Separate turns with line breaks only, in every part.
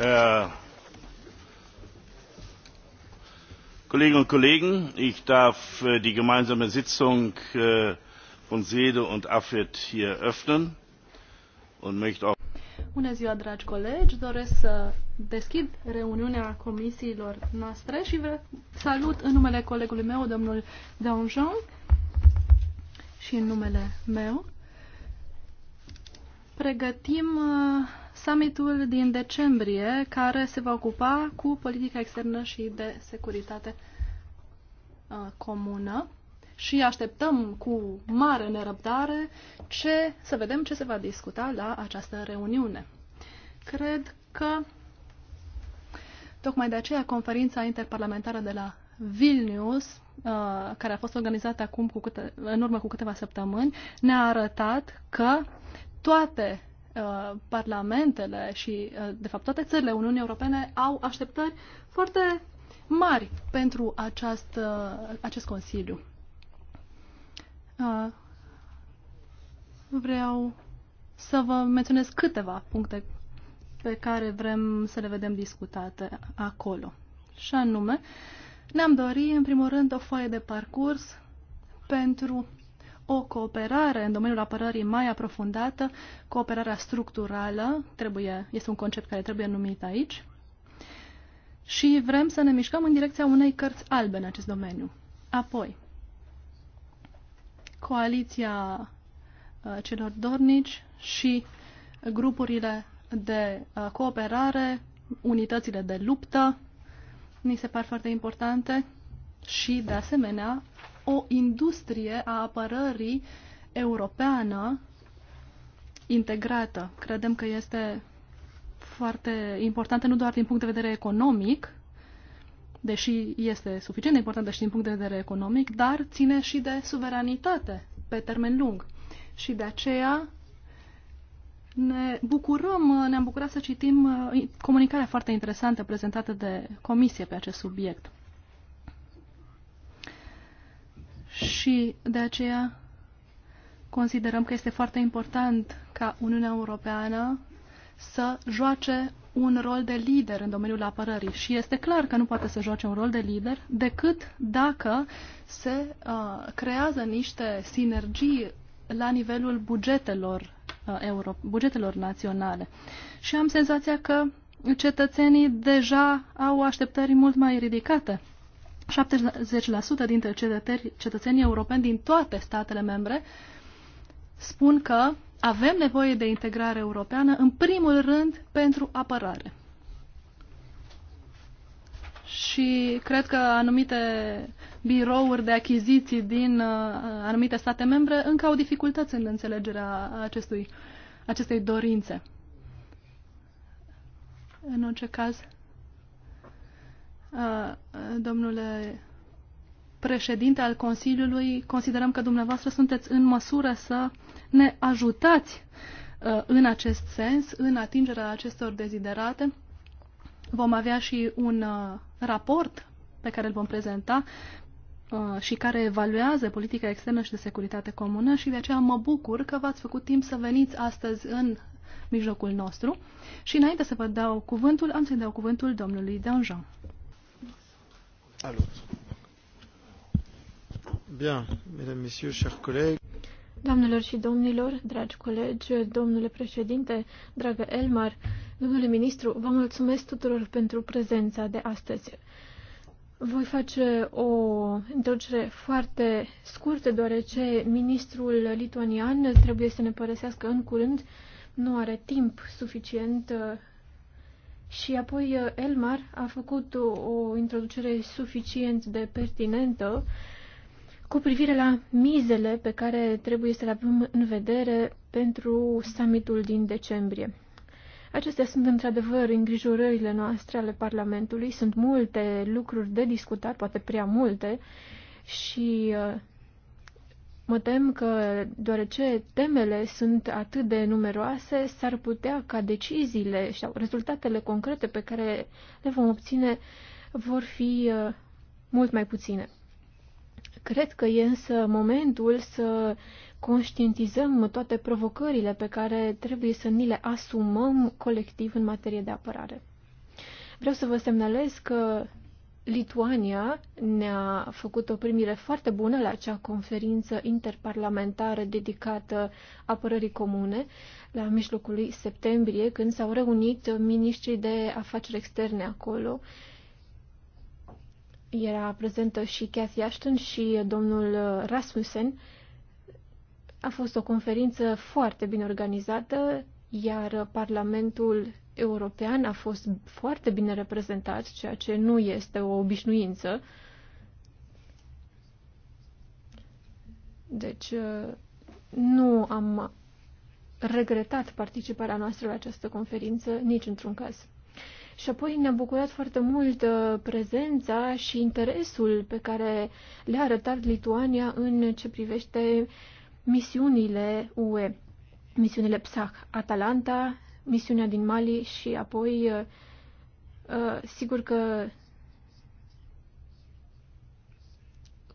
Äh, Kolleginnen und Kollegen, ich darf äh, die gemeinsame Sitzung äh, von SEDE und AFED hier öffnen und möchte auch Bună ziua, dragi colegi! Doresc să deschid reuniunea comisiilor noastre și vă salut în numele colegului meu, domnul Daunjon, și în numele meu. Pregătim uh, summitul din decembrie, care se va ocupa cu politica externă și de securitate uh, comună și așteptăm cu mare nerăbdare ce, să vedem ce se va discuta la această reuniune. Cred că tocmai de aceea conferința interparlamentară de la Vilnius, uh, care a fost organizată acum cu câte, în urmă cu câteva săptămâni, ne-a arătat că toate uh, parlamentele și, uh, de fapt, toate țările Uniunii Europene au așteptări foarte mari pentru această, acest Consiliu. Ah. vreau să vă menționez câteva puncte pe care vrem să le vedem discutate acolo. Și anume, ne-am dorit, în primul rând, o foaie de parcurs pentru o cooperare în domeniul apărării mai aprofundată, cooperarea structurală, trebuie, este un concept care trebuie numit aici, și vrem să ne mișcăm în direcția unei cărți albe în acest domeniu. Apoi, coaliția uh, celor dornici și grupurile de uh, cooperare, unitățile de luptă, ni se par foarte importante și, de asemenea, o industrie a apărării europeană integrată. Credem că este foarte importantă nu doar din punct de vedere economic, deși este suficient de importantă și din punct de vedere economic, dar ține și de suveranitate pe termen lung. Și de aceea ne bucurăm, ne-am bucurat să citim uh, comunicarea foarte interesantă prezentată de comisie pe acest subiect. Și de aceea considerăm că este foarte important ca Uniunea Europeană să joace un rol de lider în domeniul apărării și este clar că nu poate să joace un rol de lider decât dacă se uh, creează niște sinergii la nivelul bugetelor, uh, euro, bugetelor naționale. Și am senzația că cetățenii deja au așteptări mult mai ridicate 70% dintre cetățenii europeni din toate statele membre spun că avem nevoie de integrare europeană, în primul rând, pentru apărare. Și cred că anumite birouri de achiziții din uh, anumite state membre încă au dificultăți în înțelegerea acestui, acestei dorințe. În orice caz, uh, domnule președinte al Consiliului, considerăm că dumneavoastră sunteți în măsură să ne ajutați uh, în acest sens, în atingerea acestor deziderate. Vom avea și un uh, raport pe care îl vom prezenta uh, și care evaluează politica externă și de securitate comună și de aceea mă bucur că v-ați făcut timp să veniți astăzi în mijlocul nostru. Și înainte să vă dau cuvântul, am să-i dau cuvântul domnului Danjean.
Bine, mesdames, messieurs, chers collègues.
Doamnelor și domnilor, dragi colegi, domnule președinte, dragă Elmar, domnule ministru, vă mulțumesc tuturor pentru prezența de astăzi. Voi face o introducere foarte scurtă, deoarece ministrul lituanian trebuie să ne părăsească în curând, nu are timp suficient și apoi Elmar a făcut o, o introducere suficient de pertinentă cu privire la mizele pe care trebuie să le avem în vedere pentru summitul din decembrie. Acestea sunt într-adevăr îngrijorările noastre ale Parlamentului. Sunt multe lucruri de discutat, poate prea multe, și uh, mă tem că, deoarece temele sunt atât de numeroase, s-ar putea ca deciziile sau rezultatele concrete pe care le vom obține vor fi uh, mult mai puține. Cred că e însă momentul să conștientizăm toate provocările pe care trebuie să ni le asumăm colectiv în materie de apărare. Vreau să vă semnalez că Lituania ne-a făcut o primire foarte bună la acea conferință interparlamentară dedicată apărării comune la mijlocul lui septembrie, când s-au reunit miniștrii de afaceri externe acolo era prezentă și Cathy Ashton și domnul Rasmussen. A fost o conferință foarte bine organizată, iar Parlamentul European a fost foarte bine reprezentat, ceea ce nu este o obișnuință. Deci nu am regretat participarea noastră la această conferință nici într-un caz. Și apoi ne-a bucurat foarte mult uh, prezența și interesul pe care le-a arătat Lituania în ce privește misiunile UE, misiunile PSAC, Atalanta, misiunea din Mali și apoi uh, uh, sigur că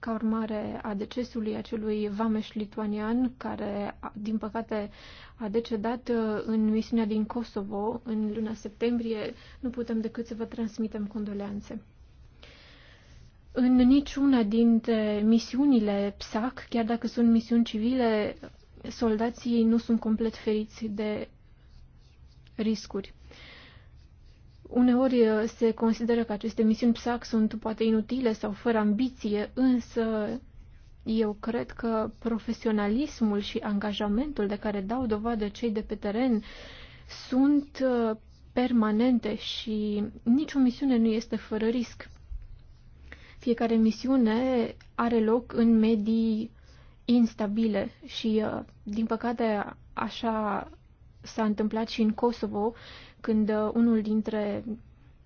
ca urmare a decesului acelui vameș lituanian care, din păcate, a decedat uh, în misiunea din Kosovo în luna septembrie, nu putem decât să vă transmitem condoleanțe. În niciuna dintre misiunile PSAC, chiar dacă sunt misiuni civile, soldații nu sunt complet feriți de riscuri. Uneori uh, se consideră că aceste misiuni PSAC sunt poate inutile sau fără ambiție, însă eu cred că profesionalismul și angajamentul de care dau dovadă cei de pe teren sunt uh, permanente și nicio misiune nu este fără risc. Fiecare misiune are loc în medii instabile și, uh, din păcate, așa s-a întâmplat și în Kosovo, când uh, unul dintre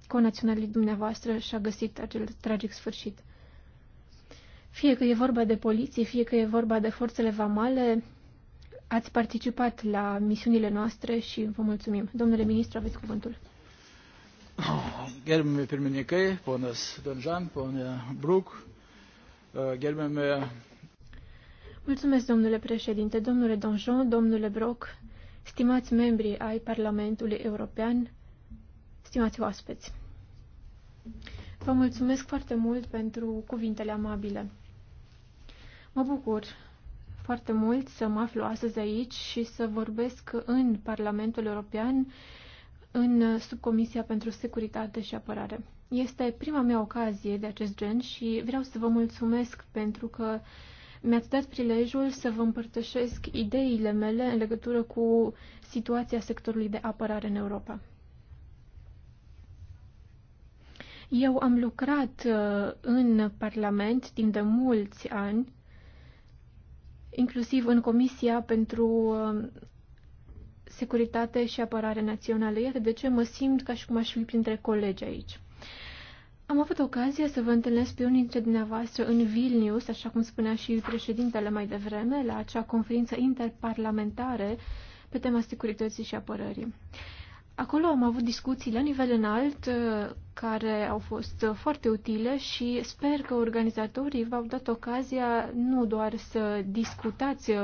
conaționalii dumneavoastră și-a găsit acel tragic sfârșit. Fie că e vorba de poliție, fie că e vorba de forțele vamale, ați participat la misiunile noastre și vă mulțumim. Domnule ministru, aveți cuvântul.
Gerbiami pirmininkai, ponas Danjan, ponė Bruc, gerbiami...
Mulțumesc, domnule președinte, domnule Donjon, domnule Broc, Stimați membri ai Parlamentului European, stimați oaspeți, vă mulțumesc foarte mult pentru cuvintele amabile. Mă bucur foarte mult să mă aflu astăzi aici și să vorbesc în Parlamentul European în Subcomisia pentru Securitate și Apărare. Este prima mea ocazie de acest gen și vreau să vă mulțumesc pentru că mi-ați dat prilejul să vă împărtășesc ideile mele în legătură cu situația sectorului de apărare în Europa. Eu am lucrat uh, în Parlament timp de mulți ani, inclusiv în Comisia pentru uh, Securitate și Apărare Națională. Iată de ce mă simt ca și cum aș fi printre colegi aici. Am avut ocazia să vă întâlnesc pe unii dintre dumneavoastră în Vilnius, așa cum spunea și președintele mai devreme, la acea conferință interparlamentare pe tema securității și apărării. Acolo am avut discuții la nivel înalt uh, care au fost foarte utile și sper că organizatorii v-au dat ocazia nu doar să discutați uh,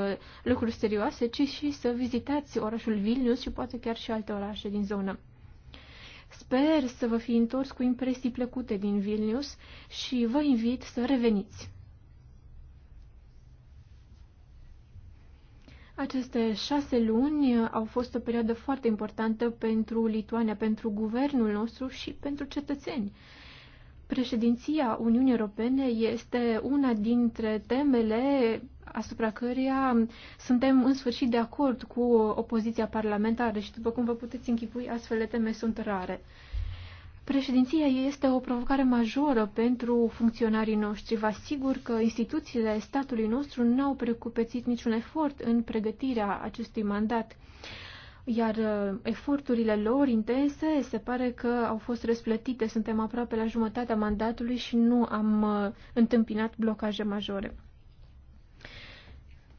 lucruri serioase, ci și să vizitați orașul Vilnius și poate chiar și alte orașe din zonă. Sper să vă fi întors cu impresii plăcute din Vilnius și vă invit să reveniți. Aceste șase luni au fost o perioadă foarte importantă pentru Lituania, pentru guvernul nostru și pentru cetățeni. Președinția Uniunii Europene este una dintre temele asupra căreia suntem în sfârșit de acord cu opoziția parlamentară și, după cum vă puteți închipui, astfel de teme sunt rare. Președinția este o provocare majoră pentru funcționarii noștri. Vă asigur că instituțiile statului nostru n-au precupețit niciun efort în pregătirea acestui mandat iar uh, eforturile lor intense se pare că au fost răsplătite. Suntem aproape la jumătatea mandatului și nu am uh, întâmpinat blocaje majore.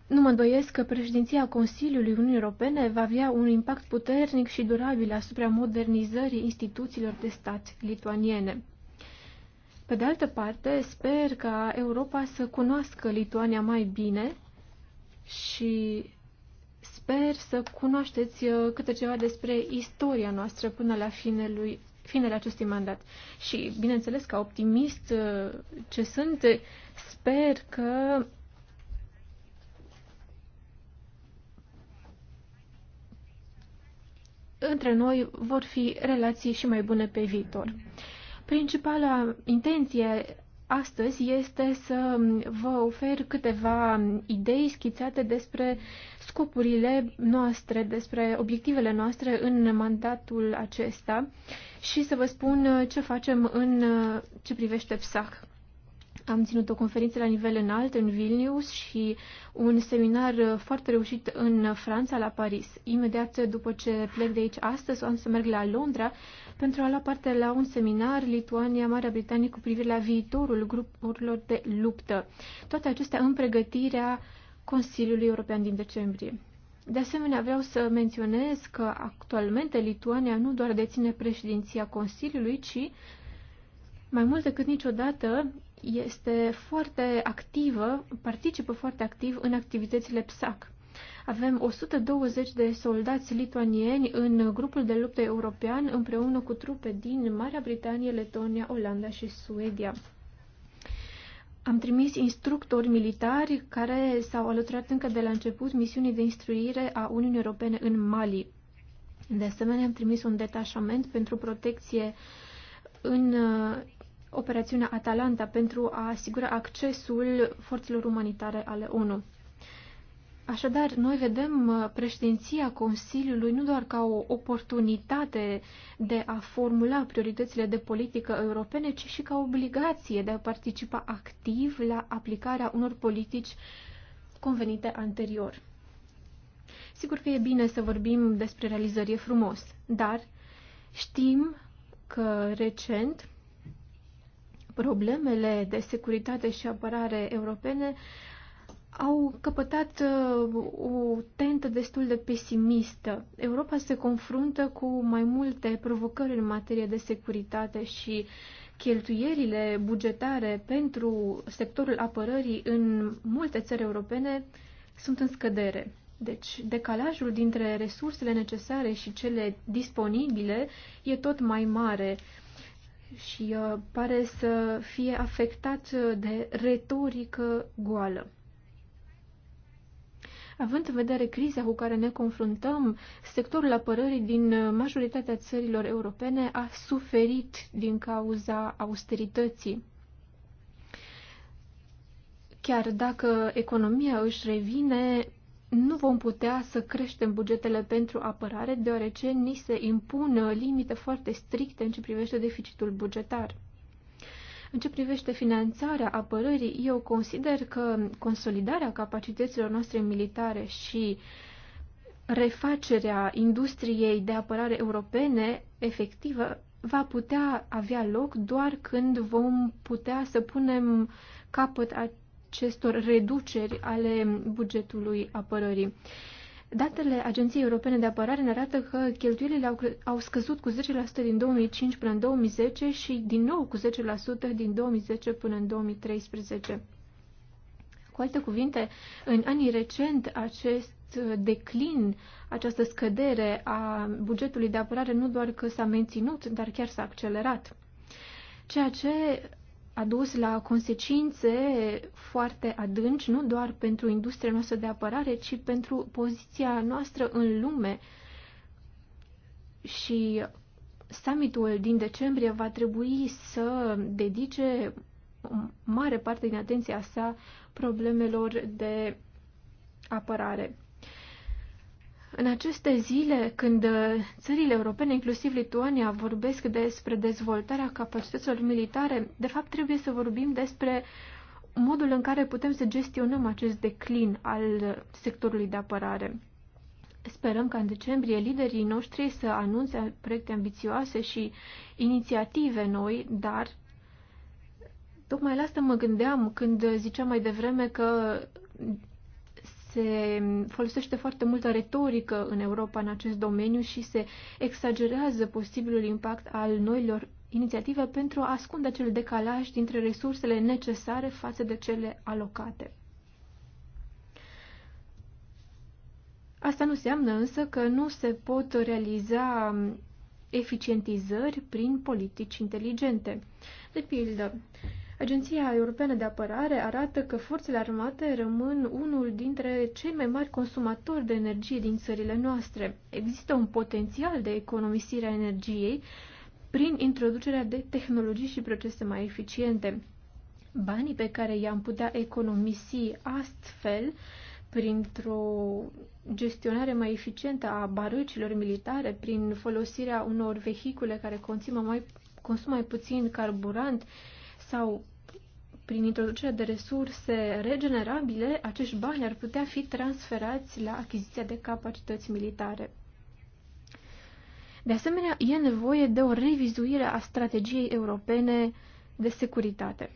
Nu mă îndoiesc că președinția Consiliului Uniunii Europene va avea un impact puternic și durabil asupra modernizării instituțiilor de stat lituaniene. Pe de altă parte, sper ca Europa să cunoască Lituania mai bine și Sper să cunoașteți uh, câte ceva despre istoria noastră până la finelui, finele acestui mandat. Și, bineînțeles, ca optimist uh, ce sunt, sper că între noi vor fi relații și mai bune pe viitor. Principala intenție astăzi este să vă ofer câteva idei schițate despre scopurile noastre, despre obiectivele noastre în mandatul acesta și să vă spun ce facem în ce privește PSAC. Am ținut o conferință la nivel înalt în Vilnius și un seminar foarte reușit în Franța, la Paris. Imediat după ce plec de aici astăzi, o am să merg la Londra pentru a lua parte la un seminar Lituania-Marea Britanie cu privire la viitorul grupurilor de luptă. Toate acestea în pregătirea Consiliului European din decembrie. De asemenea, vreau să menționez că actualmente Lituania nu doar deține președinția Consiliului, ci mai mult decât niciodată este foarte activă, participă foarte activ în activitățile PSAC. Avem 120 de soldați lituanieni în grupul de luptă european împreună cu trupe din Marea Britanie, Letonia, Olanda și Suedia. Am trimis instructori militari care s-au alăturat încă de la început misiunii de instruire a Uniunii Europene în Mali. De asemenea, am trimis un detașament pentru protecție în uh, operațiunea Atalanta pentru a asigura accesul forțelor umanitare ale ONU. Așadar, noi vedem uh, președinția Consiliului nu doar ca o oportunitate de a formula prioritățile de politică europene, ci și ca obligație de a participa activ la aplicarea unor politici convenite anterior. Sigur că e bine să vorbim despre realizări frumos, dar știm că recent problemele de securitate și apărare europene au căpătat uh, o tentă destul de pesimistă. Europa se confruntă cu mai multe provocări în materie de securitate și cheltuierile bugetare pentru sectorul apărării în multe țări europene sunt în scădere. Deci, decalajul dintre resursele necesare și cele disponibile e tot mai mare și uh, pare să fie afectat uh, de retorică goală. Având în vedere criza cu care ne confruntăm, sectorul apărării din uh, majoritatea țărilor europene a suferit din cauza austerității. Chiar dacă economia își revine, nu vom putea să creștem bugetele pentru apărare, deoarece ni se impun uh, limite foarte stricte în ce privește deficitul bugetar. În ce privește finanțarea apărării, eu consider că consolidarea capacităților noastre militare și refacerea industriei de apărare europene efectivă va putea avea loc doar când vom putea să punem capăt acestor reduceri ale bugetului apărării. Datele Agenției Europene de Apărare ne arată că cheltuielile au, au scăzut cu 10% din 2005 până în 2010 și din nou cu 10% din 2010 până în 2013. Cu alte cuvinte, în anii recent, acest uh, declin, această scădere a bugetului de apărare nu doar că s-a menținut, dar chiar s-a accelerat. Ceea ce a dus la consecințe foarte adânci, nu doar pentru industria noastră de apărare, ci pentru poziția noastră în lume. Și summitul din decembrie va trebui să dedice o mare parte din atenția sa problemelor de apărare. În aceste zile, când uh, țările europene, inclusiv Lituania, vorbesc despre dezvoltarea capacităților militare, de fapt trebuie să vorbim despre modul în care putem să gestionăm acest declin al sectorului de apărare. Sperăm ca în decembrie liderii noștri să anunțe proiecte ambițioase și inițiative noi, dar tocmai la asta mă gândeam când ziceam mai devreme că se folosește foarte multă retorică în Europa în acest domeniu și se exagerează posibilul impact al noilor inițiative pentru a ascunde acel decalaj dintre resursele necesare față de cele alocate. Asta nu înseamnă însă că nu se pot realiza eficientizări prin politici inteligente. De pildă, Agenția Europeană de Apărare arată că forțele armate rămân unul dintre cei mai mari consumatori de energie din țările noastre. Există un potențial de economisire a energiei prin introducerea de tehnologii și procese mai eficiente. Banii pe care i-am putea economisi astfel, printr-o gestionare mai eficientă a barăcilor militare, prin folosirea unor vehicule care mai, consumă mai puțin carburant, sau prin introducerea de resurse regenerabile, acești bani ar putea fi transferați la achiziția de capacități militare. De asemenea, e nevoie de o revizuire a strategiei europene de securitate.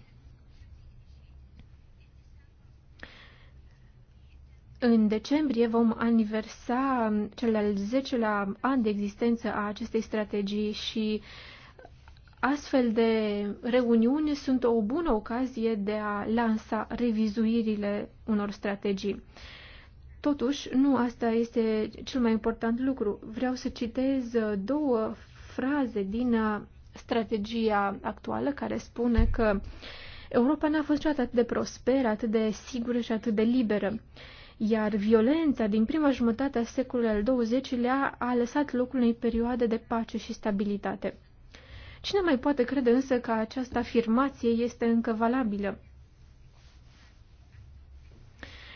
În decembrie vom aniversa cel al 10-lea an de existență a acestei strategii și uh, Astfel de reuniuni sunt o bună ocazie de a lansa revizuirile unor strategii. Totuși, nu asta este cel mai important lucru. Vreau să citez două fraze din strategia actuală care spune că Europa n-a fost niciodată atât de prosperă, atât de sigură și atât de liberă. Iar violența din prima jumătate a secolului al XX-lea a lăsat locul unei perioade de pace și stabilitate. Cine mai poate crede însă că această afirmație este încă valabilă?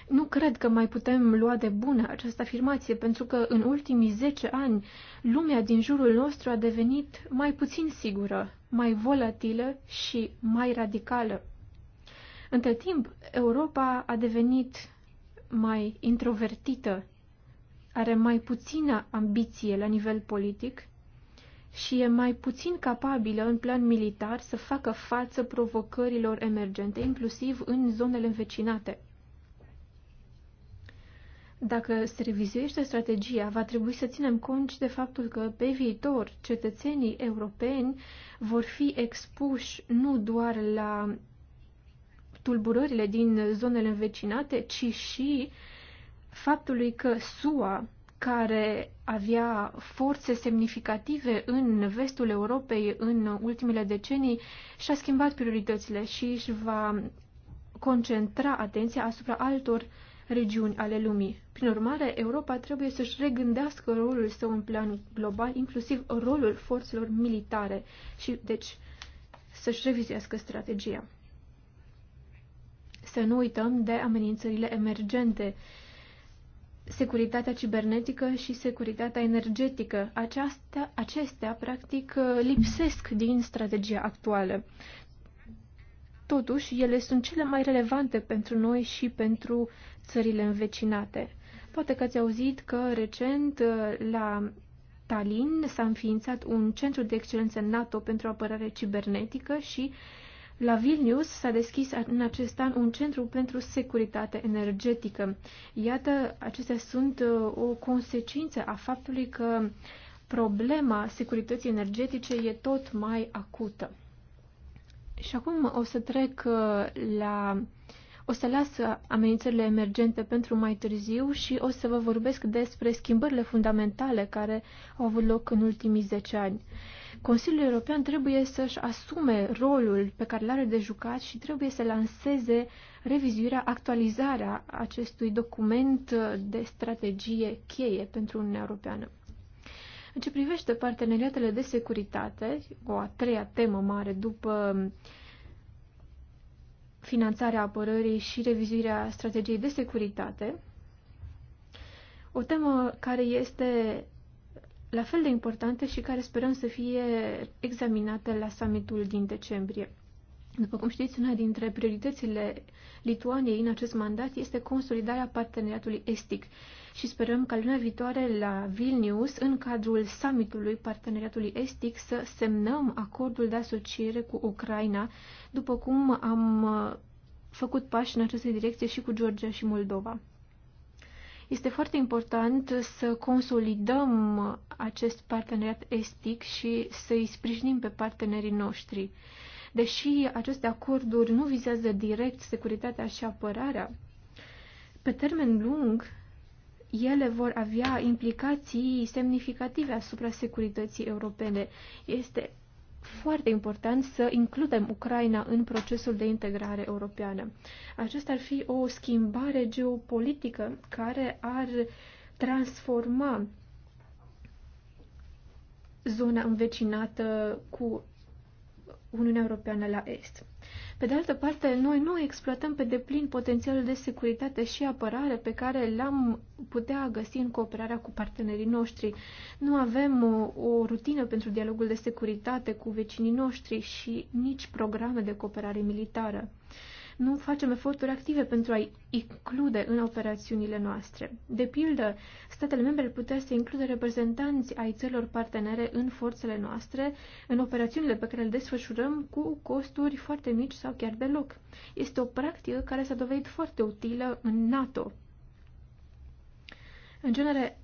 Nu cred că mai putem lua de bună această afirmație, pentru că în ultimii zece ani lumea din jurul nostru a devenit mai puțin sigură, mai volatilă și mai radicală. Între timp, Europa a devenit mai introvertită, are mai puțină ambiție la nivel politic și e mai puțin capabilă în plan militar să facă față provocărilor emergente, inclusiv în zonele învecinate. Dacă se revizuiește strategia, va trebui să ținem cont și de faptul că pe viitor cetățenii europeni vor fi expuși nu doar la tulburările din zonele învecinate, ci și faptului că SUA care avea forțe semnificative în vestul Europei în ultimele decenii, și-a schimbat prioritățile și își va concentra atenția asupra altor regiuni ale lumii. Prin urmare, Europa trebuie să-și regândească rolul său în plan global, inclusiv rolul forțelor militare și, deci, să-și revizuiască strategia. Să nu uităm de amenințările emergente securitatea cibernetică și securitatea energetică. Aceasta, acestea, practic, lipsesc din strategia actuală. Totuși, ele sunt cele mai relevante pentru noi și pentru țările învecinate. Poate că ați auzit că recent uh, la Tallinn s-a înființat un centru de excelență NATO pentru apărare cibernetică și uh, la Vilnius s-a deschis în acest an un centru pentru securitate energetică. Iată, acestea sunt uh, o consecință a faptului că problema securității energetice e tot mai acută. Și acum o să trec uh, la o să las amenințările emergente pentru mai târziu și o să vă vorbesc despre schimbările fundamentale care au avut loc în ultimii 10 ani. Consiliul European trebuie să-și asume rolul pe care l-are de jucat și trebuie să lanseze revizuirea, actualizarea acestui document de strategie cheie pentru Uniunea Europeană. În ce privește parteneriatele de securitate, o a treia temă mare după finanțarea apărării și revizuirea strategiei de securitate, o temă care este la fel de importante și care sperăm să fie examinate la summitul din decembrie. După cum știți, una dintre prioritățile Lituaniei în acest mandat este consolidarea parteneriatului estic și sperăm ca luna viitoare la Vilnius, în cadrul summitului parteneriatului estic, să semnăm acordul de asociere cu Ucraina, după cum am uh, făcut pași în această direcție și cu Georgia și Moldova. Este foarte important să consolidăm acest parteneriat estic și să-i sprijinim pe partenerii noștri. Deși aceste acorduri nu vizează direct securitatea și apărarea, pe termen lung, ele vor avea implicații semnificative asupra securității europene. Este foarte important să includem Ucraina în procesul de integrare europeană. Aceasta ar fi o schimbare geopolitică care ar transforma zona învecinată cu Uniunea Europeană la Est. Pe de altă parte, noi nu exploatăm pe deplin potențialul de securitate și apărare pe care l-am putea găsi în cooperarea cu partenerii noștri. Nu avem o, o rutină pentru dialogul de securitate cu vecinii noștri și nici programe de cooperare militară nu facem eforturi active pentru a-i include în operațiunile noastre. De pildă, statele membre putea să includă reprezentanți ai țărilor partenere în forțele noastre, în operațiunile pe care le desfășurăm cu costuri foarte mici sau chiar deloc. Este o practică care s-a dovedit foarte utilă în NATO. În genere,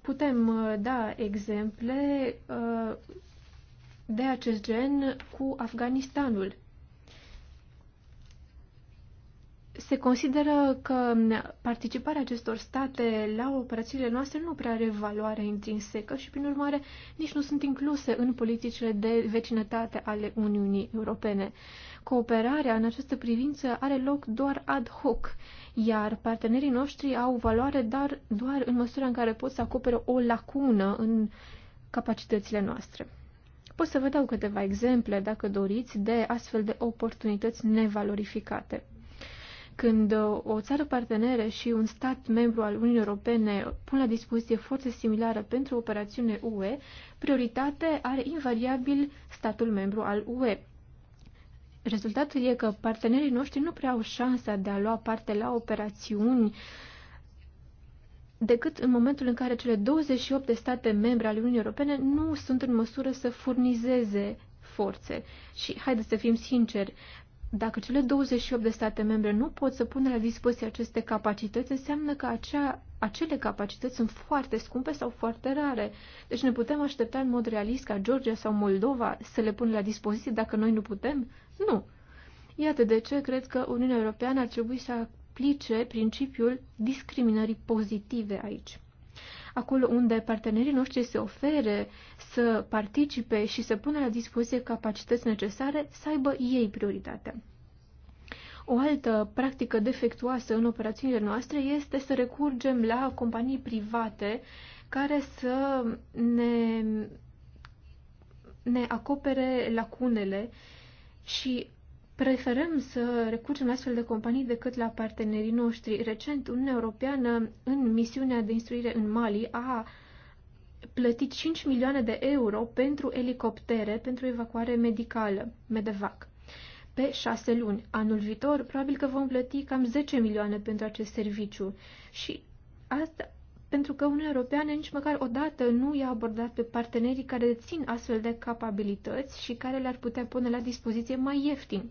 putem uh, da exemple uh, de acest gen cu Afganistanul. se consideră că participarea acestor state la operațiile noastre nu prea are valoare intrinsecă și, prin urmare, nici nu sunt incluse în politicile de vecinătate ale Uniunii Europene. Cooperarea în această privință are loc doar ad hoc, iar partenerii noștri au valoare dar doar în măsura în care pot să acopere o lacună în capacitățile noastre. Pot să vă dau câteva exemple, dacă doriți, de astfel de oportunități nevalorificate. Când o țară parteneră și un stat membru al Uniunii Europene pun la dispoziție forțe similară pentru o operațiune UE, prioritate are invariabil statul membru al UE. Rezultatul e că partenerii noștri nu prea au șansa de a lua parte la operațiuni decât în momentul în care cele 28 de state membre ale Uniunii Europene nu sunt în măsură să furnizeze forțe. Și haideți să fim sinceri, dacă cele 28 de state membre nu pot să pună la dispoziție aceste capacități, înseamnă că acea, acele capacități sunt foarte scumpe sau foarte rare. Deci ne putem aștepta în mod realist ca Georgia sau Moldova să le pună la dispoziție dacă noi nu putem? Nu. Iată de ce cred că Uniunea Europeană ar trebui să aplice principiul discriminării pozitive aici acolo unde partenerii noștri se ofere să participe și să pună la dispoziție capacități necesare, să aibă ei prioritatea. O altă practică defectuoasă în operațiunile noastre este să recurgem la companii private care să ne, ne acopere lacunele și Preferăm să recurgem la astfel de companii decât la partenerii noștri. Recent, Uniunea Europeană, în misiunea de instruire în Mali, a plătit 5 milioane de euro pentru elicoptere pentru evacuare medicală, Medevac, pe 6 luni. Anul viitor, probabil că vom plăti cam 10 milioane pentru acest serviciu. Și asta pentru că Uniunea Europeană nici măcar odată nu i-a abordat pe partenerii care dețin astfel de capabilități și care le-ar putea pune la dispoziție mai ieftin.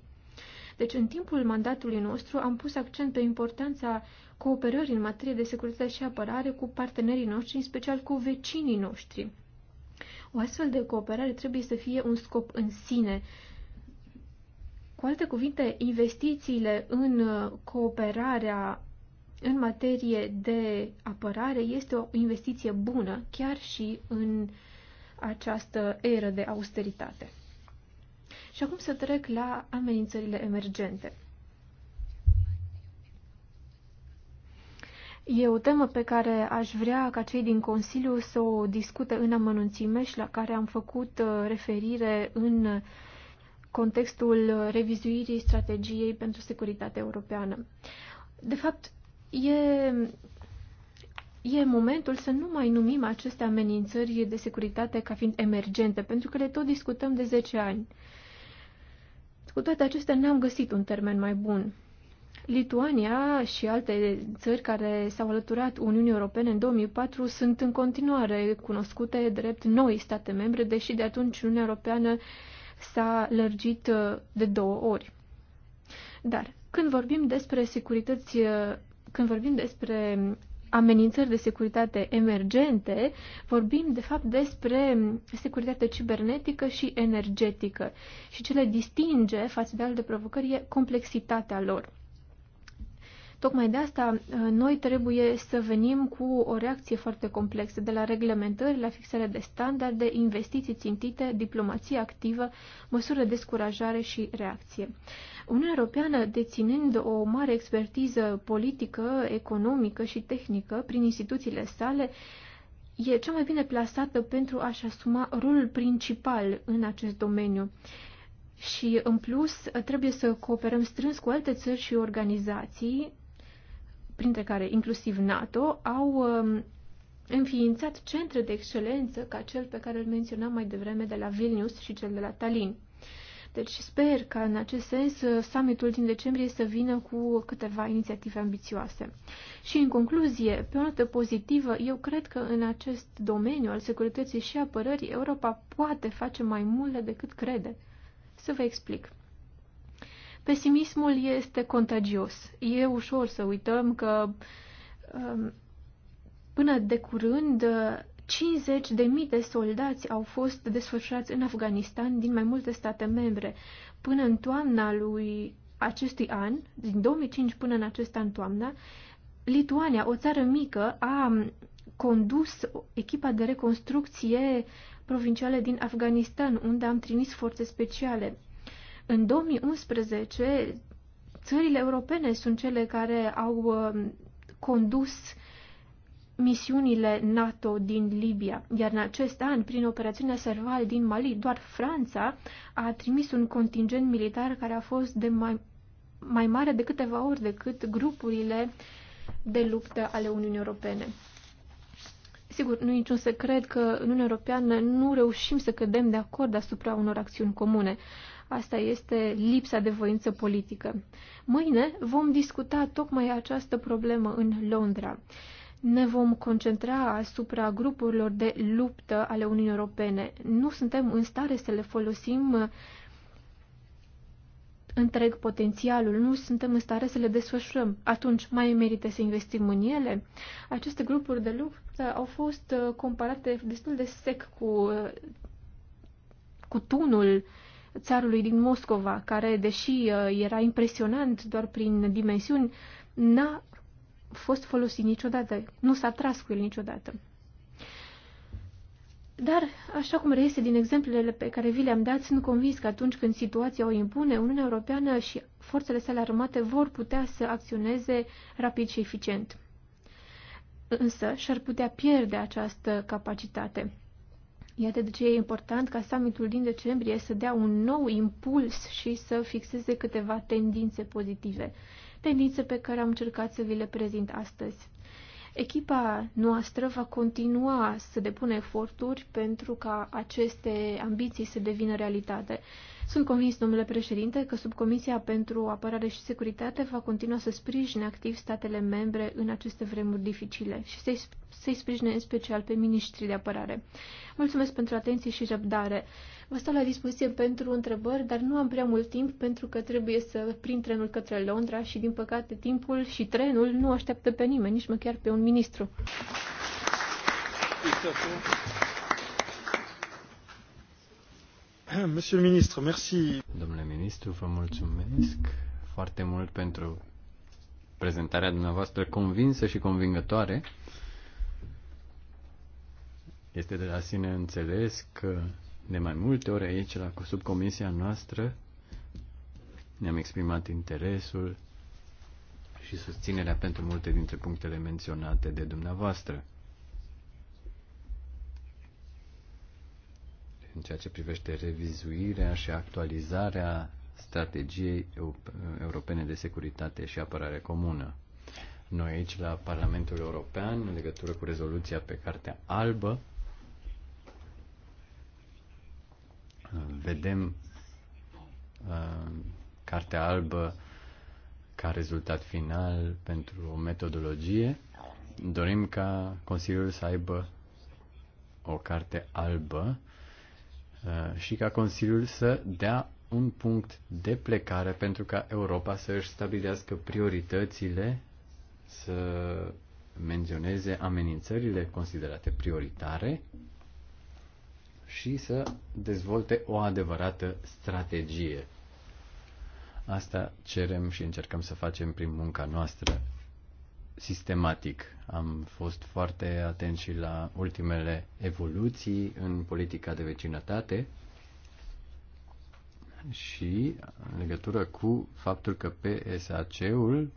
Deci, în timpul mandatului nostru am pus accent pe importanța cooperării în materie de securitate și apărare cu partenerii noștri, în special cu vecinii noștri. O astfel de cooperare trebuie să fie un scop în sine. Cu alte cuvinte, investițiile în uh, cooperarea în materie de apărare este o investiție bună, chiar și în această eră de austeritate. Și acum să trec la amenințările emergente. E o temă pe care aș vrea ca cei din Consiliu să o discute în amănunțime și la care am făcut uh, referire în contextul revizuirii strategiei pentru securitatea europeană. De fapt, e, e momentul să nu mai numim aceste amenințări de securitate ca fiind emergente, pentru că le tot discutăm de 10 ani. Cu toate acestea n-am găsit un termen mai bun. Lituania și alte țări care s-au alăturat Uniunii Europene în 2004 sunt în continuare cunoscute drept noi state membre, deși de atunci Uniunea Europeană s-a lărgit uh, de două ori. Dar când vorbim despre securități, uh, când vorbim despre amenințări de securitate emergente, vorbim de fapt despre securitate cibernetică și energetică. Și ce le distinge față de alte provocări e complexitatea lor. Tocmai de asta uh, noi trebuie să venim cu o reacție foarte complexă, de la reglementări, la fixarea de standarde, investiții țintite, diplomație activă, măsură de descurajare și reacție. Uniunea Europeană, deținând o mare expertiză politică, economică și tehnică prin instituțiile sale, e cea mai bine plasată pentru a-și asuma rolul principal în acest domeniu. Și, în plus, trebuie să cooperăm strâns cu alte țări și organizații, printre care inclusiv NATO, au um, înființat centre de excelență ca cel pe care îl menționam mai devreme de la Vilnius și cel de la Tallinn. Deci sper că în acest sens uh, summitul din decembrie să vină cu câteva inițiative ambițioase. Și în concluzie, pe o notă pozitivă, eu cred că în acest domeniu al securității și apărării Europa poate face mai multe decât crede. Să vă explic. Pesimismul este contagios. E ușor să uităm că um, până de curând 50 de mii de soldați au fost desfășurați în Afganistan din mai multe state membre. Până în toamna lui acestui an, din 2005 până în acest an toamna, Lituania, o țară mică, a condus echipa de reconstrucție provinciale din Afganistan, unde am trimis forțe speciale. În 2011, țările europene sunt cele care au um, condus uh, misiunile NATO din Libia, iar în acest an, prin operațiunea serval din Mali, doar Franța a trimis un contingent militar care a fost de mai, mai mare de câteva ori decât grupurile de luptă ale Uniunii Europene. Sigur, nu e niciun secret că în Uniunea Europeană nu reușim să cădem de acord asupra unor acțiuni comune. Asta este lipsa de voință politică. Mâine vom discuta tocmai această problemă în Londra ne vom concentra asupra grupurilor de luptă ale Uniunii Europene. Nu suntem în stare să le folosim uh, întreg potențialul, nu suntem în stare să le desfășurăm. Atunci mai merită să investim în ele? Aceste grupuri de luptă au fost uh, comparate destul de sec cu, uh, cu tunul țarului din Moscova, care, deși era impresionant doar prin dimensiuni, n-a fost folosit niciodată, nu s-a tras cu el niciodată. Dar, așa cum reiese din exemplele pe care vi le-am dat, sunt convins că atunci când situația o impune, Uniunea Europeană și forțele sale armate vor putea să acționeze rapid și eficient. Însă, și-ar putea pierde această capacitate. Iată de ce e important ca summitul din decembrie să dea un nou impuls și să fixeze câteva tendințe pozitive tendințe pe care am încercat să vi le prezint astăzi. Echipa noastră va continua să depună eforturi pentru ca aceste ambiții să devină realitate. Sunt convins, domnule președinte, că Subcomisia pentru Apărare și Securitate va continua să sprijine activ statele membre în aceste vremuri dificile și să-i, să sprijine în special pe ministrii de apărare. Mulțumesc pentru atenție și răbdare. Vă stau la dispoziție pentru întrebări, dar nu am prea mult timp pentru că trebuie să prind trenul către Londra și, din păcate, timpul și trenul nu așteaptă pe nimeni, nici măcar pe un ministru. Thank you.
Monsieur le ministre, merci. Domnule ministru, vă mulțumesc foarte mult pentru prezentarea dumneavoastră convinsă și convingătoare. Este de la sine înțeles că de mai multe ori aici, la subcomisia noastră, ne-am exprimat interesul și susținerea pentru multe dintre punctele menționate de dumneavoastră. în ceea ce privește revizuirea și actualizarea strategiei europene de securitate și apărare comună. Noi aici la Parlamentul European, în legătură cu rezoluția pe cartea albă, vedem uh, cartea albă ca rezultat final pentru o metodologie. Dorim ca Consiliul să aibă o carte albă Uh, și ca Consiliul să dea un punct de plecare pentru ca Europa să își stabilească prioritățile, să menționeze amenințările considerate prioritare și să dezvolte o adevărată strategie. Asta cerem și încercăm să facem prin munca noastră sistematic. Am fost foarte atenți și la ultimele evoluții în politica de vecinătate și în legătură cu faptul că PSAC-ul,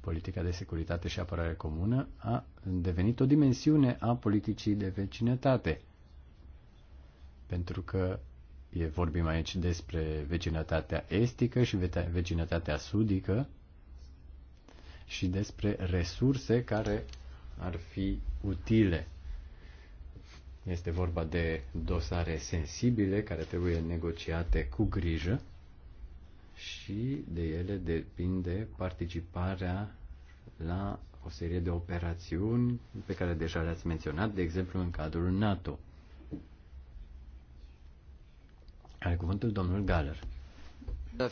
politica de securitate și apărare comună, a devenit o dimensiune a politicii de vecinătate. Pentru că e, vorbim aici despre vecinătatea estică și vecinătatea sudică, și despre resurse care ar fi utile. Este vorba de dosare sensibile care trebuie negociate cu grijă și de ele depinde participarea la o serie de operațiuni pe care deja le-ați menționat, de exemplu în cadrul NATO. Are cuvântul domnul Galler. Da,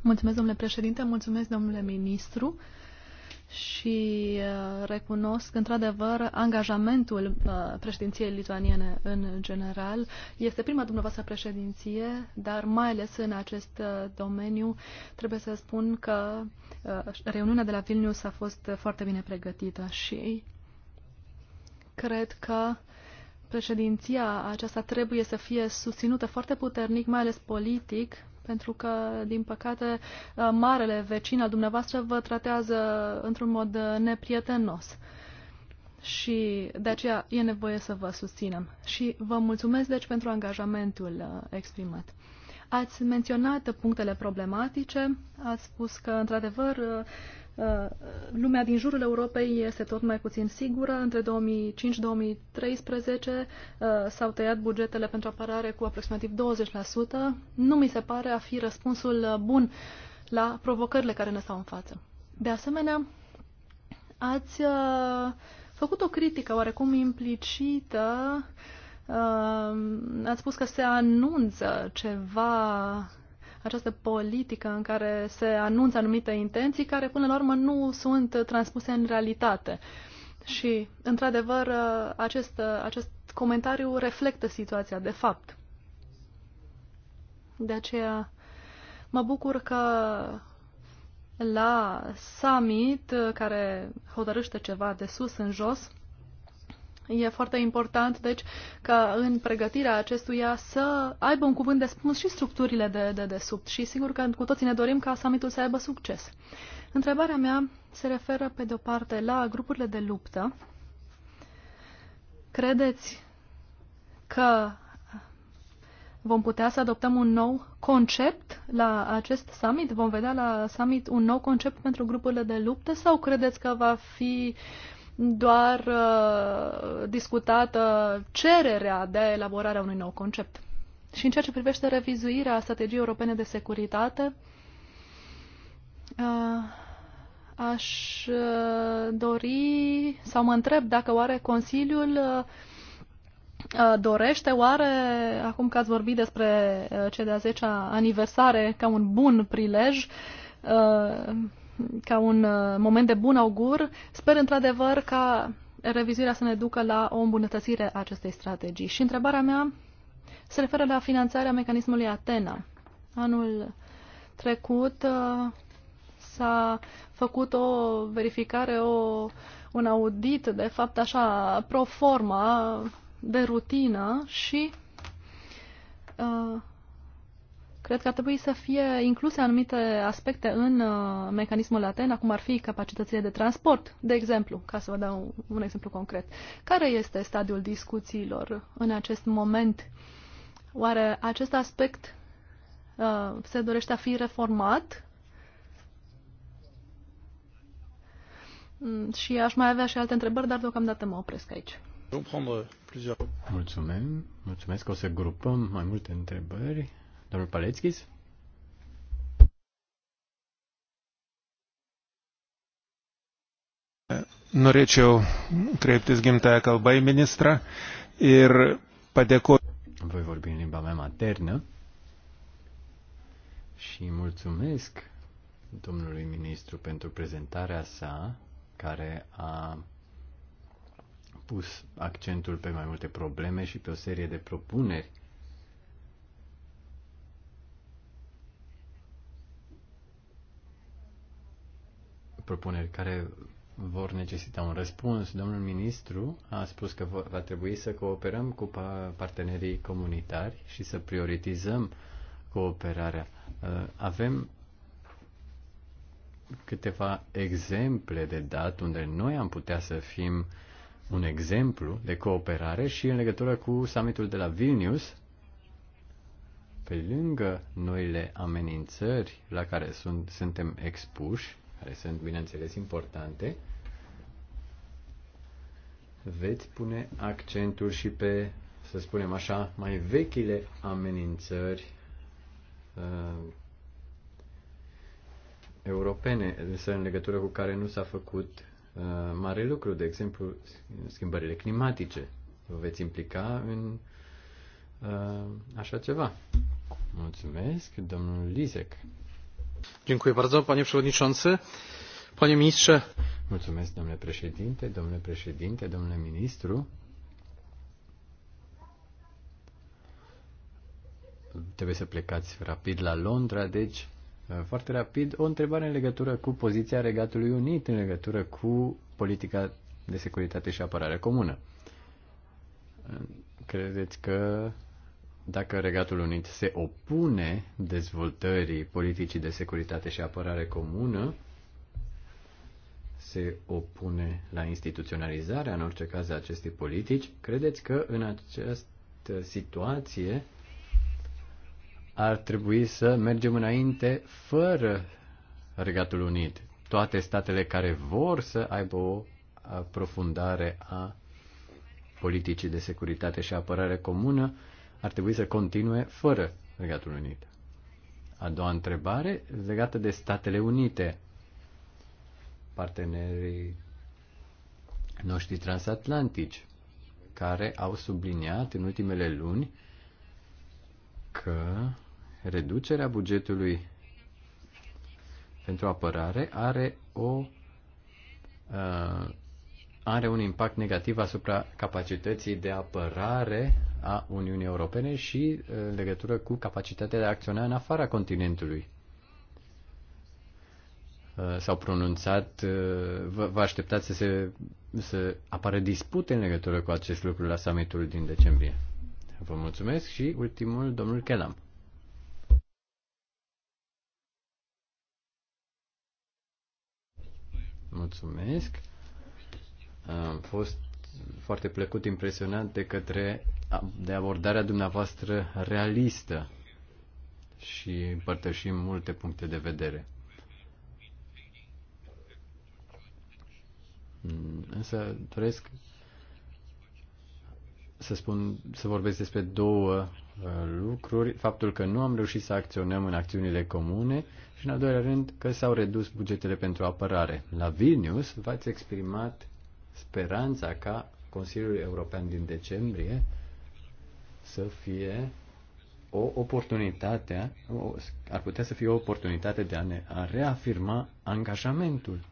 mulțumesc, domnule președinte, mulțumesc, domnule ministru și uh, recunosc, într-adevăr, angajamentul uh, președinției lituaniene în general. Este prima dumneavoastră președinție, dar mai ales în acest uh, domeniu trebuie să spun că reuniunea de la Vilnius a fost foarte bine pregătită și cred că președinția aceasta trebuie să fie susținută foarte puternic, mai ales politic, pentru că, din păcate, uh, marele vecin al dumneavoastră vă tratează într-un mod uh, neprietenos. Și de aceea e nevoie să vă susținem. Și vă mulțumesc, deci, pentru angajamentul uh, exprimat. Ați menționat punctele problematice, ați spus că, într-adevăr, uh, uh, lumea din jurul Europei este tot mai puțin sigură. Între 2005-2013 uh, s-au tăiat bugetele pentru apărare cu aproximativ 20%. Nu mi se pare a fi răspunsul bun la provocările care ne stau în față. De asemenea, ați făcut o critică oarecum implicită uh, Ehm, ați spus că se anunță ceva, această politică în care se anunță anumite intenții care până la urmă nu sunt transpuse în realitate. Și, într-adevăr, acest, acest comentariu reflectă situația de fapt. De aceea mă bucur că la summit, care hotărâște ceva de sus în jos, E foarte important, deci, ca în pregătirea acestuia să aibă un cuvânt de spus și structurile de, de, de sub. Și sigur că cu toții ne dorim ca summitul să aibă succes. Întrebarea mea se referă, pe de-o parte, la grupurile de luptă. Credeți că vom putea să adoptăm un nou concept la acest summit? Vom vedea la summit un nou concept pentru grupurile de luptă sau credeți că va fi uh, doar uh, discutată cererea de elaborarea unui nou concept. Și în ceea ce privește revizuirea strategiei europene de securitate, uh, aș uh, dori sau mă întreb dacă oare Consiliul dorește oare, acum că ați vorbit despre cea de-a 10-a aniversare ca un bun prilej, ca un uh, moment de bun augur. Sper într-adevăr ca revizuirea să ne ducă la o îmbunătățire a acestei strategii. Și întrebarea mea se referă la finanțarea mecanismului Atena. Anul trecut uh, s-a făcut o verificare, o, un audit, de fapt așa, pro forma, de rutină și uh, Cred că ar trebui să fie incluse anumite aspecte în uh, mecanismul latent, acum ar fi capacitățile de transport, de exemplu, ca să vă dau un exemplu concret. Care este stadiul discuțiilor în acest moment? Oare acest aspect uh, se dorește a fi reformat? Mm, și aș mai avea și alte întrebări, dar deocamdată mă opresc aici.
Mulțumim. Mulțumesc că o să grupăm mai multe întrebări Domnul Paleckis?
Norėčiau kreiptis gimtąją kalbą į ministrą ir padėkoti.
Voi vorbi în limba mea maternă și mulțumesc domnului ministru pentru prezentarea sa, care a pus accentul pe mai multe probleme și pe o serie de propuneri propuneri care vor necesita un răspuns. Domnul ministru a spus că va trebui să cooperăm cu partenerii comunitari și să prioritizăm cooperarea. Uh, avem câteva exemple de dat unde noi am putea să fim un exemplu de cooperare și în legătură cu summitul de la Vilnius, pe lângă noile amenințări la care sunt, suntem expuși, care sunt, bineînțeles, importante, veți pune accentul și pe, să spunem așa, mai vechile amenințări uh, europene, însă în legătură cu care nu s-a făcut uh, mare lucru, de exemplu, schimbările climatice. Vă veți implica în uh, așa ceva. Mulțumesc, domnul Lisek. Dziękuję bardzo, panie przewodniczący. Panie ministrze. Mulțumesc, domnule președinte, domnule președinte, domnule ministru. Trebuie să plecați rapid la Londra, deci uh, foarte rapid o întrebare în legătură cu poziția Regatului Unit în legătură cu politica de securitate și apărare comună. Credeți că dacă Regatul Unit se opune dezvoltării politicii de securitate și apărare comună, se opune la instituționalizarea, în orice caz, a acestei politici, credeți că în această situație ar trebui să mergem înainte fără Regatul Unit? Toate statele care vor să aibă o aprofundare a politicii de securitate și apărare comună ar trebui să continue fără Regatul Unit. A doua întrebare legată de Statele Unite. Partenerii noștri transatlantici care au subliniat în ultimele luni că reducerea bugetului pentru apărare are o uh, are un impact negativ asupra capacității de apărare a Uniunii Europene și uh, în legătură cu capacitatea de a acționa în afara continentului. Uh, s-au pronunțat, uh, vă, așteptați să, se, să apară dispute în legătură cu acest lucru la summitul din decembrie. Vă mulțumesc și ultimul, domnul Kelam. Mulțumesc. Am fost foarte plăcut impresionat de către de abordarea dumneavoastră realistă și împărtășim multe puncte de vedere. Însă doresc să spun, să vorbesc despre două uh, lucruri. Faptul că nu am reușit să acționăm în acțiunile comune și, în al doilea rând, că s-au redus bugetele pentru apărare. La Vilnius v-ați exprimat speranța ca Consiliul European din decembrie să fie o oportunitate, ar putea să fie o oportunitate de a ne a reafirma angajamentul.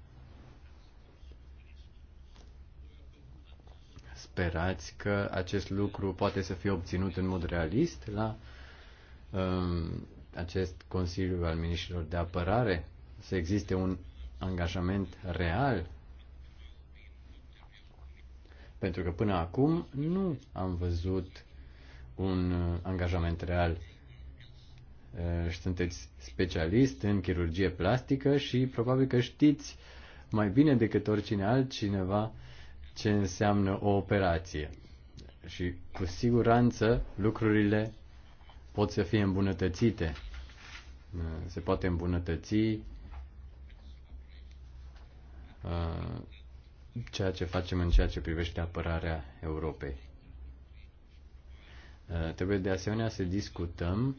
Sperați că acest lucru poate să fie obținut în mod realist la um, acest Consiliu al Ministrilor de Apărare, să existe un angajament real pentru că până acum nu am văzut un uh, angajament real. Uh, sunteți specialist în chirurgie plastică și probabil că știți mai bine decât oricine altcineva ce înseamnă o operație. Și cu siguranță lucrurile pot să fie îmbunătățite. Uh, se poate îmbunătăți ceea ce facem în ceea ce privește apărarea Europei. Uh, trebuie de asemenea să discutăm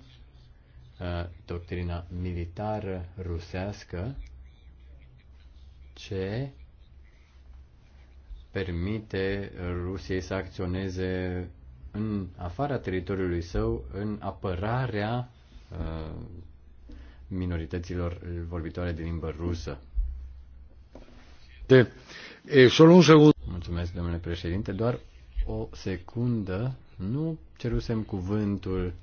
uh, doctrina militară rusească ce permite Rusiei să acționeze în afara teritoriului său în apărarea uh, minorităților vorbitoare de limbă rusă. De, e, solo un Mulțumesc, domnule președinte. Doar o secundă nu cerusem cuvântul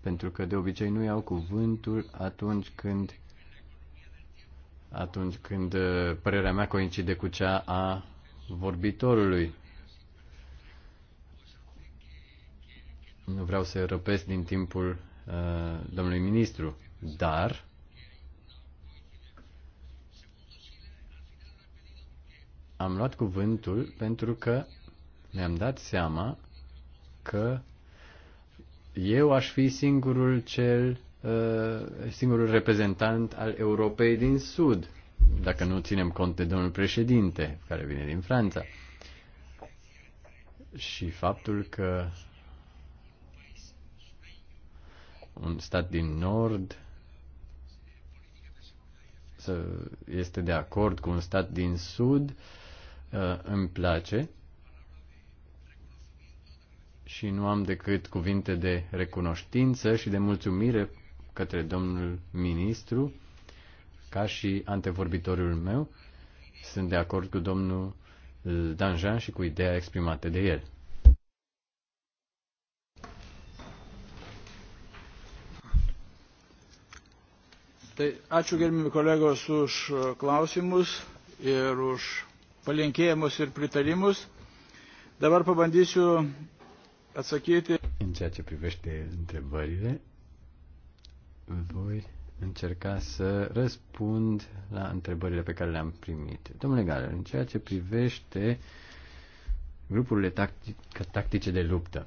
pentru că de obicei nu iau cuvântul atunci când atunci când uh, părerea mea coincide cu cea a vorbitorului. Nu vreau să răpesc din timpul uh, domnului ministru, dar am luat cuvântul pentru că mi-am dat seama că eu aș fi singurul cel uh, singurul reprezentant al Europei din Sud, dacă nu ținem cont de domnul președinte, care vine din Franța. Și faptul că un stat din Nord este de acord cu un stat din Sud uh, Uh, îmi place și nu am decât cuvinte de recunoștință și de mulțumire către domnul ministru, ca și antevorbitorul meu, sunt de acord cu domnul Danjean și cu ideea exprimată de el. Tai ačiū gerbimi kolegos už uh, klausimus ir už palinkėjimus ir pritarimus. Dabar pabandysiu atsakyti. În ceea ce privește întrebările, voi încerca să răspund la întrebările pe care le-am primit. Domnule Galer, în ceea ce privește grupurile tactic, tactice de luptă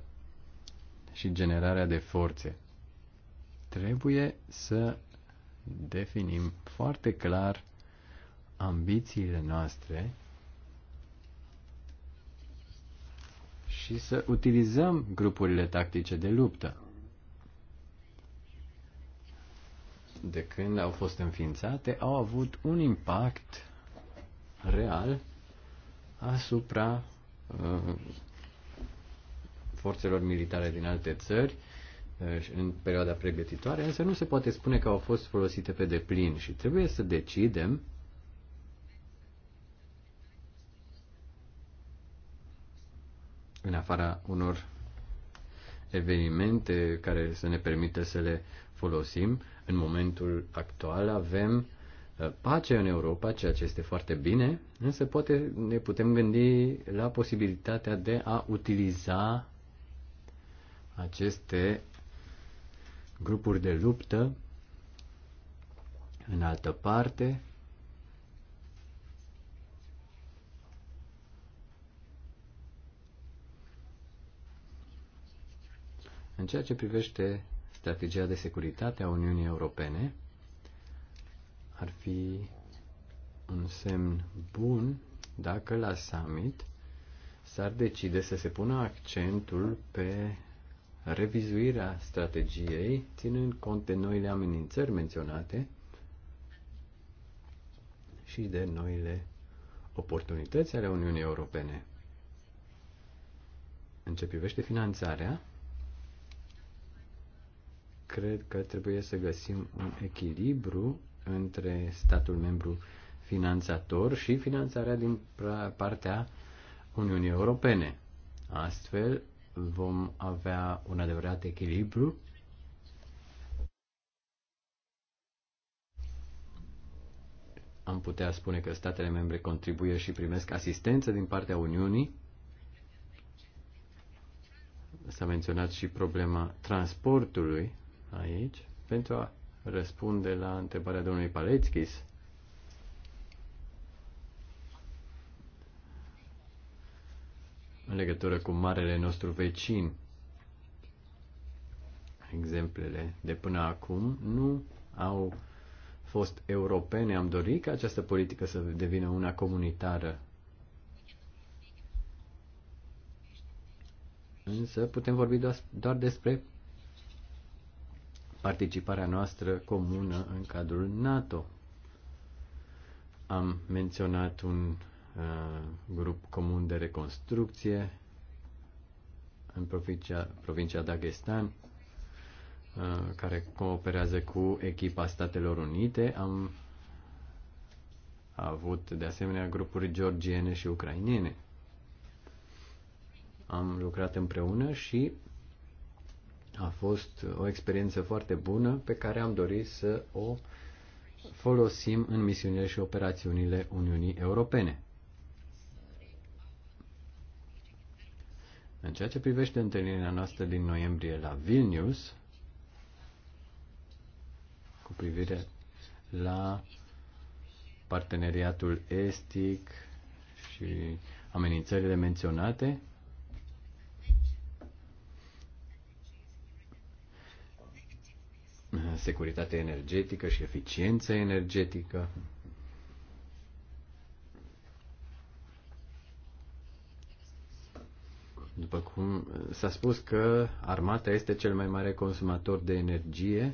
și generarea de forțe, trebuie să definim foarte clar ambițiile noastre și să utilizăm grupurile tactice de luptă. De când au fost înființate, au avut un impact real asupra uh, forțelor militare din alte țări uh, în perioada pregătitoare, însă nu se poate spune că au fost folosite pe deplin și trebuie să decidem în afara unor evenimente care să ne permită să le folosim. În momentul actual avem uh, pace în Europa, ceea ce este foarte bine, însă poate ne putem gândi la posibilitatea de a utiliza aceste grupuri de luptă în altă parte În ceea ce privește strategia de securitate a Uniunii Europene, ar fi un semn bun dacă la summit s-ar decide să se pună accentul pe revizuirea strategiei, ținând cont de noile amenințări menționate și de noile oportunități ale Uniunii Europene. În ce privește finanțarea, cred că trebuie să găsim un echilibru între statul membru finanțator și finanțarea din partea Uniunii Europene. Astfel vom avea un adevărat echilibru am putea spune că statele membre contribuie și primesc asistență din partea Uniunii. S-a menționat și problema transportului aici pentru a răspunde la întrebarea domnului Paleckis. în legătură cu marele nostru vecin. Exemplele de până acum nu au fost europene. Am dorit ca această politică să devină una comunitară. Însă putem vorbi doar despre participarea noastră comună în cadrul NATO. Am menționat un uh, grup comun de reconstrucție în provincia, provincia Dagestan, uh, care cooperează cu echipa Statelor Unite. Am avut de asemenea grupuri georgiene și ucrainene. Am lucrat împreună și a fost o experiență foarte bună pe care am dorit să o folosim în misiunile și operațiunile Uniunii Europene. În ceea ce privește întâlnirea noastră din noiembrie la Vilnius, cu privire la parteneriatul estic și amenințările menționate, securitate energetică și eficiență energetică. După cum s-a spus că armata este cel mai mare consumator de energie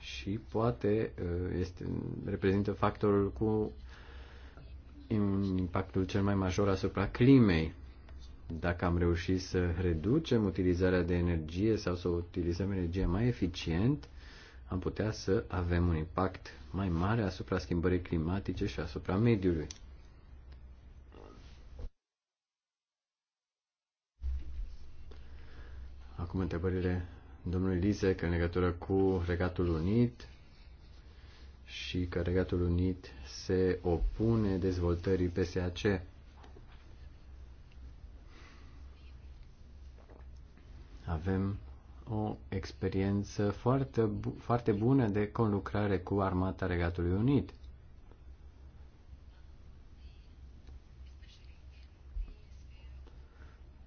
și poate uh, este, reprezintă factorul cu impactul cel mai major asupra climei. Dacă am reușit să reducem utilizarea de energie sau să utilizăm energia mai eficient, am putea să avem un impact mai mare asupra schimbării climatice și asupra mediului. Acum întrebările domnului Lize că în legătură cu Regatul Unit și că Regatul Unit se opune dezvoltării PSAC. Avem o experiență foarte, foarte bună de conlucrare cu Armata Regatului Unit.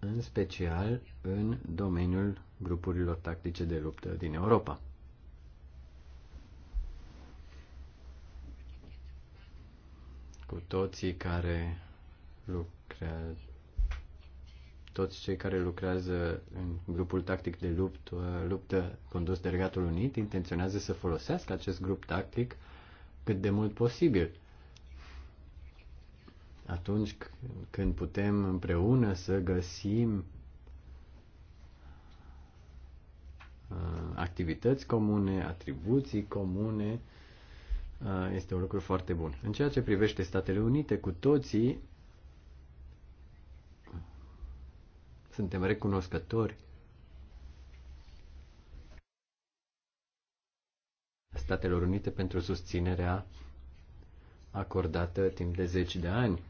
în special în domeniul grupurilor tactice de luptă din Europa. Cu toții care lucrează toți cei care lucrează în grupul tactic de lupt, luptă condus de Regatul Unit intenționează să folosească acest grup tactic cât de mult posibil. Atunci când putem împreună să găsim uh, activități comune, atribuții comune, uh, este un lucru foarte bun. În ceea ce privește Statele Unite, cu toții Suntem recunoscători Statelor Unite pentru susținerea acordată timp de zeci de ani.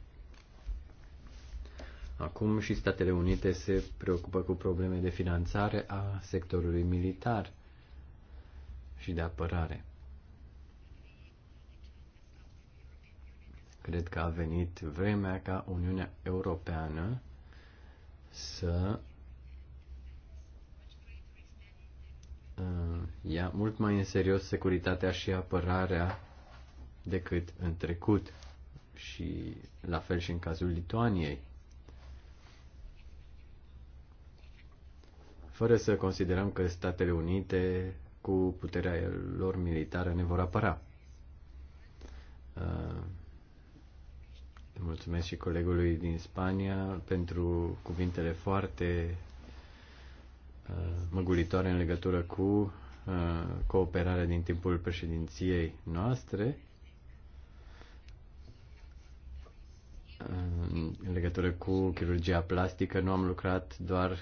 Acum și Statele Unite se preocupă cu probleme de finanțare a sectorului militar și de apărare. Cred că a venit vremea ca Uniunea Europeană să uh, ia mult mai în serios securitatea și apărarea decât în trecut și la fel și în cazul Lituaniei. Fără să considerăm că Statele Unite cu puterea lor militară ne vor apăra. Uh, Mulțumesc și colegului din Spania pentru cuvintele foarte uh, măguritoare în legătură cu uh, cooperarea din timpul președinției noastre uh, în legătură cu chirurgia plastică. Nu am lucrat doar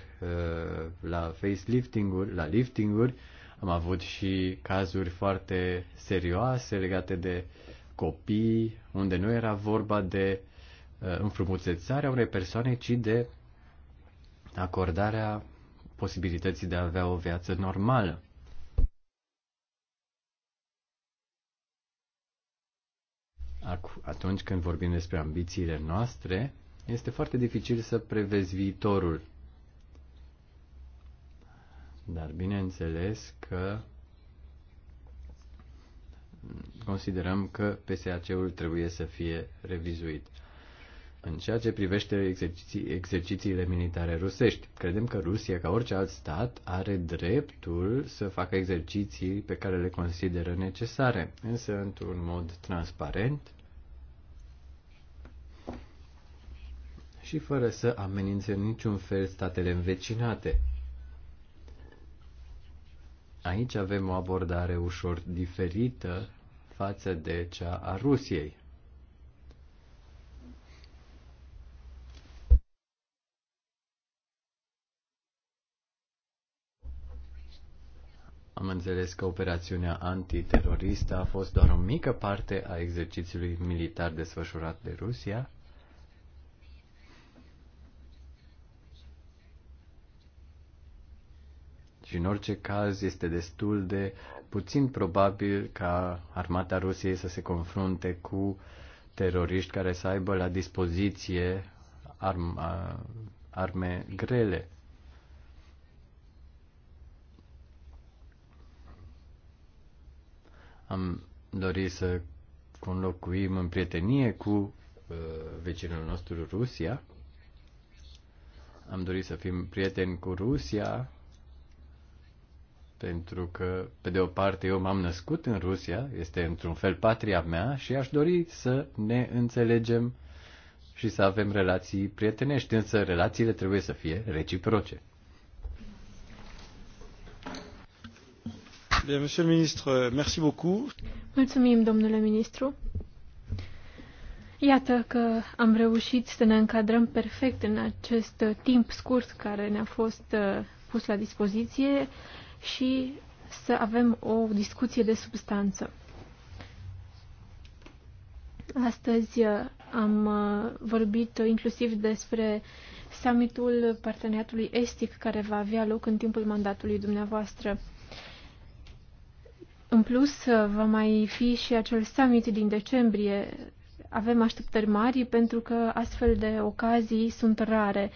la facelifting-uri, la lifting-uri. Am avut și cazuri foarte serioase legate de uh, copii, unde nu era vorba de uh, înfrumusețarea unei persoane, ci de acordarea posibilității de a avea o viață normală. Atunci când vorbim despre ambițiile noastre, este foarte dificil să prevezi viitorul. Dar bineînțeles că considerăm că PSAC-ul trebuie să fie revizuit. În ceea ce privește exerciții, exercițiile militare rusești, credem că Rusia, ca orice alt stat, are dreptul să facă exerciții pe care le consideră necesare, însă într-un mod transparent și fără să amenințe în niciun fel statele învecinate. Aici avem o abordare ușor diferită față de cea a Rusiei. Am înțeles că operațiunea antiteroristă a fost doar o mică parte a exercițiului militar desfășurat de Rusia, Și în orice caz este destul de puțin probabil ca armata Rusiei să se confrunte cu teroriști care să aibă la dispoziție arm, arme grele. Am dorit să conlocuim în prietenie cu uh, vecinul nostru Rusia. Am dorit să fim prieteni cu Rusia pentru că, pe de o parte, eu m-am născut în Rusia, este într-un fel patria mea și aș dori să ne înțelegem și să avem relații prietenești, însă relațiile trebuie să fie reciproce. Bien, monsieur le ministre, merci beaucoup.
Mulțumim, domnule ministru. Iată că am reușit să ne încadrăm perfect în acest timp scurt care ne-a fost uh, pus la dispoziție și să avem o discuție de substanță. Astăzi uh, am uh, vorbit inclusiv despre summitul parteneriatului estic care va avea loc în timpul mandatului dumneavoastră. În plus, uh, va mai fi și acel summit din decembrie. Avem așteptări mari pentru că astfel de ocazii sunt rare.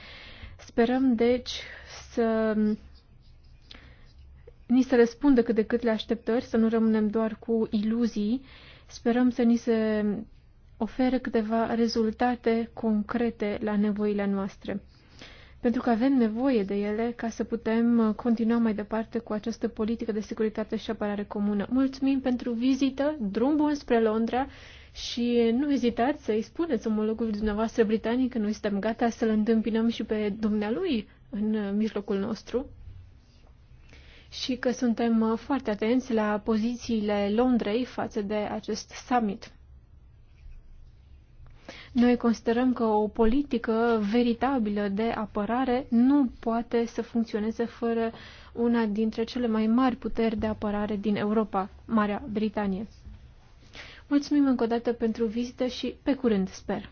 Sperăm, deci, să ni se răspundă cât de cât le așteptări, să nu rămânem doar cu iluzii. Sperăm să ni se oferă câteva rezultate concrete la nevoile noastre. Pentru că avem nevoie de ele ca să putem continua mai departe cu această politică de securitate și apărare comună. Mulțumim pentru vizită, drum bun spre Londra și nu ezitați să-i spuneți omologului dumneavoastră britanic că noi suntem gata să-l întâmpinăm și pe dumnealui în mijlocul nostru și că suntem uh, foarte atenți la pozițiile Londrei față de acest summit. Noi considerăm că o politică veritabilă de apărare nu poate să funcționeze fără una dintre cele mai mari puteri de apărare din Europa, Marea Britanie. Mulțumim încă o dată pentru vizită și pe curând, sper!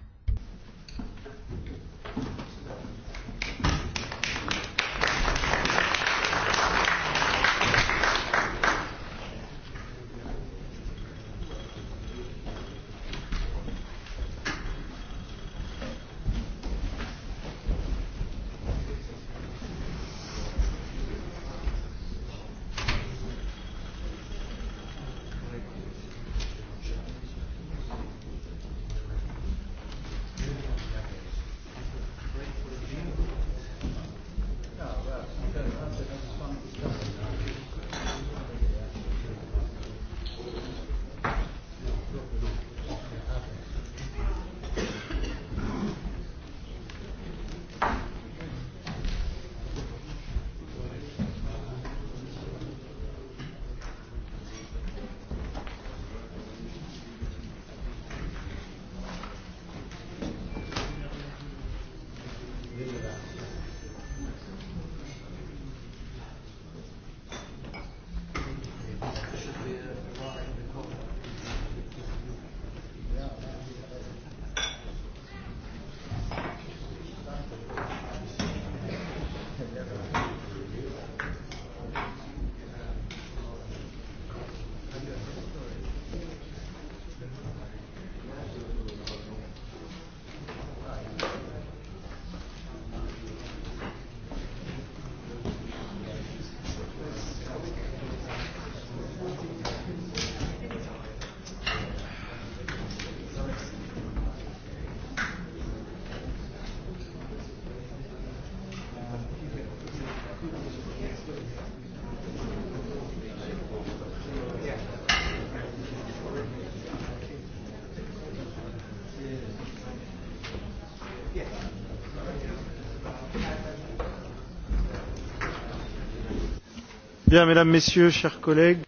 mesdames, messieurs, chers collègues.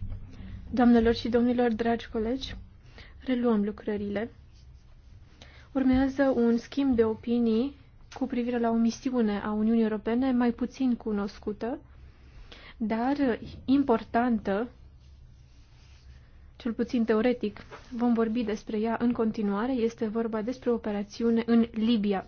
Doamnelor și domnilor, dragi colegi, reluăm lucrările. Urmează un schimb de opinii cu privire la o misiune a Uniunii Europene mai puțin cunoscută, dar importantă, cel puțin teoretic. Vom vorbi despre ea în continuare. Este vorba despre operațiune în Libia.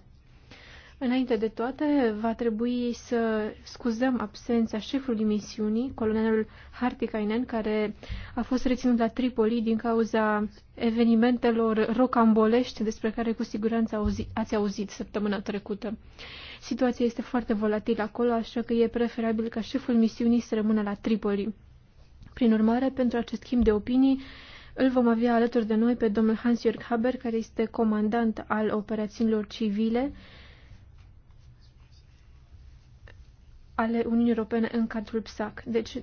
Înainte de toate, va trebui să scuzăm absența șefului misiunii, colonelul Hartikainen, care a fost reținut la Tripoli din cauza evenimentelor rocambolești despre care cu siguranță ați auzit săptămâna trecută. Situația este foarte volatilă acolo, așa că e preferabil ca șeful misiunii să rămână la Tripoli. Prin urmare, pentru acest schimb de opinii, îl vom avea alături de noi pe domnul Hans-Jörg Haber, care este comandant al operațiunilor civile ale Uniunii Europene în cadrul PSAC. Deci,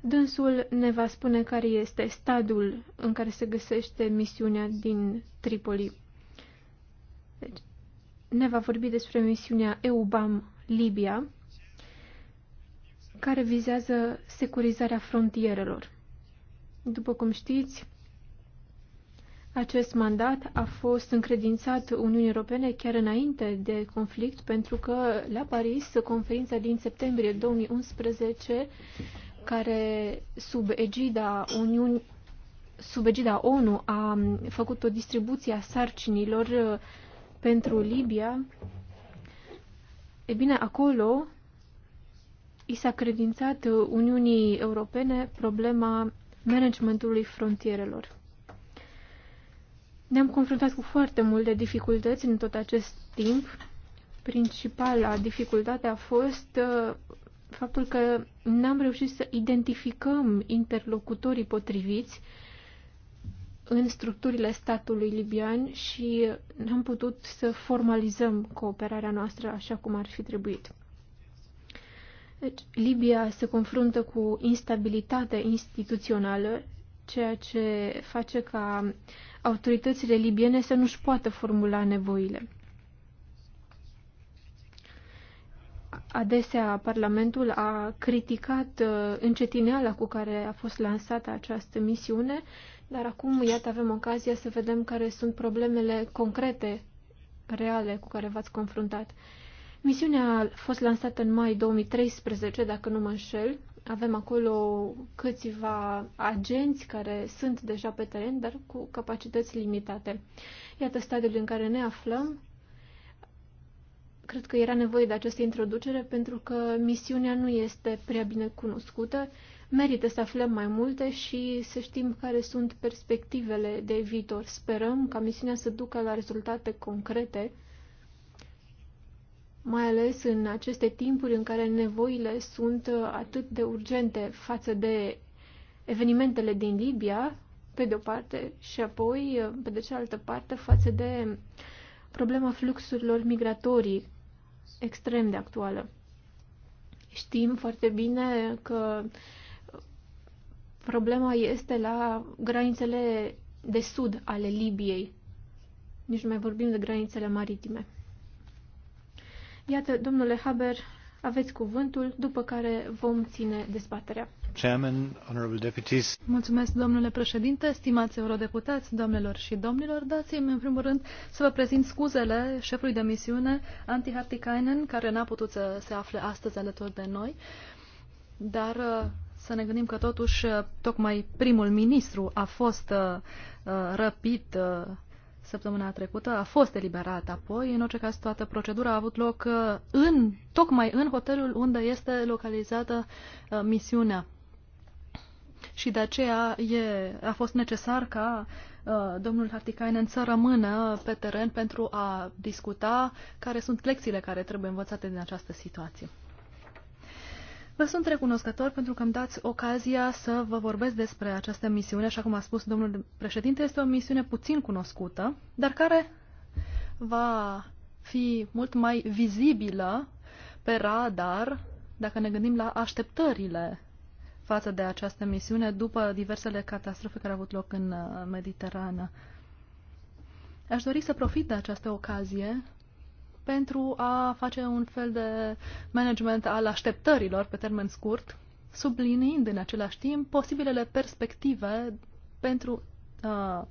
dânsul ne va spune care este stadul în care se găsește misiunea din Tripoli. Deci, ne va vorbi despre misiunea EUBAM Libia, care vizează securizarea frontierelor. După cum știți, acest mandat a fost încredințat Uniunii Europene chiar înainte de conflict, pentru că la Paris, conferința din septembrie 2011, care sub egida Uniunii sub egida ONU a făcut o distribuție a sarcinilor uh, pentru Libia, e bine, acolo i s-a credințat Uniunii Europene problema managementului frontierelor. Ne-am confruntat cu foarte multe dificultăți în tot acest timp. Principala dificultate a fost uh, faptul că n-am reușit să identificăm interlocutorii potriviți în structurile statului libian și n-am putut să formalizăm cooperarea noastră așa cum ar fi trebuit. Deci, Libia se confruntă cu instabilitate instituțională ceea ce face ca autoritățile libiene să nu-și poată formula nevoile. Adesea, Parlamentul a criticat uh, încetineala cu care a fost lansată această misiune, dar acum, iată, avem ocazia să vedem care sunt problemele concrete, reale, cu care v-ați confruntat. Misiunea a fost lansată în mai 2013, dacă nu mă înșel, avem acolo câțiva agenți care sunt deja pe teren, dar cu capacități limitate. Iată stadiul în care ne aflăm. Cred că era nevoie de această introducere pentru că misiunea nu este prea bine cunoscută. Merită să aflăm mai multe și să știm care sunt perspectivele de viitor. Sperăm ca misiunea să ducă la rezultate concrete mai ales în aceste timpuri în care nevoile sunt uh, atât de urgente față de evenimentele din Libia, pe de o parte, și apoi, uh, pe de cealaltă parte, față de problema fluxurilor migratorii extrem de actuală. Știm foarte bine că problema este la granițele de sud ale Libiei. Nici nu mai vorbim de granițele maritime. Iată, domnule Haber, aveți cuvântul, după care vom ține
dezbaterea.
Chairman, honorable deputies.
Mulțumesc, domnule președinte, stimați eurodeputați, domnilor și domnilor. Dați-mi, în primul rând, să vă prezint scuzele șefului de misiune, Antti Hartikainen, care n-a putut să se afle astăzi alături de noi, dar uh, să ne gândim că totuși uh, tocmai primul ministru a fost uh, uh răpit uh, săptămâna trecută, a fost eliberat apoi. În orice caz, toată procedura a avut loc uh, în, tocmai în hotelul unde este localizată uh, misiunea. Și de aceea e, a fost necesar ca uh, domnul Hartikainen să rămână pe teren pentru a discuta care sunt lecțiile care trebuie învățate din această situație. Vă sunt recunoscător pentru că îmi dați ocazia să vă vorbesc despre această misiune. Așa cum a spus domnul președinte, este o misiune puțin cunoscută, dar care va fi mult mai vizibilă pe radar dacă ne gândim la așteptările față de această misiune după diversele catastrofe care au avut loc în uh, Mediterană. Aș dori să profit de această ocazie pentru a face un fel de management al așteptărilor pe termen scurt, subliniind în același timp posibilele perspective pentru uh,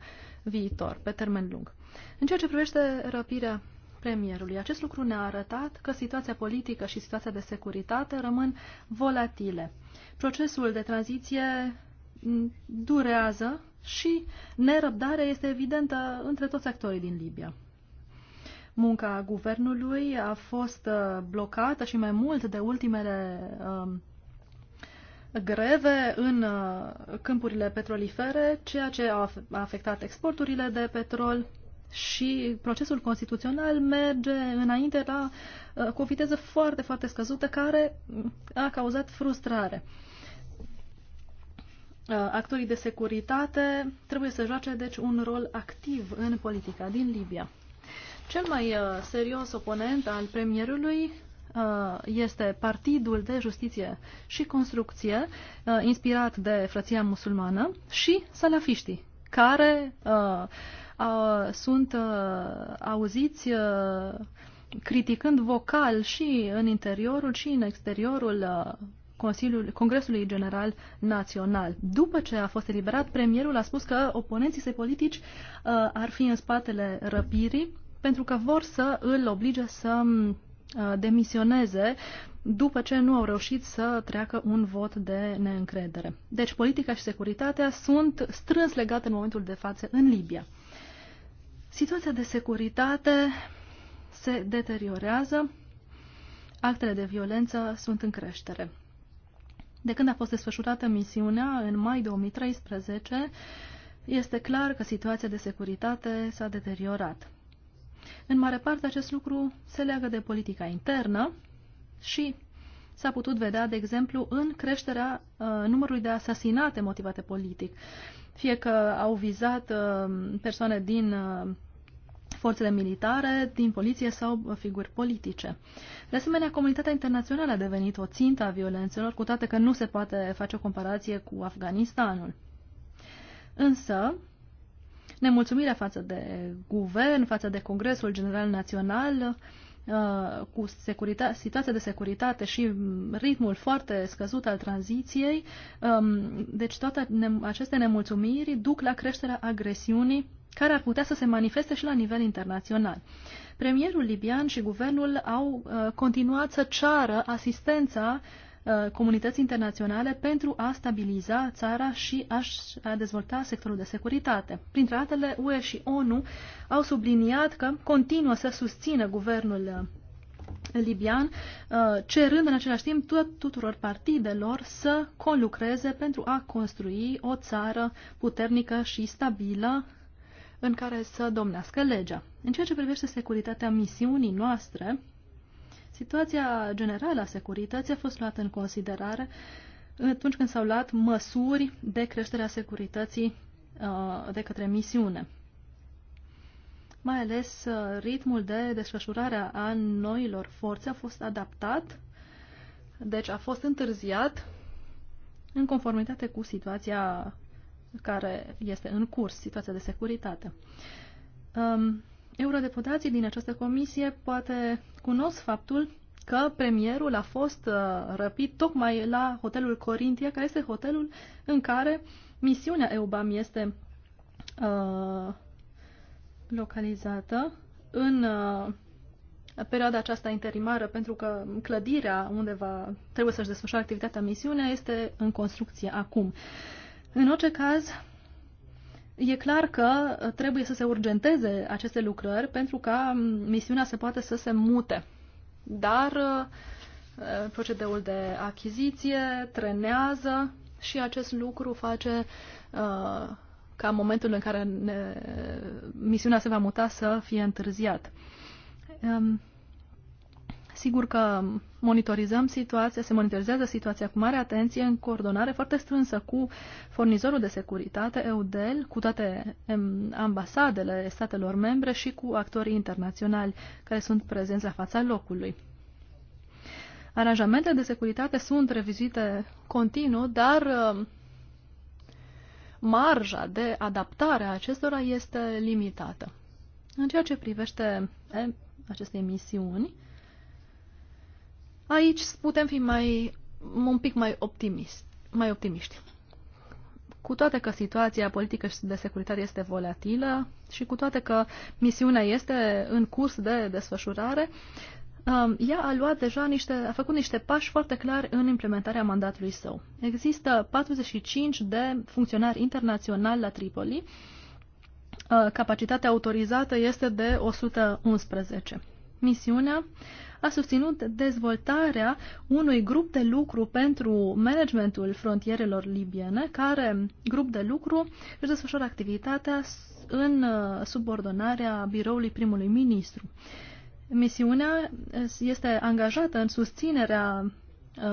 viitor, pe termen lung. În ceea ce privește răpirea premierului, acest lucru ne-a arătat că situația politică și situația de securitate rămân volatile. Procesul de tranziție durează și nerăbdarea este evidentă între toți actorii din Libia. Munca guvernului a fost uh, blocată și mai mult de ultimele um, greve în uh, câmpurile petrolifere, ceea ce a afectat exporturile de petrol și procesul constituțional merge înainte la, uh, cu o viteză foarte, foarte scăzută care a cauzat frustrare. Actorii de securitate trebuie să joace, deci, un rol activ în politica din Libia. Cel mai uh, serios oponent al premierului uh, este Partidul de Justiție și Construcție, uh, inspirat de frăția musulmană, și salafiștii, care sunt auziți criticând vocal și în interiorul și în exteriorul Consiliul, Congresului General Național. După ce a fost eliberat, premierul a spus că oponenții săi politici uh, ar fi în spatele răpirii pentru că vor să îl oblige să uh, demisioneze după ce nu au reușit să treacă un vot de neîncredere. Deci politica și securitatea sunt strâns legate în momentul de față în Libia. Situația de securitate se deteriorează, actele de violență sunt în creștere. De când a fost desfășurată misiunea, în mai 2013, este clar că situația de securitate s-a deteriorat. În mare parte, acest lucru se leagă de politica internă și s-a putut vedea, de exemplu, în creșterea uh, numărului de asasinate motivate politic. Fie că au vizat uh, persoane din uh, forțele militare, din poliție sau uh, figuri politice. De asemenea, comunitatea internațională a devenit o țintă a violențelor, cu toate că nu se poate face o comparație cu Afganistanul. Însă, nemulțumirea față de guvern, față de Congresul General Național, uh, cu situația de securitate și ritmul foarte scăzut al tranziției. Um, deci toate aceste nemulțumiri duc la creșterea agresiunii care ar putea să se manifeste și la nivel internațional. Premierul libian și guvernul au uh, continuat să ceară asistența uh, Uh, comunități internaționale pentru a stabiliza țara și a dezvolta sectorul de securitate. Printre altele, UE și ONU au subliniat că continuă să susțină guvernul uh, libian, uh, cerând în același timp tuturor partidelor să conlucreze pentru a construi o țară puternică și stabilă în care să domnească legea. În ceea ce privește securitatea misiunii noastre, Situația generală a securității a fost luată în considerare atunci când s-au luat măsuri de creștere a securității uh, de către misiune. Mai ales uh, ritmul de desfășurare a noilor forțe a fost adaptat, deci a fost întârziat în conformitate cu situația care este în curs, situația de securitate. Um, eurodeputații din această comisie poate cunosc faptul că premierul a fost uh, răpit tocmai la hotelul Corintia, care este hotelul în care misiunea EUBAM este uh, localizată în uh, perioada aceasta interimară, pentru că clădirea unde va, trebuie să-și desfășoare activitatea misiunea este în construcție acum. În orice caz, E clar că uh, trebuie să se urgenteze aceste lucrări pentru ca mm, misiunea se poate să se mute. Dar uh, uh, procedeul de achiziție trenează și acest lucru face ca momentul în care ne, misiunea se va muta să fie întârziat. Um, Sigur că monitorizăm situația, se monitorizează situația cu mare atenție, în coordonare foarte strânsă cu furnizorul de securitate, EUDEL, cu toate ambasadele statelor membre și cu actorii internaționali care sunt prezenți la fața locului. Aranjamentele de securitate sunt revizuite continuu, dar um, marja de adaptare a acestora este limitată. În ceea ce privește aceste emisiuni, Aici putem fi mai, un pic mai, optimist, mai optimiști. Cu toate că situația politică și de securitate este volatilă și cu toate că misiunea este în curs de desfășurare, um, ea a luat deja niște, a făcut niște pași foarte clari în implementarea mandatului său. Există 45 de funcționari internaționali la Tripoli. Uh, capacitatea autorizată este de 111. Misiunea a susținut dezvoltarea unui grup de lucru pentru managementul frontierelor libiene, care grup de lucru își desfășoară activitatea în uh, subordonarea biroului primului ministru. Misiunea uh, este angajată în susținerea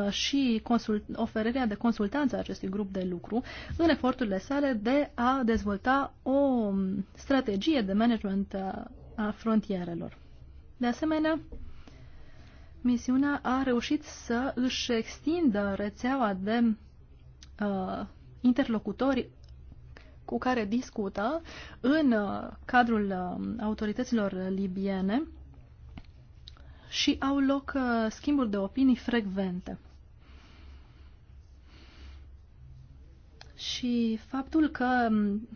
uh, și oferirea de consultanță a acestui grup de lucru în eforturile sale de a dezvolta o um, strategie de management a frontierelor. De asemenea, misiunea a reușit să își extindă rețeaua de uh, interlocutori cu care discută în uh, cadrul uh, autorităților libiene și au loc uh, schimburi de opinii frecvente. Și faptul că um,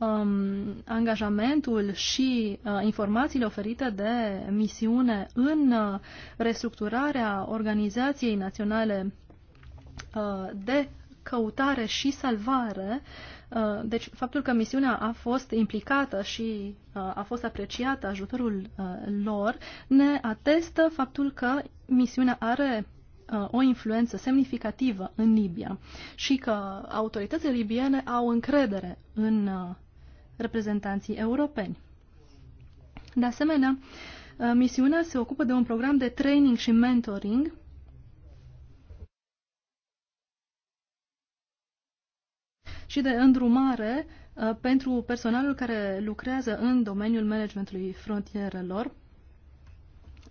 um, angajamentul și uh, informațiile oferite de misiune în uh, restructurarea Organizației Naționale uh, de Căutare și Salvare. Uh, deci, faptul că misiunea a fost implicată și uh, a fost apreciată ajutorul uh, lor ne atestă faptul că misiunea are o influență semnificativă în Libia și că autoritățile libiene au încredere în reprezentanții europeni. De asemenea, uh, misiunea se ocupă de un program de training și mentoring și de îndrumare uh, pentru personalul care lucrează în domeniul managementului frontierelor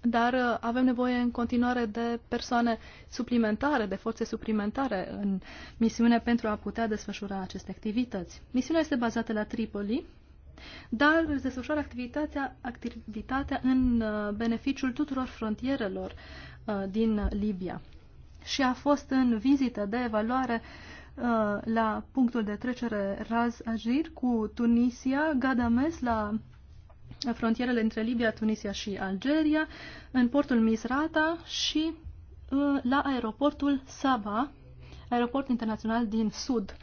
dar uh, avem nevoie în continuare de persoane suplimentare, de forțe suplimentare în misiune pentru a putea desfășura aceste activități. Misiunea este bazată la Tripoli, dar își desfășoară activitatea, activitatea în uh, beneficiul tuturor frontierelor uh, din Libia. Și a fost în vizită de evaluare la punctul de trecere Raz Agir cu Tunisia, Gadames la frontierele între Libia, Tunisia și Algeria, în portul Misrata și uh, la aeroportul Saba, aeroport internațional din sud,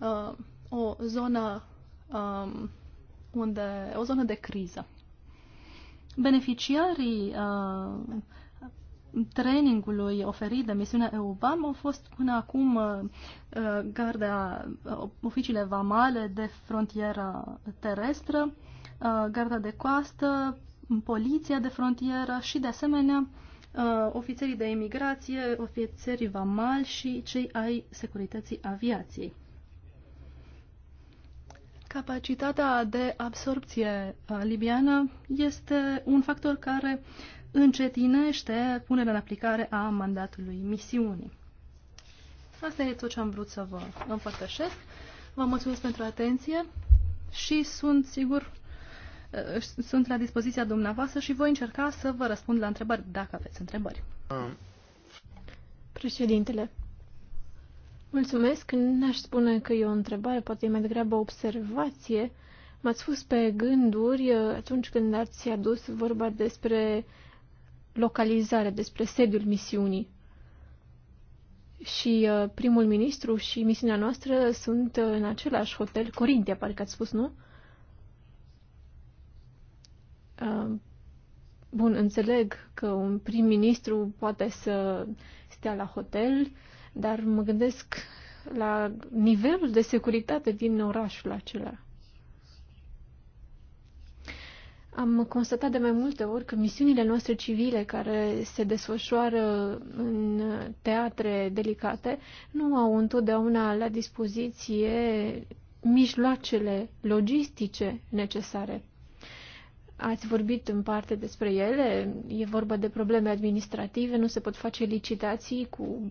uh, o zonă um, unde o zonă de criză. Beneficiarii uh, trainingului oferit de misiunea EUBAM au fost până acum garda, oficiile vamale de frontieră terestră, Uh, garda de coastă, poliția de frontieră și, de asemenea, uh, ofițerii de imigrație, ofițerii vamali și cei ai securității aviației. Capacitatea de absorpție uh, libiană este un factor care încetinește punerea în aplicare a mandatului misiunii. Asta e tot ce am vrut să vă împărtășesc. Vă mulțumesc pentru atenție și sunt sigur Eh, sunt la dispoziția dumneavoastră și voi încerca
să vă răspund la întrebări, dacă aveți întrebări. Președintele, mulțumesc. N-aș spune că e o întrebare, poate e mai degrabă o observație. M-ați spus pe gânduri eh, atunci când ați adus vorba despre localizare, despre sediul misiunii. Și eh, primul ministru și misiunea noastră sunt în același hotel, Corintia, parcă ați spus, nu? Uh, Um, bun, înțeleg că un prim-ministru poate să stea la hotel, dar mă gândesc la nivelul de securitate din orașul acela. Am constatat de mai multe ori că misiunile noastre civile care se desfășoară în teatre delicate nu au întotdeauna la dispoziție mijloacele logistice necesare. Ați vorbit în parte despre ele, e vorba de probleme administrative, nu se pot face licitații cu,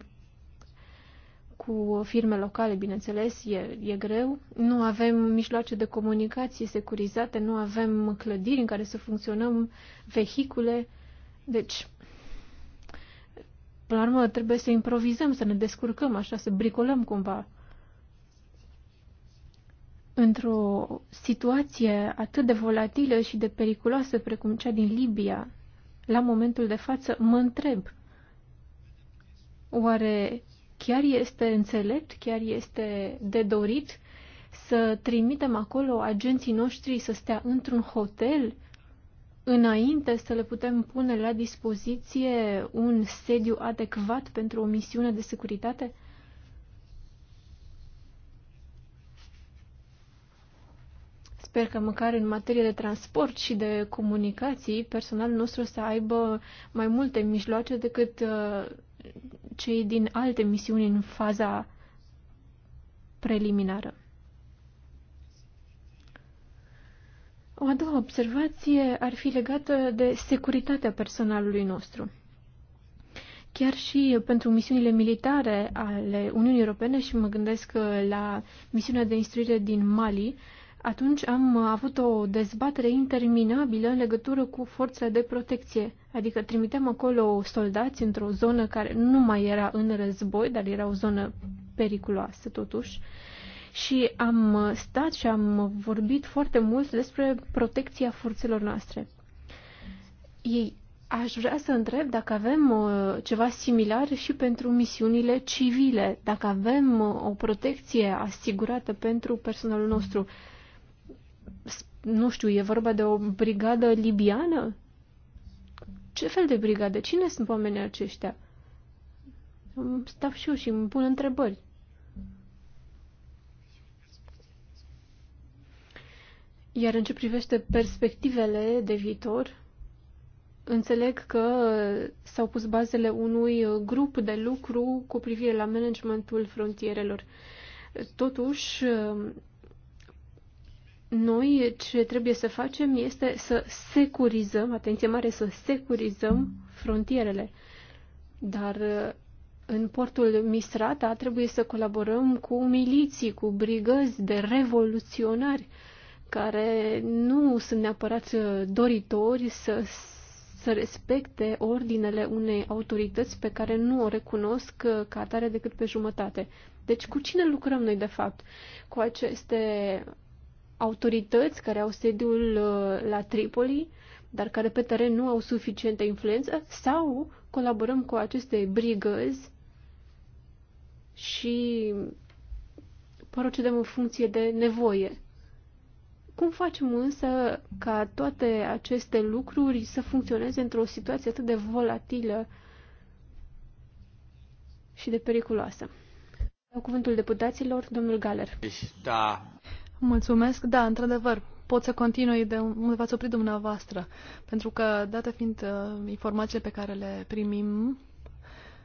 cu firme locale, bineînțeles, e, e greu. Nu avem mijloace de comunicație securizate, nu avem clădiri în care să funcționăm, vehicule. Deci, până la urmă, trebuie să improvizăm, să ne descurcăm așa, să bricolăm cumva într-o situație atât de volatilă și de periculoasă precum cea din Libia, la momentul de față, mă întreb, oare chiar este înțelept, chiar este de dorit să trimitem acolo agenții noștri să stea într-un hotel înainte să le putem pune la dispoziție un sediu adecvat pentru o misiune de securitate? Sper că măcar în materie de transport și de comunicații, personalul nostru să aibă mai multe mijloace decât uh, cei din alte misiuni în faza preliminară. O a doua observație ar fi legată de securitatea personalului nostru. Chiar și pentru misiunile militare ale Uniunii Europene, și mă gândesc uh, la misiunea de instruire din Mali, atunci am avut o dezbatere interminabilă în legătură cu forțele de protecție, adică trimiteam acolo soldați într-o zonă care nu mai era în război, dar era o zonă periculoasă totuși, și am stat și am vorbit foarte mult despre protecția forțelor noastre. Ei, aș vrea să întreb dacă avem uh, ceva similar și pentru misiunile civile, dacă avem uh, o protecție asigurată pentru personalul nostru nu știu, e vorba de o brigadă libiană? Ce fel de brigadă? Cine sunt oamenii aceștia? Stau și eu și îmi pun întrebări. Iar în ce privește perspectivele de viitor, înțeleg că s-au pus bazele unui grup de lucru cu privire la managementul frontierelor. Totuși, noi ce trebuie să facem este să securizăm, atenție mare, să securizăm frontierele. Dar uh, în portul Misrata trebuie să colaborăm cu miliții, cu brigăzi de revoluționari care nu sunt neapărat uh, doritori să, să respecte ordinele unei autorități pe care nu o recunosc uh, ca atare decât pe jumătate. Deci cu cine lucrăm noi de fapt? Cu aceste autorități care au sediul uh, la Tripoli, dar care pe teren nu au suficientă influență, sau colaborăm cu aceste brigăzi și procedăm în funcție de nevoie. Cum facem însă ca toate aceste lucruri să funcționeze într-o situație atât de volatilă și de periculoasă? Cuvântul deputaților, domnul Galer.
Da.
Mulțumesc. Da, într-adevăr, pot să continui de unde v-ați oprit dumneavoastră, pentru că, dată fiind uh, informațiile pe care le primim,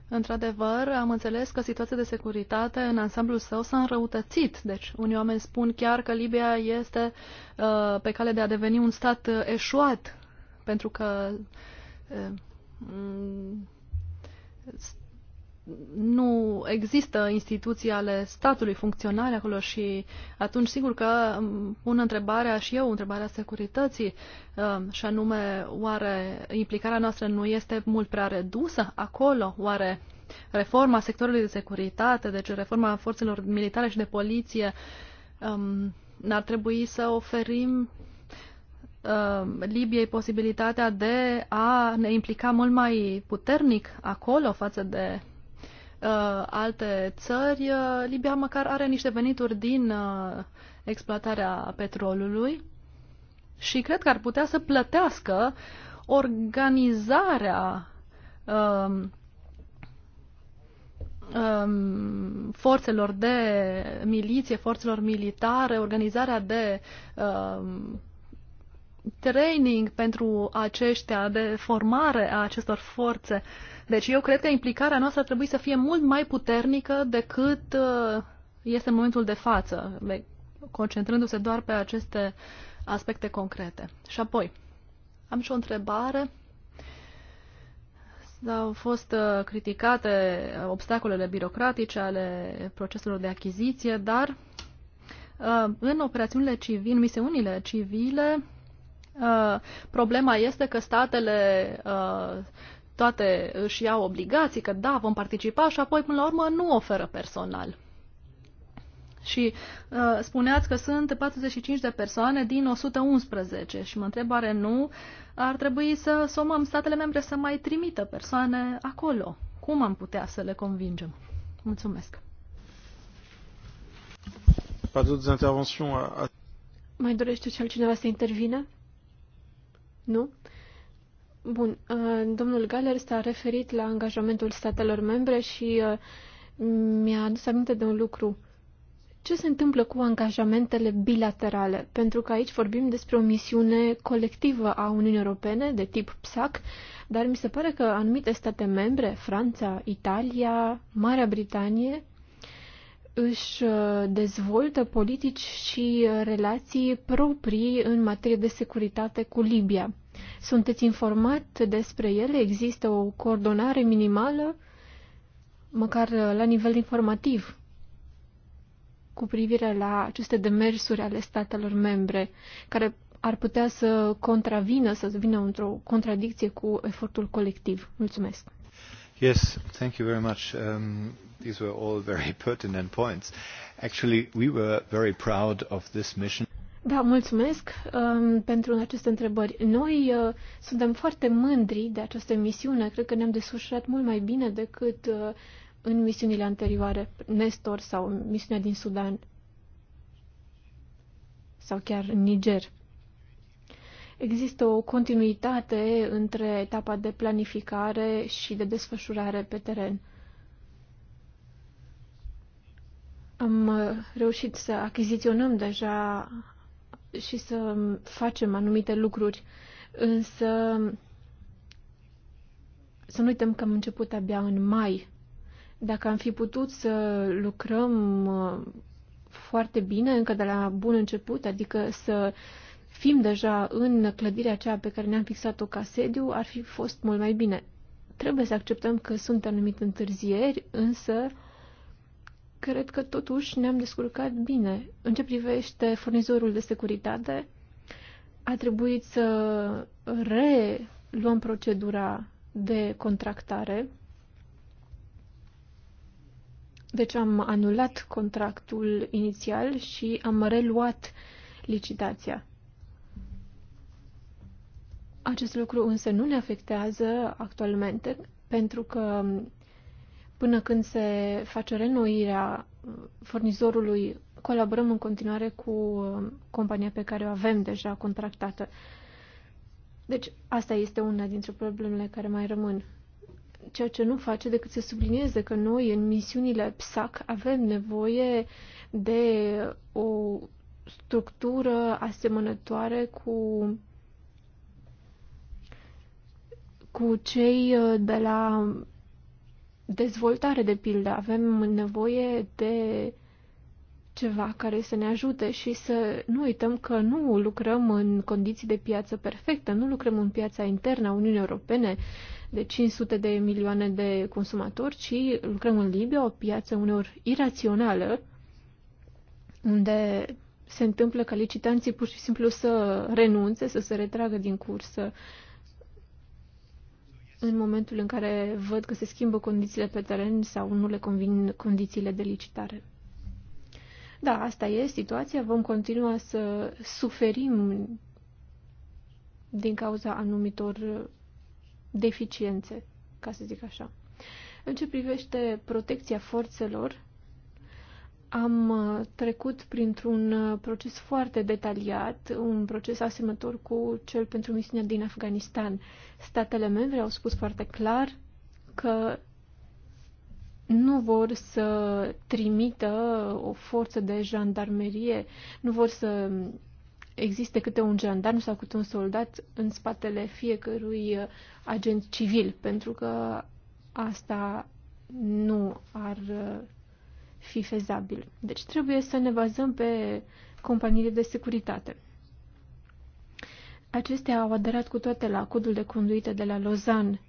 într-adevăr, am înțeles că situația de securitate în ansamblul său s-a înrăutățit. Deci, unii oameni spun chiar că Libia este uh, pe cale de a deveni un stat uh, eșuat, pentru că uh, nu există instituții ale statului funcționare acolo și atunci sigur că pun întrebarea și eu, întrebarea securității um, și anume oare implicarea noastră nu este mult prea redusă acolo? Oare reforma sectorului de securitate, deci reforma forțelor militare și de poliție um, n-ar trebui să oferim um, Libiei posibilitatea de a ne implica mult mai puternic acolo față de uh, alte țări, uh, Libia măcar are niște venituri din uh, exploatarea petrolului și cred că ar putea să plătească organizarea um, um, forțelor de miliție, forțelor militare, organizarea de um, training pentru aceștia, de formare a acestor forțe. Uh, deci eu cred că implicarea noastră ar trebui să fie mult mai puternică decât uh, este în momentul de față, concentrându-se doar pe aceste aspecte concrete. Și apoi, am și o întrebare. Au fost uh, criticate obstacolele birocratice ale proceselor de achiziție, dar uh, în operațiunile civile, în misiunile civile, problema este că statele toate își iau obligații, că da, vom participa și apoi până la urmă nu oferă personal. Și uh, spuneați că sunt 45 de persoane din 111 și mă întreb are nu, ar trebui să somăm statele membre să mai trimită persoane acolo. Cum am putea să le convingem?
Mulțumesc. Mai dorește cel cineva să intervină? Nu? Bun, uh, domnul Galler s-a referit la angajamentul statelor membre și uh, mi-a adus aminte de un lucru. Ce se întâmplă cu angajamentele bilaterale? Pentru că aici vorbim despre o misiune colectivă a Uniunii Europene de tip PSAC, dar mi se pare că anumite state membre, Franța, Italia, Marea Britanie, își uh, dezvoltă politici și relații proprii în materie de securitate cu Libia. Sunteți informat despre ele? Există o coordonare minimală, măcar la nivel informativ, cu privire la aceste demersuri ale statelor membre, care ar putea să contravină, să vină într-o contradicție cu efortul colectiv. Mulțumesc.
Yes, thank you very much. Um, these were all
very pertinent points. Actually, we were very proud of this mission.
Da, mulțumesc um, pentru aceste întrebări. Noi uh, suntem foarte mândri de această misiune. Cred că ne-am desfășurat mult mai bine decât uh, în misiunile anterioare, Nestor sau misiunea din Sudan sau chiar în Niger. Există o continuitate între etapa de planificare și de desfășurare pe teren. Am uh, reușit să achiziționăm deja și să facem anumite lucruri, însă să nu uităm că am început abia în mai. Dacă am fi putut să lucrăm uh, foarte bine încă de la bun început, adică să fim deja în clădirea aceea pe care ne-am fixat-o ca sediu, ar fi fost mult mai bine. Trebuie să acceptăm că sunt anumite întârzieri, însă cred că totuși ne-am descurcat bine. În ce privește furnizorul de securitate, a trebuit să reluăm procedura de contractare. Deci am anulat contractul inițial și am reluat licitația. Acest lucru însă nu ne afectează actualmente pentru că până când se face renoirea furnizorului, colaborăm în continuare cu uh, compania pe care o avem deja contractată. Deci, asta este una dintre problemele care mai rămân. Ceea ce nu face decât să sublinieze că noi, în misiunile PSAC, avem nevoie de o structură asemănătoare cu cu cei uh, de la dezvoltare, de pildă. Avem nevoie de ceva care să ne ajute și să nu uităm că nu lucrăm în condiții de piață perfectă, nu lucrăm în piața internă a Uniunii Europene de 500 de milioane de consumatori, ci lucrăm în Libia, o piață uneori irațională, unde se întâmplă ca licitanții pur și simplu să renunțe, să se retragă din cursă în momentul în care văd că se schimbă condițiile pe teren sau nu le convin condițiile de licitare. Da, asta e situația. Vom continua să suferim din cauza anumitor deficiențe, ca să zic așa. În ce privește protecția forțelor, am uh, trecut printr-un uh, proces foarte detaliat, un proces asemănător cu cel pentru misiunea din Afganistan. Statele membre au spus foarte clar că nu vor să trimită o forță de jandarmerie, nu vor să existe câte un jandarm sau câte un soldat în spatele fiecărui uh, agent civil, pentru că asta nu ar fi fezabil. Deci trebuie să ne bazăm pe companiile de securitate. Acestea au aderat cu toate la codul de conduită de la Lausanne.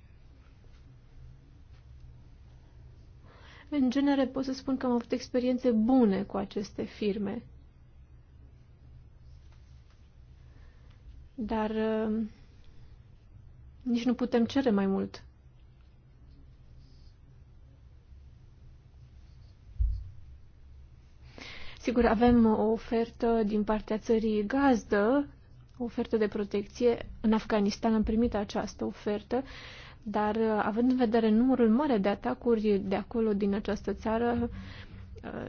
În genere pot să spun că am avut experiențe bune cu aceste firme. Dar uh, nici nu putem cere mai mult. Sigur, avem o ofertă din partea țării gazdă, o ofertă de protecție. În Afganistan am primit această ofertă, dar uh, având în vedere numărul mare de atacuri de acolo, din această țară, uh,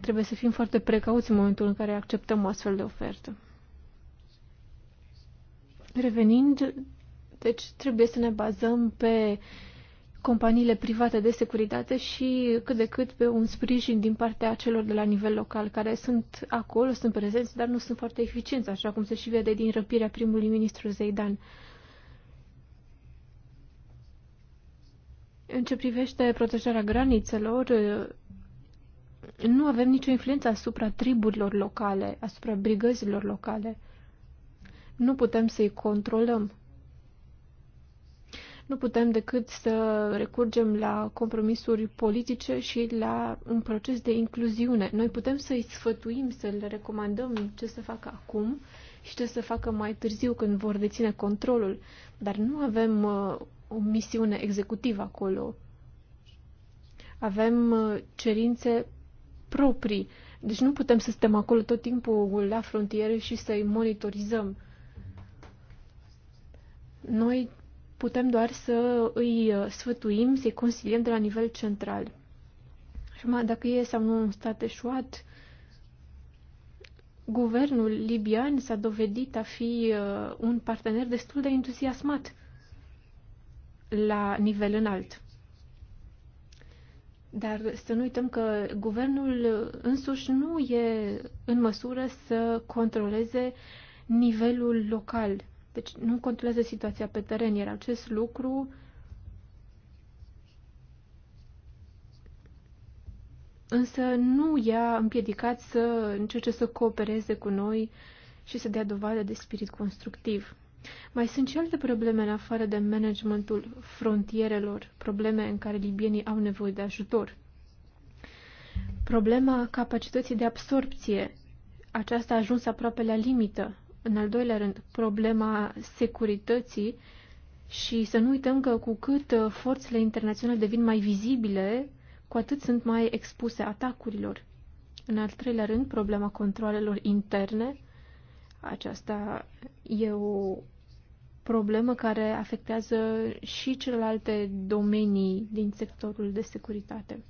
trebuie să fim foarte precauți în momentul în care acceptăm o astfel de ofertă. Revenind, deci trebuie să ne bazăm pe uh, companiile private de securitate și cât de cât pe un sprijin din partea celor de la nivel local care sunt acolo, sunt prezenți, dar nu sunt foarte eficienți, așa cum se și vede din răpirea primului ministru Zeidan. În ce privește protejarea granițelor, nu avem nicio influență asupra triburilor locale, asupra brigăzilor locale. Nu putem să-i controlăm nu putem decât să recurgem la compromisuri politice și la un proces de incluziune. Noi putem să-i sfătuim, să le recomandăm ce să facă acum și ce să facă mai târziu când vor deține controlul, dar nu avem uh, o misiune executivă acolo. Avem uh, cerințe proprii. Deci nu putem să stăm acolo tot timpul la frontiere și să-i monitorizăm. Noi putem doar să îi uh, sfătuim, să-i consiliem de la nivel central. Și mai dacă e sau nu un stat eșuat, guvernul libian s-a dovedit a fi uh, un partener destul de entuziasmat la nivel înalt. Dar să nu uităm că guvernul însuși nu e în măsură să controleze nivelul local deci nu controlează situația pe teren, iar acest lucru însă nu i-a împiedicat să încerce să coopereze cu noi și să dea dovadă de spirit constructiv. Mai sunt și alte probleme în afară de managementul frontierelor, probleme în care libienii au nevoie de ajutor. Problema capacității de absorpție. Aceasta a ajuns aproape la limită. În al doilea rând, problema securității și să nu uităm că cu cât uh, forțele internaționale devin mai vizibile, cu atât sunt mai expuse atacurilor. În al treilea rând, problema controlelor interne. Aceasta e o problemă care afectează și celelalte domenii din sectorul de securitate.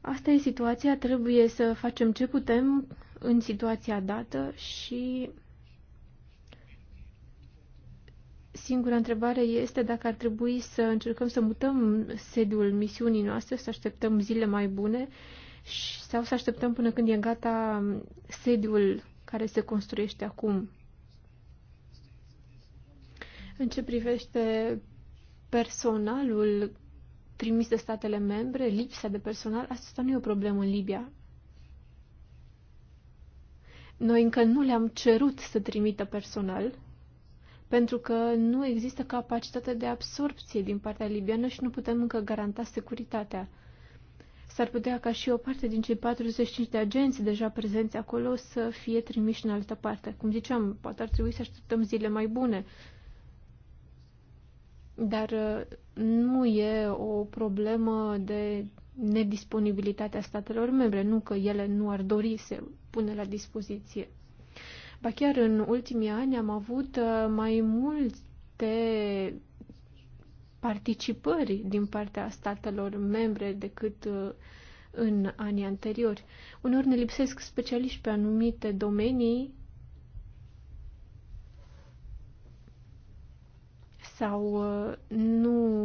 Asta e situația, trebuie să facem ce putem în situația dată și singura întrebare este dacă ar trebui să încercăm să mutăm sediul misiunii noastre, să așteptăm zile mai bune sau să așteptăm până când e gata sediul care se construiește acum. În ce privește personalul trimis de statele membre, lipsa de personal, asta nu e o problemă în Libia. Noi încă nu le-am cerut să trimită personal, pentru că nu există capacitatea de absorpție din partea libiană și nu putem încă garanta securitatea. S-ar putea ca și o parte din cei 45 de agenți deja prezenți acolo să fie trimiși în altă parte. Cum ziceam, poate ar trebui să așteptăm zile mai bune. Dar uh, nu e o problemă de nedisponibilitatea statelor membre, nu că ele nu ar dori să pune la dispoziție. Ba chiar în ultimii ani am avut uh, mai multe participări din partea statelor membre decât uh, în anii anteriori. Uneori ne lipsesc specialiști pe anumite domenii sau uh, nu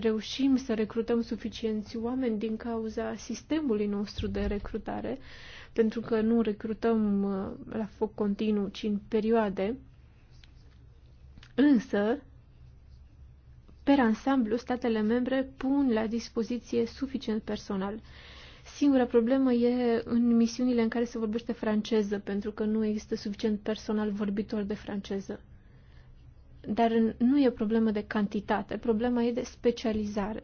reușim să recrutăm suficienți oameni din cauza sistemului nostru de recrutare, pentru că nu recrutăm uh, la foc continuu, ci în perioade. Însă, per ansamblu, statele membre pun la dispoziție suficient personal. Singura problemă e în misiunile în care se vorbește franceză, pentru că nu există suficient personal vorbitor de franceză. Dar nu e problemă de cantitate, problema e de specializare.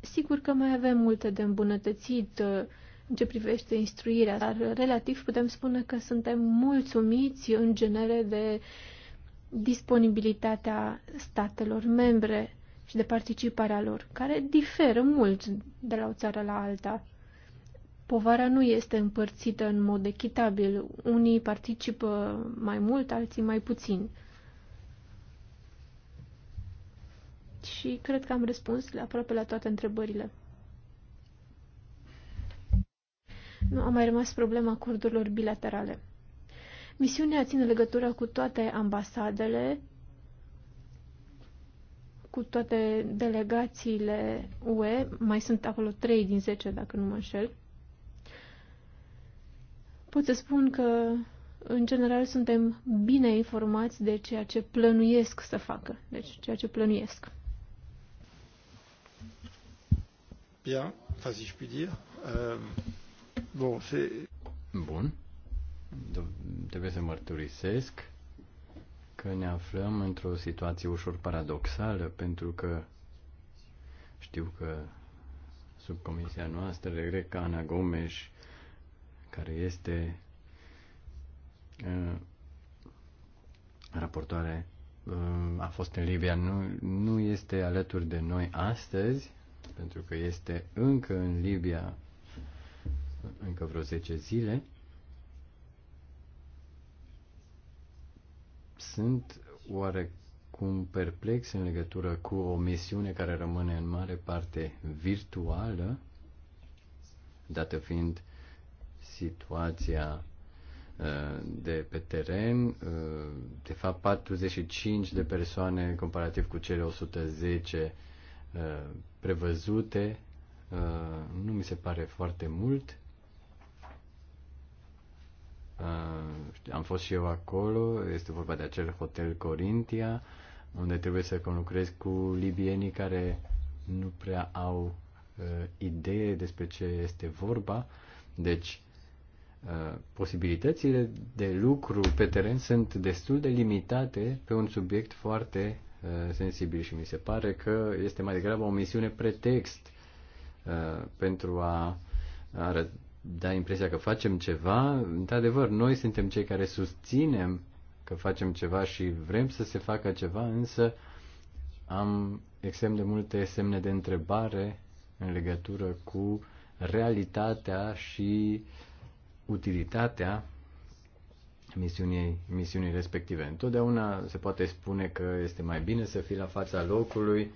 Sigur că mai avem multe de îmbunătățit uh, în ce privește instruirea, dar relativ putem spune că suntem mulțumiți în genere de disponibilitatea statelor membre și de participarea lor, care diferă mult de la o țară la alta povara nu este împărțită în mod echitabil. Unii participă mai mult, alții mai puțin. Și cred că am răspuns la aproape la toate întrebările. Nu a mai rămas problema acordurilor bilaterale. Misiunea ține legătura cu toate ambasadele, cu toate delegațiile UE, mai sunt acolo 3 din 10, dacă nu mă înșel, Pot să spun că, în general, suntem bine informați de ceea ce plănuiesc să facă, deci ceea ce plănuiesc.
Bine, ca să je dire. Euh, bon, Bun. Trebuie să mărturisesc că ne aflăm într-o situație ușor paradoxală, pentru că știu că subcomisia noastră, Reca Ana Gomes, care este uh, raportoare uh, a fost în Libia, nu, nu este alături de noi astăzi, pentru că este încă în Libia încă vreo 10 zile. Sunt oarecum perplex în legătură cu o misiune care rămâne în mare parte virtuală, dată fiind situația uh, de pe teren, uh, de fapt 45 de persoane comparativ cu cele 110 uh, prevăzute, nu mi se pare foarte mult. Am fost și eu acolo, este vorba de acel hotel Corintia, unde trebuie să conlucrez cu libienii care nu prea au idee despre ce este vorba. Deci, Uh, posibilitățile de lucru pe teren sunt destul de limitate pe un subiect foarte uh, sensibil și mi se pare că este mai degrabă o misiune pretext uh, pentru a da impresia că facem ceva. Într-adevăr, noi suntem cei care susținem că facem ceva și vrem să se facă ceva, însă am extrem de multe semne de întrebare în legătură cu realitatea și uh, utilitatea misiunii, misiunii respective. Întotdeauna se poate spune că este mai bine să fii la fața locului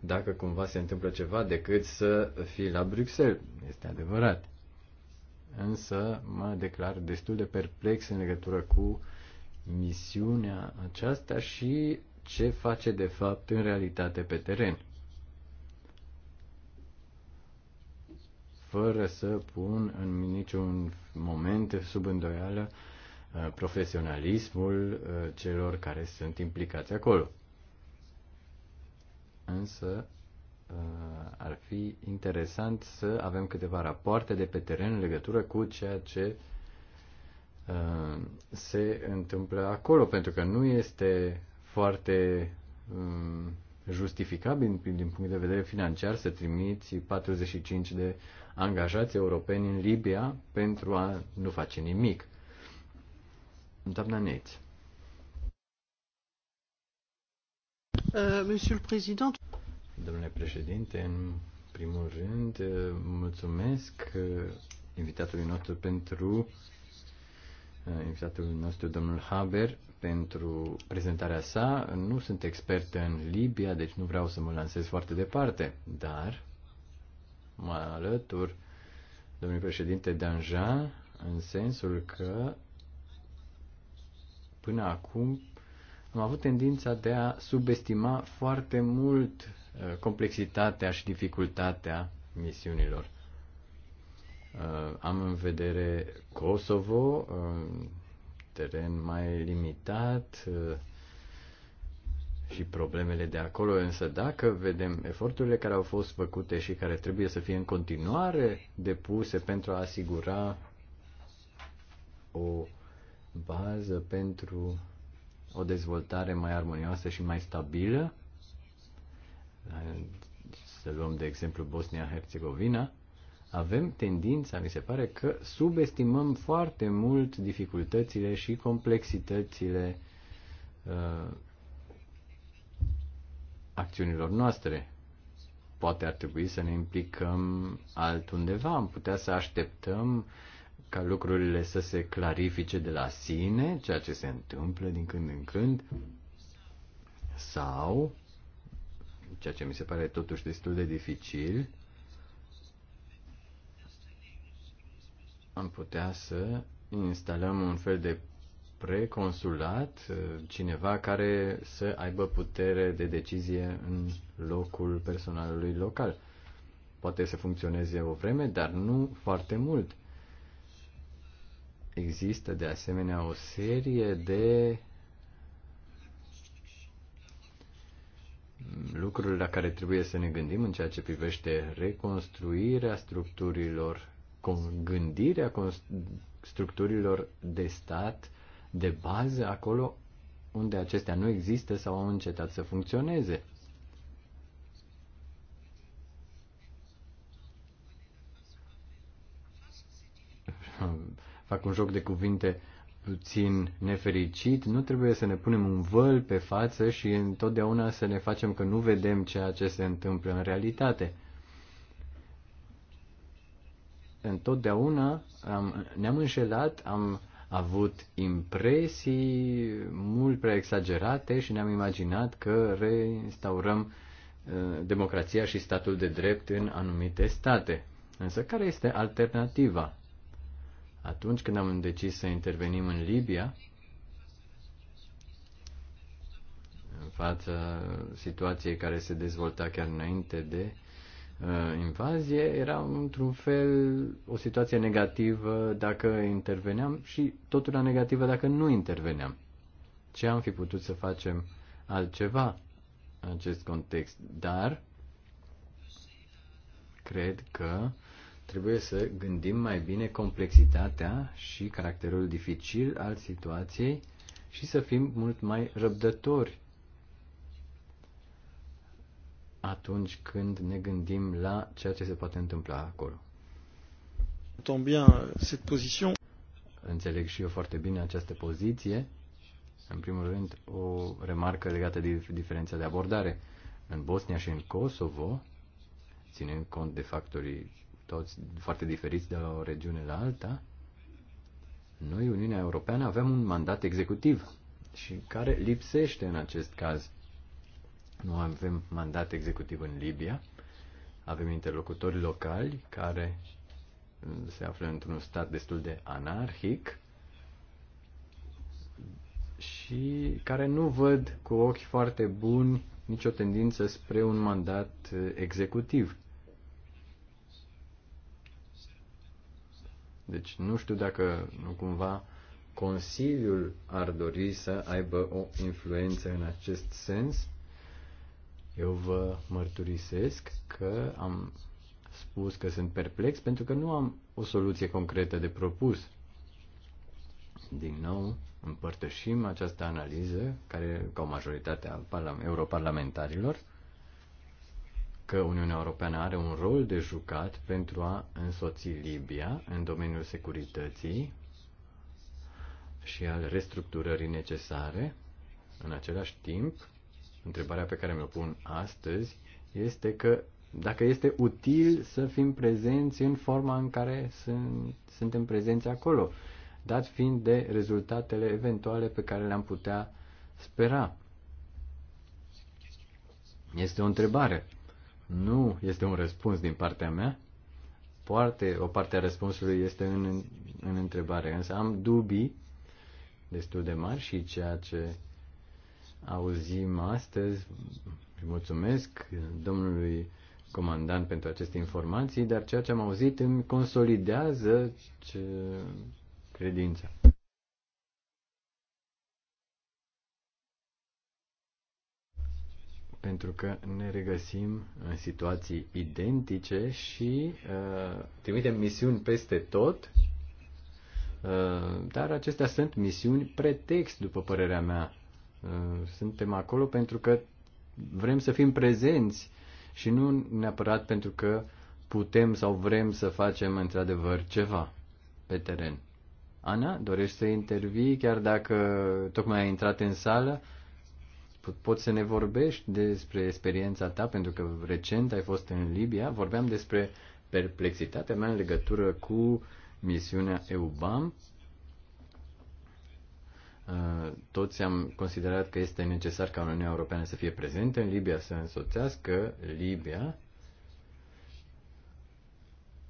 dacă cumva se întâmplă ceva decât să fii la Bruxelles. Este adevărat. Însă mă declar destul de perplex în legătură cu misiunea aceasta și ce face de fapt în realitate pe teren. fără să pun în niciun moment sub îndoială uh, profesionalismul uh, celor care sunt implicați acolo. Însă uh, ar fi interesant să avem câteva rapoarte de pe teren în legătură cu ceea ce se întâmplă acolo, pentru că nu este foarte um, justificabil din punct de vedere financiar să trimiți 45 de angajați europeni în Libia pentru a nu face nimic. Doamna Neitz. Euh, Domnule președinte, în primul rând, euh, mulțumesc euh, invitatului nostru pentru invitatul nostru, domnul Haber, pentru prezentarea sa. Nu sunt expert în Libia, deci nu vreau să mă lansez foarte departe, dar mă alătur domnului președinte Danjean în sensul că până acum am avut tendința de a subestima foarte mult uh, complexitatea și dificultatea misiunilor. Uh, am în vedere Kosovo, uh, teren mai limitat, și problemele de acolo, însă dacă vedem eforturile care au fost făcute și care trebuie să fie în continuare depuse pentru a asigura o bază pentru o dezvoltare mai armonioasă și mai stabilă, să luăm de exemplu Bosnia-Herzegovina, avem tendința, mi se pare, că subestimăm foarte mult dificultățile și complexitățile uh, acțiunilor noastre. Poate ar trebui să ne implicăm altundeva, am putea să așteptăm ca lucrurile să se clarifice de la sine, ceea ce se întâmplă din când în când, sau, ceea ce mi se pare totuși destul de dificil, am putea să instalăm un fel de preconsulat, uh, cineva care să aibă putere de decizie în locul personalului local. Poate să funcționeze o vreme, dar nu foarte mult. Există de asemenea o serie de lucruri la care trebuie să ne gândim în ceea ce privește reconstruirea structurilor, gândirea structurilor de stat de bază acolo unde acestea nu există sau au încetat să funcționeze. Fac un joc de cuvinte puțin nefericit, nu trebuie să ne punem un văl pe față și întotdeauna să ne facem că nu vedem ceea ce se întâmplă în realitate. Întotdeauna am, ne-am înșelat, am avut impresii mult prea exagerate și ne-am imaginat că reinstaurăm uh, democrația și statul de drept în anumite state. Însă care este alternativa? Atunci când am decis să intervenim în Libia, în fața situației care se dezvolta chiar înainte de Uh, invazie, era într-un fel o situație negativă dacă interveneam și totul era negativă dacă nu interveneam. Ce am fi putut să facem altceva în acest context? Dar cred că trebuie să gândim mai bine complexitatea și caracterul dificil al situației și să fim mult mai răbdători atunci când ne gândim la ceea ce se poate întâmpla acolo. bien uh, cette position. Înțeleg și eu foarte bine această poziție. În primul rând, o remarcă legată de diferența de abordare. În Bosnia și în Kosovo, ținând cont de factorii toți foarte diferiți de la o regiune la alta, noi, Uniunea Europeană, avem un mandat executiv și care lipsește în acest caz. Nu avem mandat executiv în Libia. Avem interlocutori locali care se află într-un stat destul de anarhic și care nu văd cu ochi foarte buni nicio tendință spre un mandat executiv. Deci nu știu dacă nu cumva Consiliul ar dori să aibă o influență în acest sens eu vă mărturisesc că am spus că sunt perplex pentru că nu am o soluție concretă de propus. Din nou, împărtășim această analiză, care, ca o majoritate a europarlamentarilor, că Uniunea Europeană are un rol de jucat pentru a însoți Libia în domeniul securității și al restructurării necesare. În același timp, Întrebarea pe care mi-o pun astăzi este că dacă este util să fim prezenți în forma în care sunt, suntem prezenți acolo, dat fiind de rezultatele eventuale pe care le-am putea spera. Este o întrebare. Nu este un răspuns din partea mea. Poate o parte a răspunsului este în, în întrebare, însă am dubii destul de mari și ceea ce auzim astăzi mulțumesc domnului comandant pentru aceste informații, dar ceea ce am auzit îmi consolidează ce... credința. Pentru că ne regăsim în situații identice și uh, trimitem misiuni peste tot, uh, dar acestea sunt misiuni pretext, după părerea mea, Uh, suntem acolo pentru că vrem să fim prezenți și nu neapărat pentru că putem sau vrem să facem într-adevăr ceva pe teren. Ana, dorești să intervii chiar dacă tocmai ai intrat în sală? Poți să ne vorbești despre experiența ta, pentru că recent ai fost în Libia. Vorbeam despre perplexitatea mea în legătură cu misiunea EUBAM Uh, toți am considerat că este necesar ca Uniunea Europeană să fie prezentă în Libia, să însoțească Libia,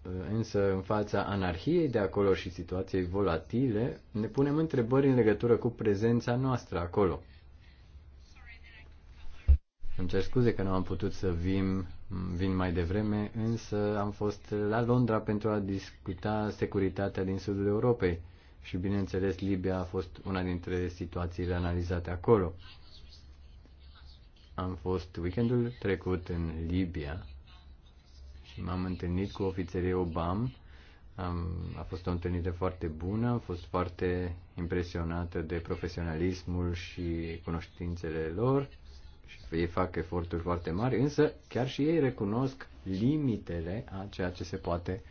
uh, însă în fața anarhiei de acolo și situației volatile, ne punem întrebări în legătură cu prezența noastră acolo. Îmi cer scuze că nu am putut să vin, vin mai devreme, însă am fost la Londra pentru a discuta securitatea din sudul Europei și, bineînțeles, Libia a fost una dintre situațiile analizate acolo. Am fost weekendul trecut în Libia și m-am întâlnit cu ofițerii Obam. Am, a fost o întâlnire foarte bună, am fost foarte impresionată de profesionalismul și cunoștințele lor și ei fac eforturi foarte mari, însă chiar și ei recunosc limitele a ceea ce se poate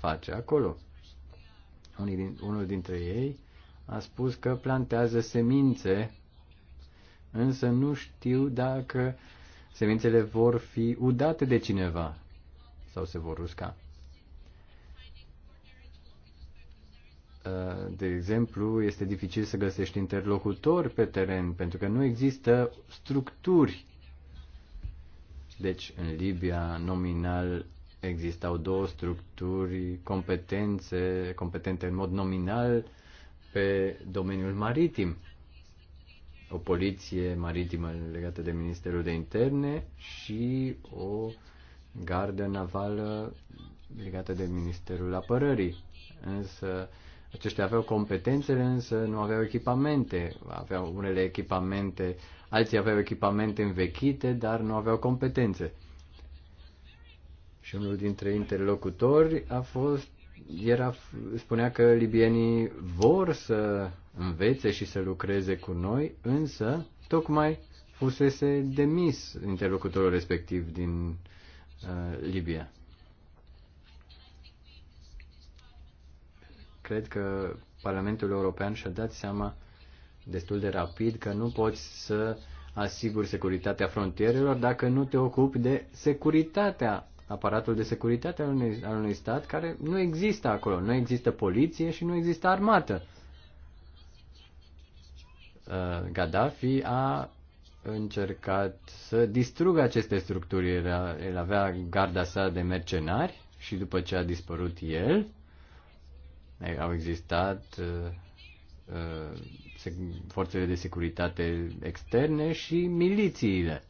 face acolo unii din, unul dintre ei a spus că plantează semințe, însă nu știu dacă semințele vor fi udate de cineva sau se vor usca. Uh, de exemplu, este dificil să găsești interlocutori pe teren pentru că nu există structuri. Deci, în Libia, nominal, existau două structuri competențe, competente în mod nominal pe domeniul maritim. O poliție maritimă legată de Ministerul de Interne și o gardă navală legată de Ministerul Apărării. Însă aceștia aveau competențele, însă nu aveau echipamente. Aveau unele echipamente, alții aveau echipamente învechite, dar nu aveau competențe și unul dintre interlocutori a fost, era, spunea că libienii vor să învețe și să lucreze cu noi, însă tocmai fusese demis interlocutorul respectiv din uh, Libia. Cred că Parlamentul European și-a dat seama destul de rapid că nu poți să asiguri securitatea frontierelor dacă nu te ocupi de securitatea aparatul de securitate al unui, al unui stat care nu există acolo. Nu există poliție și nu există armată. Uh, Gaddafi a încercat să distrugă aceste structuri. Era, el avea garda sa de mercenari și după ce a dispărut el, eh, au existat uh, uh forțele de securitate externe și milițiile.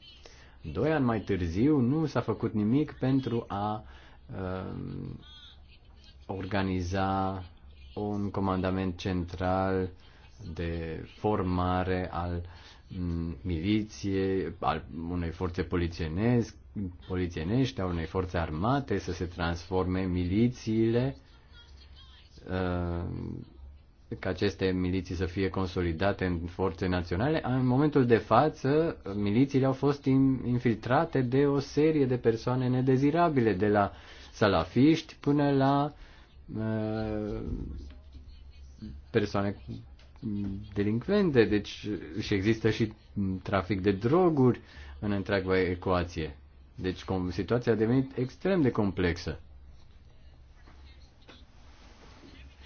Doi ani mai târziu nu s-a făcut nimic pentru a uh, organiza un comandament central de formare al mm, miliției, al unei forțe polițienești, a unei forțe armate, să se transforme milițiile uh, ca aceste miliții să fie consolidate în forțe naționale. În momentul de față, milițiile au fost infiltrate de o serie de persoane nedezirabile, de la salafiști până la uh, persoane delincvente, deci și există și trafic de droguri în întreaga ecuație. Deci situația a devenit extrem de complexă.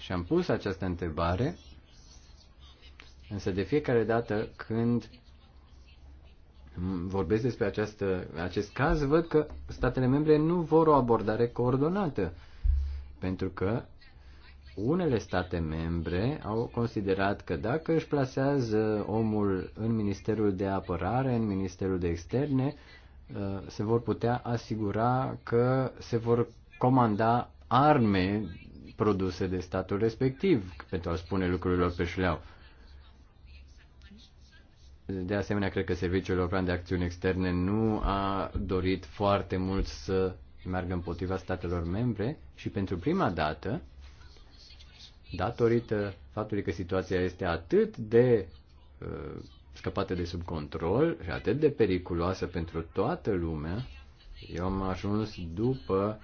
Și am pus această întrebare, însă de fiecare dată când vorbesc despre această, acest caz, văd că statele membre nu vor o abordare coordonată, pentru că unele state membre au considerat că dacă își plasează omul în Ministerul de Apărare, în Ministerul de Externe, uh, se vor putea asigura că se vor comanda arme produse de statul respectiv, pentru a spune lucrurilor pe șleau. De asemenea, cred că Serviciul European de Acțiuni Externe nu a dorit foarte mult să meargă împotriva statelor membre și pentru prima dată, datorită faptului că situația este atât de uh, scăpată de sub control și atât de periculoasă pentru toată lumea, eu am ajuns după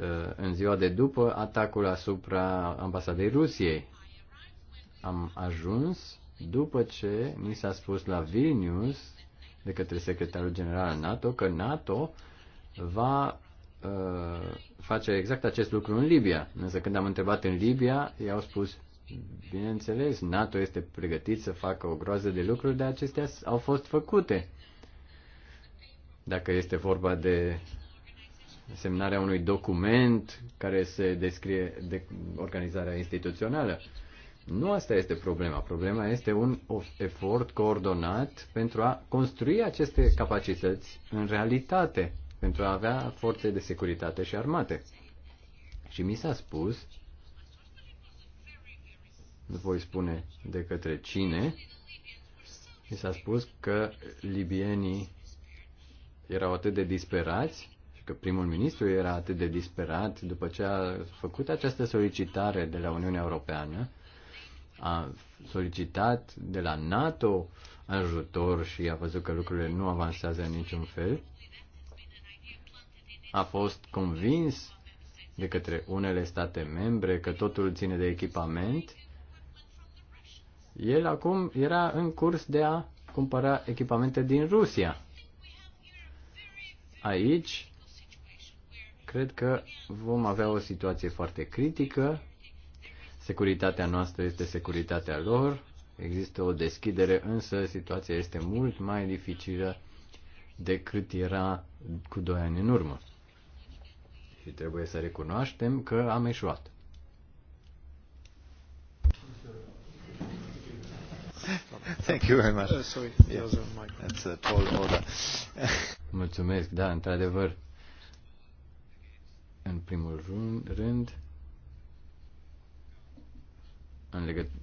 Uh, în ziua de după atacul asupra ambasadei Rusiei. Am ajuns după ce mi s-a spus la Vilnius de către secretarul general NATO că NATO va uh, face exact acest lucru în Libia. Însă când am întrebat în Libia, i-au spus, bineînțeles, NATO este pregătit să facă o groază de lucruri, dar acestea au fost făcute. Dacă este vorba de semnarea unui document care se descrie de organizarea instituțională. Nu asta este problema. Problema este un efort coordonat pentru a construi aceste capacități în realitate, pentru a avea forțe de securitate și armate. Și mi s-a spus, nu voi spune de către cine, mi s-a spus că libienii erau atât de disperați că primul ministru era atât de disperat după ce a făcut această solicitare de la Uniunea Europeană, a solicitat de la NATO ajutor și a văzut că lucrurile nu avansează în niciun fel, a fost convins de către unele state membre că totul ține de echipament, el acum era în curs de a cumpăra echipamente din Rusia. Aici Cred că vom avea o situație foarte critică. Securitatea noastră este securitatea lor. Există o deschidere, însă situația este mult mai dificilă decât era cu doi ani în urmă. Și trebuie să recunoaștem că am eșuat. Thank you very much. Uh, sorry, yeah. that's a tall order. Mulțumesc, da, într-adevăr. În primul rând, în legătură,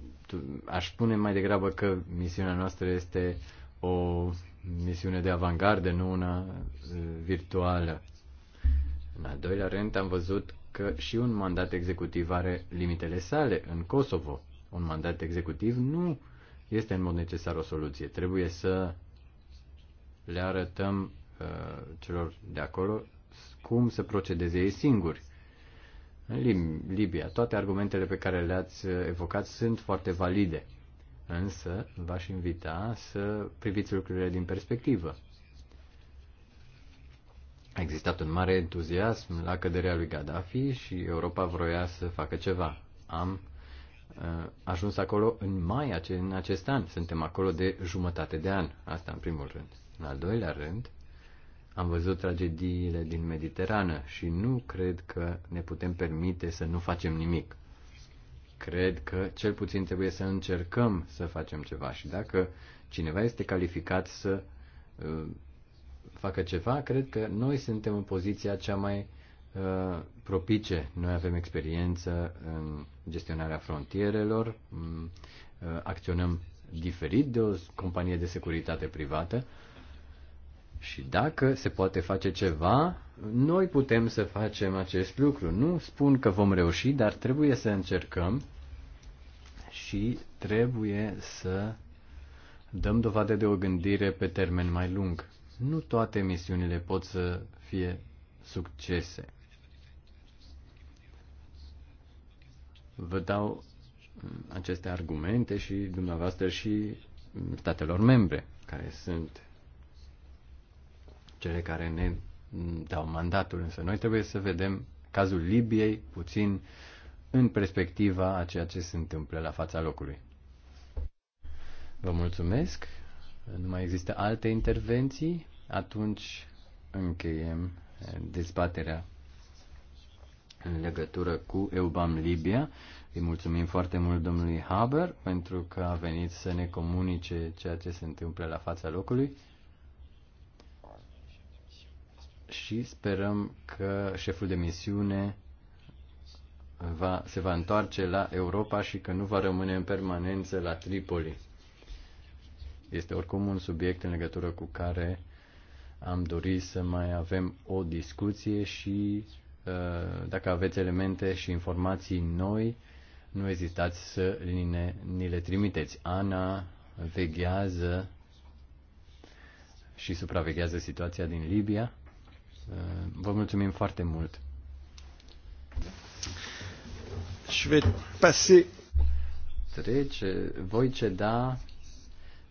aș spune mai degrabă că misiunea noastră este o misiune de avangardă, nu una uh, virtuală. În al doilea rând, am văzut că și un mandat executiv are limitele sale în Kosovo. Un mandat executiv nu este în mod necesar o soluție. Trebuie să le arătăm uh, celor de acolo cum să procedeze ei singuri. În Libia, toate argumentele pe care le-ați uh, evocat sunt foarte valide, însă v-aș invita să priviți lucrurile din perspectivă. A existat un mare entuziasm la căderea lui Gaddafi și Europa vroia să facă ceva. Am uh, ajuns acolo în mai în acest an. Suntem acolo de jumătate de an. Asta în primul rând. În al doilea rând, am văzut tragediile din Mediterană și nu cred că ne putem permite să nu facem nimic. Cred că cel puțin trebuie să încercăm să facem ceva și dacă cineva este calificat să uh, facă ceva, cred că noi suntem în poziția cea mai uh, propice. Noi avem experiență în gestionarea frontierelor, um, uh, acționăm diferit de o companie de securitate privată, uh, și dacă se poate face ceva, noi putem să facem acest lucru. Nu spun că vom reuși, dar trebuie să încercăm și trebuie să dăm dovadă de o gândire pe termen mai lung. Nu toate misiunile pot să fie succese. Vă dau aceste argumente și dumneavoastră și statelor membre care sunt cele care ne dau mandatul, însă noi trebuie să vedem cazul Libiei puțin în perspectiva a ceea ce se întâmplă la fața locului. Vă mulțumesc. Nu mai există alte intervenții? Atunci încheiem dezbaterea în legătură cu EUBAM Libia. Îi mulțumim foarte mult domnului Haber pentru că a venit să ne comunice ceea ce se întâmplă la fața locului și sperăm că șeful de misiune va, se va întoarce la Europa și că nu va rămâne în permanență la Tripoli. Este oricum un subiect în legătură cu care am dorit să mai avem o discuție și uh, dacă aveți elemente și informații noi, nu ezitați să ni, le, ni le trimiteți. Ana veghează și supraveghează situația din Libia Uh, vă mulțumim foarte mult. Și vei pase. Trece, voi ceda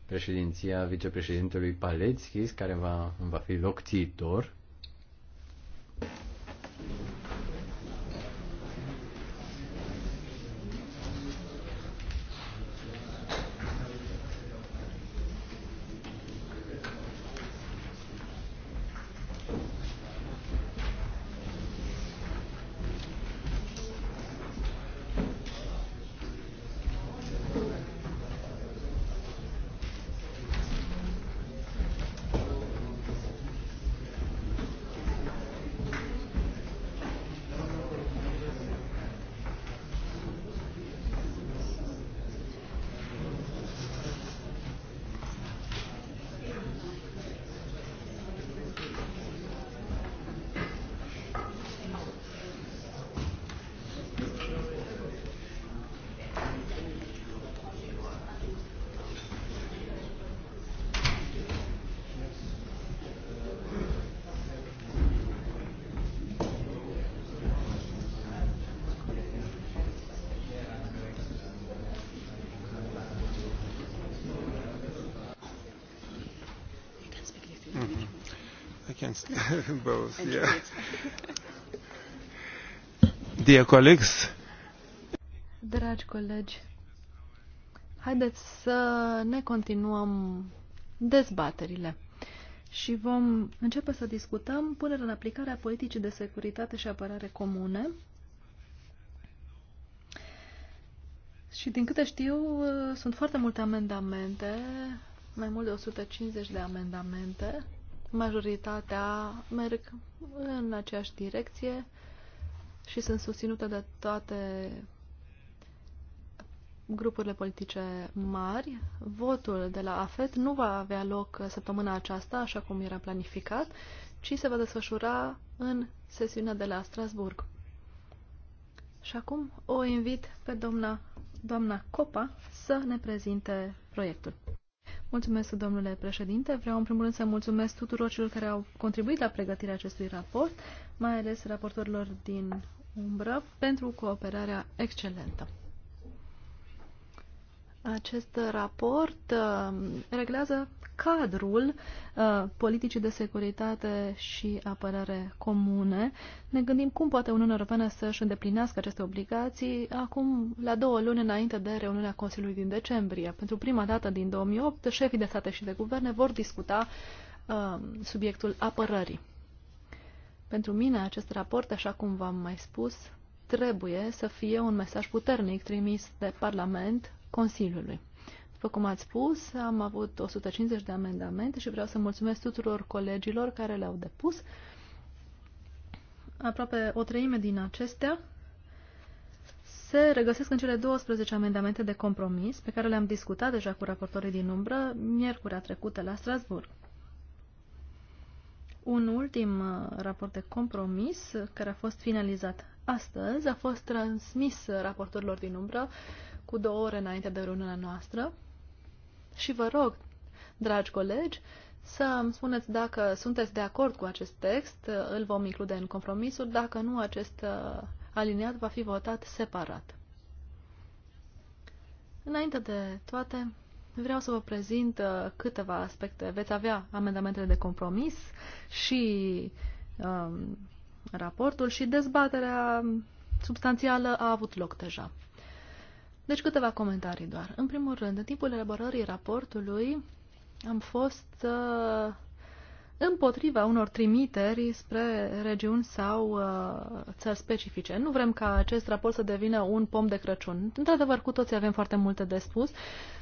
președinția vicepreședintelui Paleckis, care va, va fi locțitor.
both? both, yeah.
Dear colleagues. Dragi colegi, haideți să ne continuăm dezbaterile și vom începe să discutăm punerea în aplicare a politicii de securitate și apărare comune. Și din câte știu, sunt foarte multe amendamente, mai mult de 150 de amendamente majoritatea merg în aceeași direcție și sunt susținute de toate grupurile politice mari. Votul de la AFET nu va avea loc săptămâna aceasta, așa cum era planificat, ci se va desfășura în sesiunea de la Strasburg. Și acum o invit pe doamna, doamna Copa să ne prezinte proiectul. Mulțumesc, domnule președinte. Vreau în primul rând să mulțumesc tuturor celor care au contribuit la pregătirea acestui raport, mai ales raportorilor din umbră, pentru cooperarea excelentă. Acest raport uh, reglează cadrul uh, politicii de securitate și apărare comune. Ne gândim cum poate Uniunea Europeană să-și îndeplinească aceste obligații acum, la două luni înainte de reuniunea Consiliului din decembrie. Pentru prima dată din 2008, șefii de state și de guverne vor discuta uh, subiectul apărării. Pentru mine, acest raport, așa cum v-am mai spus, trebuie să fie un mesaj puternic trimis de Parlament Consiliului. După cum ați spus, am avut 150 de amendamente și vreau să mulțumesc tuturor colegilor care le-au depus. Aproape o treime din acestea se regăsesc în cele 12 amendamente de compromis pe care le-am discutat deja cu raportorii din umbră miercurea trecută la Strasburg. Un ultim uh, raport de compromis uh, care a fost finalizat astăzi a fost transmis uh, raportorilor din umbră uh, cu două ore înainte de reuniunea noastră și vă rog, dragi colegi, să îmi spuneți dacă sunteți de acord cu acest text, îl vom include în compromisuri, dacă nu, acest uh, aliniat va fi votat separat. Înainte de toate, vreau să vă prezint uh, câteva aspecte. Veți avea amendamentele de compromis și um, raportul și dezbaterea substanțială a avut loc deja. Deci câteva comentarii doar. În primul rând, în timpul elaborării raportului am fost uh, împotriva unor trimiteri spre regiuni sau uh, țări specifice. Nu vrem ca acest raport să devină un pom de Crăciun. Într-adevăr, cu toții avem foarte multe de spus,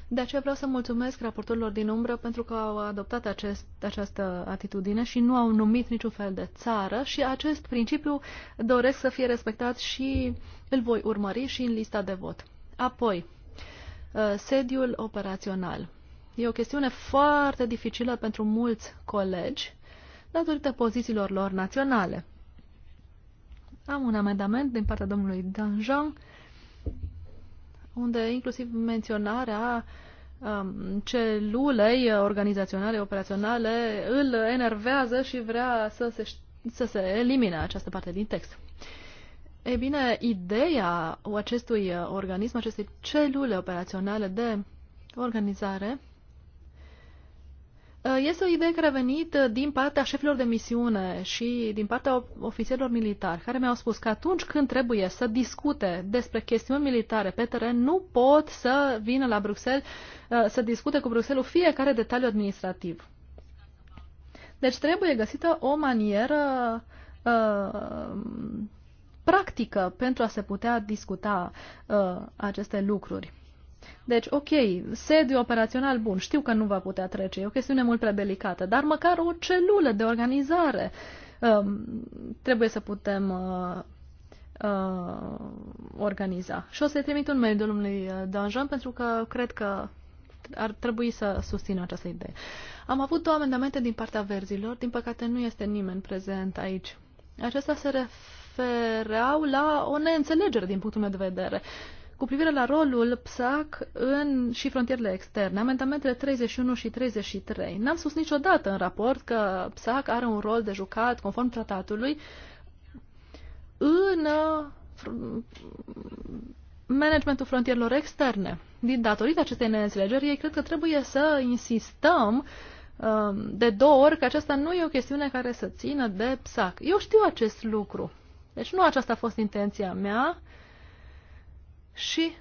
de aceea vreau să mulțumesc raportorilor din umbră pentru că au adoptat acest, această atitudine și nu au numit niciun fel de țară și acest principiu doresc să fie respectat și îl voi urmări și în lista de vot. Apoi, uh, sediul operațional. E o chestiune foarte dificilă pentru mulți colegi datorită pozițiilor lor naționale. Am un amendament din partea domnului Danjean unde inclusiv menționarea um, celulei organizaționale, operaționale, îl enervează și vrea să se, să se elimine această parte din text. E bine, ideea acestui uh, organism, acestei celule operaționale de organizare, uh, este o idee care a venit uh, din partea șefilor de misiune și din partea ofițerilor militari, care mi-au spus că atunci când trebuie să discute despre chestiuni militare pe teren, nu pot să vină la Bruxelles, să discute cu Bruxelles fiecare detaliu administrativ. Deci trebuie găsită o manieră uh, practică pentru a se putea discuta uh, aceste lucruri. Deci, ok, sediu operațional bun, știu că nu va putea trece, e o chestiune mult prea delicată, dar măcar o celulă de organizare uh, trebuie să putem uh, uh, organiza. Și o să-i trimit un mail domnului uh, Danjean pentru că cred că ar trebui să susțină această idee. Am avut două amendamente din partea verzilor, din păcate nu este nimeni prezent aici. Acesta se referă refereau la o neînțelegere din punctul meu de vedere cu privire la rolul PSAC în și frontierele externe, amendamentele 31 și 33. N-am spus niciodată în raport că PSAC are un rol de jucat, conform tratatului, în managementul frontierelor externe. Din datorită acestei neînțelegeri, ei cred că trebuie să insistăm um, de două ori că aceasta nu e o chestiune care să țină de PSAC. Eu știu acest lucru. Deci nu aceasta a fost intenția mea și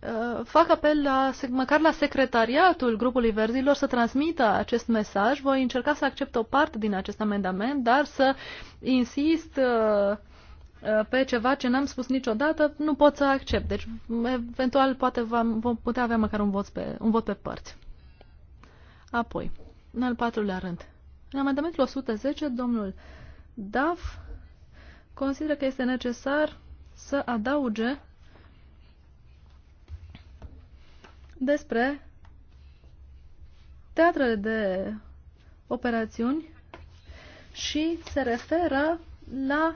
uh, fac apel la, măcar la secretariatul grupului verzilor să transmită acest mesaj. Voi încerca să accept o parte din acest amendament, dar să insist uh, uh pe ceva ce n-am spus niciodată, nu pot să accept. Deci, eventual, poate vom putea avea măcar un vot pe, un vot pe părți. Apoi, în al patrulea rând. În amendamentul 110, domnul Daf consideră că este necesar să adauge despre teatrele de operațiuni și se referă la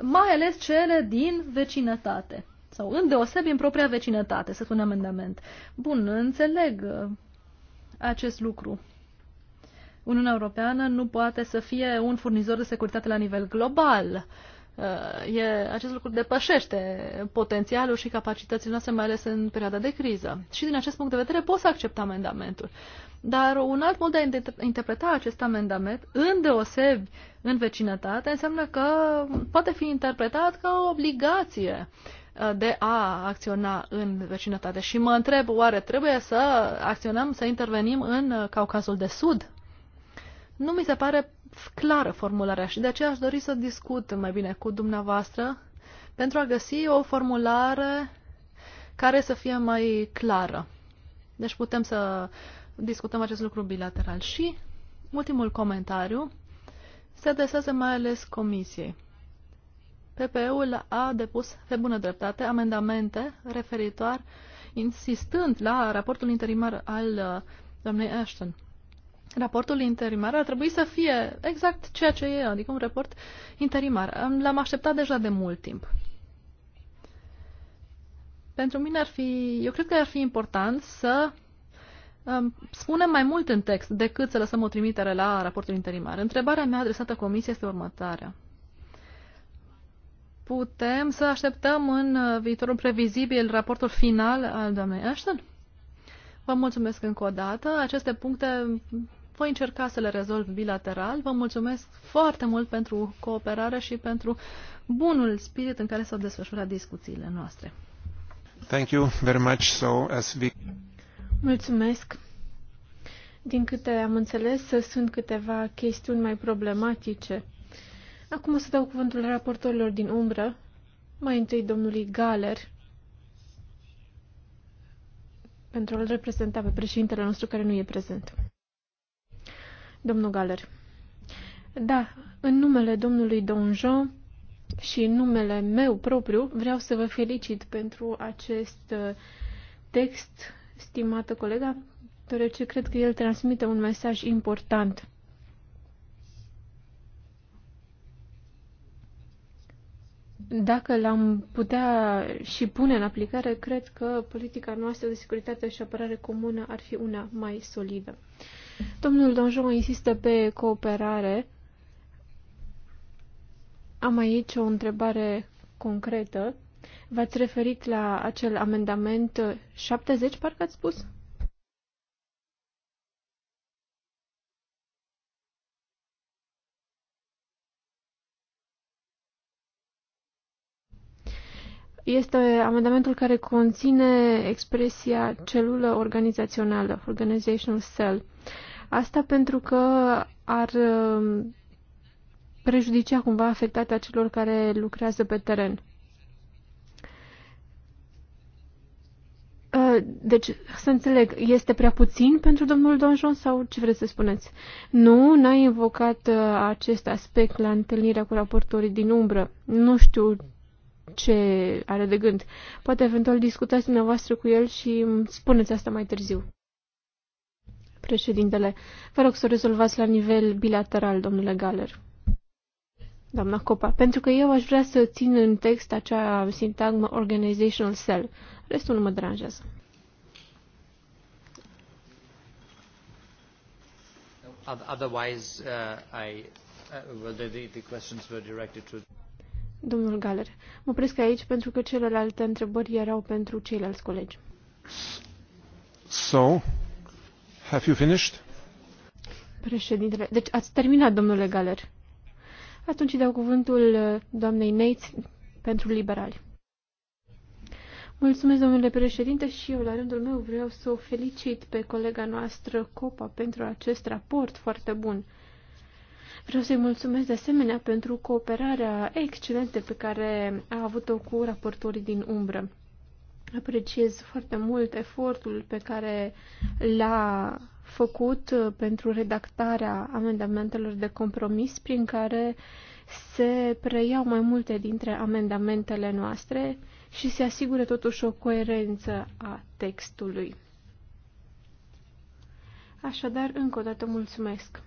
mai ales cele din vecinătate sau îndeosebi în propria vecinătate, să spunem amendament. Bun, înțeleg uh, acest lucru. Uniunea Europeană nu poate să fie un furnizor de securitate la nivel global. Uh, Uh, e, acest lucru depășește potențialul și capacitățile noastre, mai ales în perioada de criză. Și din acest punct de vedere pot să accept amendamentul. Dar un alt mod de a interpreta acest amendament, îndeosebi în vecinătate, înseamnă că poate fi interpretat ca o obligație uh, de a acționa în vecinătate. Și mă întreb, oare trebuie să acționăm, să intervenim în uh, Caucazul de Sud? Nu mi se pare clară formularea și de aceea aș dori să discut mai bine cu dumneavoastră pentru a găsi o formulare care să fie mai clară. Deci putem să discutăm acest lucru bilateral. Și ultimul comentariu se adresează mai ales Comisiei. PPE-ul a depus pe bună dreptate amendamente referitor insistând la raportul interimar al uh, doamnei Ashton raportul interimar ar trebui să fie exact ceea ce e, adică un raport interimar. L-am așteptat deja de mult timp. Pentru mine ar fi, eu cred că ar fi important să um, spunem mai mult în text decât să lăsăm o trimitere la raportul interimar. Întrebarea mea adresată comisiei este următoarea. Putem să așteptăm în uh, viitorul previzibil raportul final al doamnei Ashton? Vă mulțumesc încă o dată. Aceste puncte voi încerca să le rezolv bilateral. Vă mulțumesc foarte mult pentru cooperare și pentru bunul spirit în care s-au desfășurat discuțiile noastre.
Thank you very much. So, as we... Mulțumesc. Din câte am înțeles, sunt câteva chestiuni mai problematice. Acum o să dau cuvântul raportorilor din umbră. Mai întâi domnului Galer, pentru a-l reprezenta pe președintele nostru care nu e prezent. Domnul Galer. Da, în numele domnului Donjon și în numele meu propriu vreau să vă felicit pentru acest uh, text, stimată colega, deoarece cred că el transmite un mesaj important. Dacă l-am putea și pune în aplicare, cred că politica noastră de securitate și apărare comună ar fi una mai solidă. Domnul Donjon insistă pe cooperare. Am aici o întrebare concretă. V-ați referit la acel amendament 70, parcă ați spus? este amendamentul care conține expresia celulă organizațională, organizational cell. Asta pentru că ar um, prejudicia cumva afectatea celor care lucrează pe teren. Uh, deci, să înțeleg, este prea puțin pentru domnul Donjon sau ce vreți să spuneți? Nu, n-a invocat uh, acest aspect la întâlnirea cu raportorii din umbră. Nu știu ce are de gând. Poate eventual discutați dumneavoastră cu el și spuneți asta mai târziu. Președintele, vă rog să o rezolvați la nivel bilateral, domnule Galer. Doamna Copa, pentru că eu aș vrea să țin în text acea sintagmă organizational cell. Restul nu mă deranjează.
Otherwise, uh, I, uh, well, the, the questions
were directed to Domnul Galer, mă opresc aici pentru că celelalte întrebări erau pentru ceilalți colegi. So, have you finished? Președintele, deci ați terminat, domnule Galer. Atunci dau cuvântul uh, doamnei Neitz pentru liberali. Mulțumesc, domnule președinte, și eu, la rândul meu, vreau să o felicit pe colega noastră, Copa, pentru acest raport foarte bun. Vreau să-i mulțumesc de asemenea pentru cooperarea excelentă pe care a avut-o cu raportorii din umbră. Apreciez foarte mult efortul pe care l-a făcut pentru redactarea amendamentelor de compromis prin care se preiau mai multe dintre amendamentele noastre și se asigură totuși o coerență a textului. Așadar, încă o dată mulțumesc.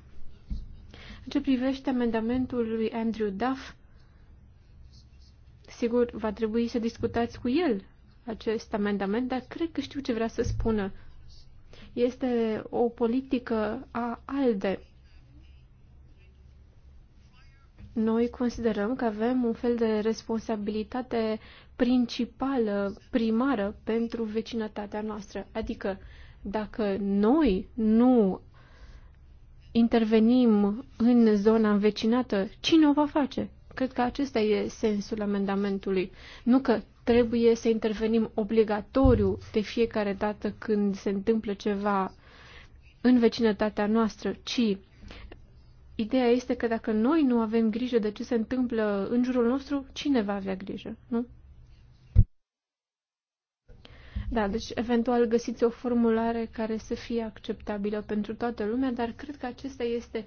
În ce privește amendamentul lui Andrew Duff, sigur, va trebui să discutați cu el acest amendament, dar cred că știu ce vrea să spună. Este o politică a ALDE. Noi considerăm că avem un fel de responsabilitate principală, primară pentru vecinătatea noastră. Adică, dacă noi nu intervenim în zona învecinată, cine o va face? Cred că acesta e sensul amendamentului. Nu că trebuie să intervenim obligatoriu de fiecare dată când se întâmplă ceva în vecinătatea noastră, ci ideea este că dacă noi nu avem grijă de ce se întâmplă în jurul nostru, cine va avea grijă, nu? Da, deci eventual găsiți o formulare care să fie acceptabilă pentru toată lumea, dar cred că acesta este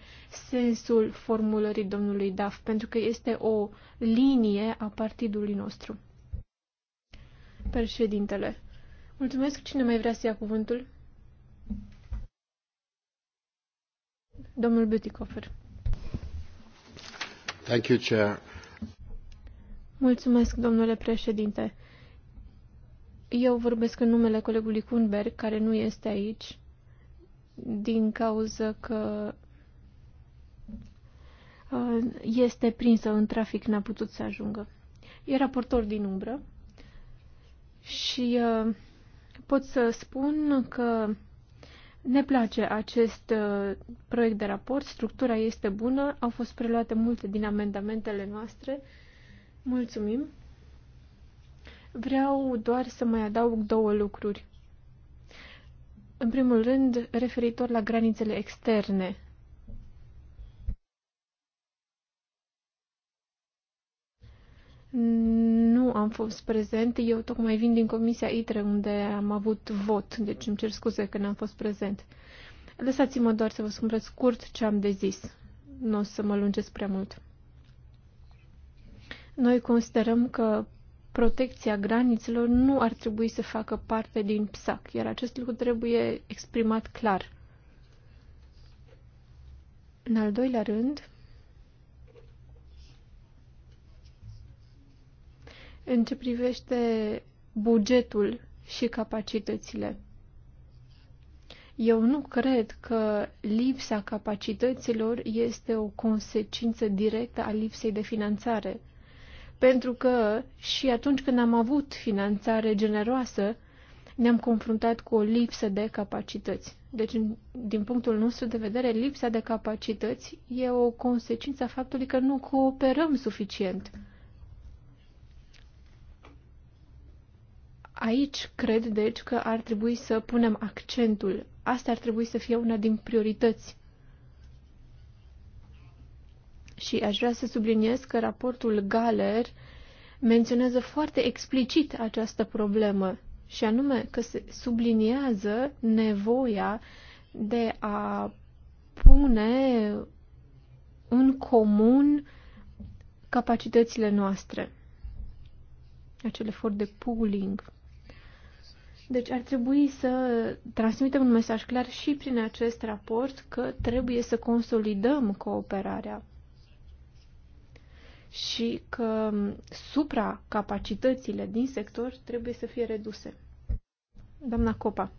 sensul formulării domnului Daf, pentru că este o linie a partidului nostru. Președintele, mulțumesc. Cine mai vrea să ia cuvântul? Domnul Butikofer. Thank you, Chair. Mulțumesc, domnule președinte. Eu vorbesc în numele colegului Kunberg, care nu este aici, din cauza că uh, este prinsă în trafic, n-a putut să ajungă. E raportor din umbră și uh, pot să spun că ne place acest uh, proiect de raport, structura este bună, au fost preluate multe din amendamentele noastre. Mulțumim! Vreau doar să mai adaug două lucruri. În primul rând, referitor la granițele externe. Nu am fost prezent. Eu tocmai vin din Comisia ITRE, unde am avut vot, deci îmi cer scuze că n-am fost prezent. Lăsați-mă doar să vă spun scurt ce am de zis. Nu o să mă lungesc prea mult. Noi considerăm că protecția granițelor nu ar trebui să facă parte din PSAC, iar acest lucru trebuie exprimat clar. În al doilea rând, în ce privește bugetul și capacitățile. Eu nu cred că lipsa capacităților este o consecință directă a lipsei de finanțare pentru că și atunci când am avut finanțare generoasă, ne-am confruntat cu o lipsă de capacități. Deci, din punctul nostru de vedere, lipsa de capacități e o consecință a faptului că nu cooperăm suficient. Aici cred, deci, că ar trebui să punem accentul. Asta ar trebui să fie una din priorități și aș vrea să subliniez că raportul Galer menționează foarte explicit această problemă, și anume că se subliniază nevoia de a pune în comun capacitățile noastre, acel efort de pooling. Deci ar trebui să transmitem un mesaj clar și prin acest raport că trebuie să consolidăm cooperarea și că supracapacitățile din sector trebuie să fie reduse. Doamna Copa.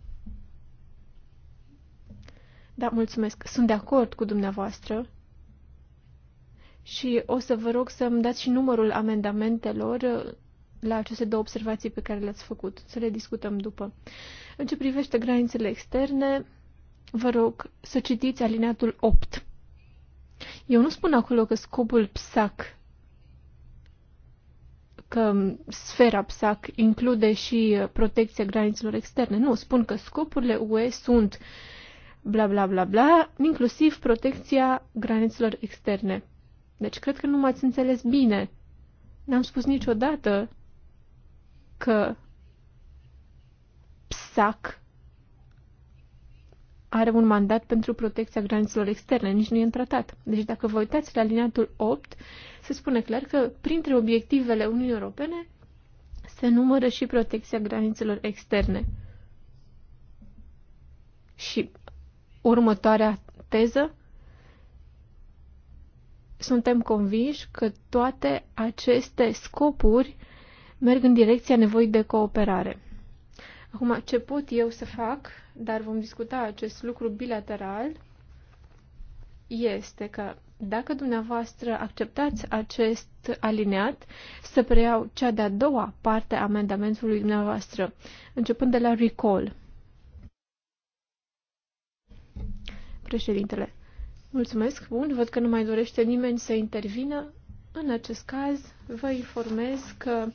Da, mulțumesc. Sunt de acord cu dumneavoastră și o să vă rog să-mi dați și numărul amendamentelor la aceste două observații pe care le-ați făcut. Să le discutăm după. În ce privește granițele externe, vă rog să citiți alineatul 8. Eu nu spun acolo că scopul PSAC că sfera PSAC include și protecția granițelor externe. Nu, spun că scopurile UE sunt bla bla bla bla, inclusiv protecția granițelor externe. Deci cred că nu m-ați înțeles bine. N-am spus niciodată că PSAC are un mandat pentru protecția granițelor externe, nici nu e în tratat. Deci dacă vă uitați la alineatul 8, se spune clar că printre obiectivele Uniunii Europene se numără și protecția granițelor externe. Și următoarea teză, suntem convinși că toate aceste scopuri merg în direcția nevoii de cooperare. Acum, ce pot eu să fac, dar vom discuta acest lucru bilateral, este că dacă dumneavoastră acceptați acest alineat, să preiau cea de-a doua parte a amendamentului dumneavoastră, începând de la recall. Președintele, mulțumesc, bun, văd că nu mai dorește nimeni să intervină. În acest caz, vă informez că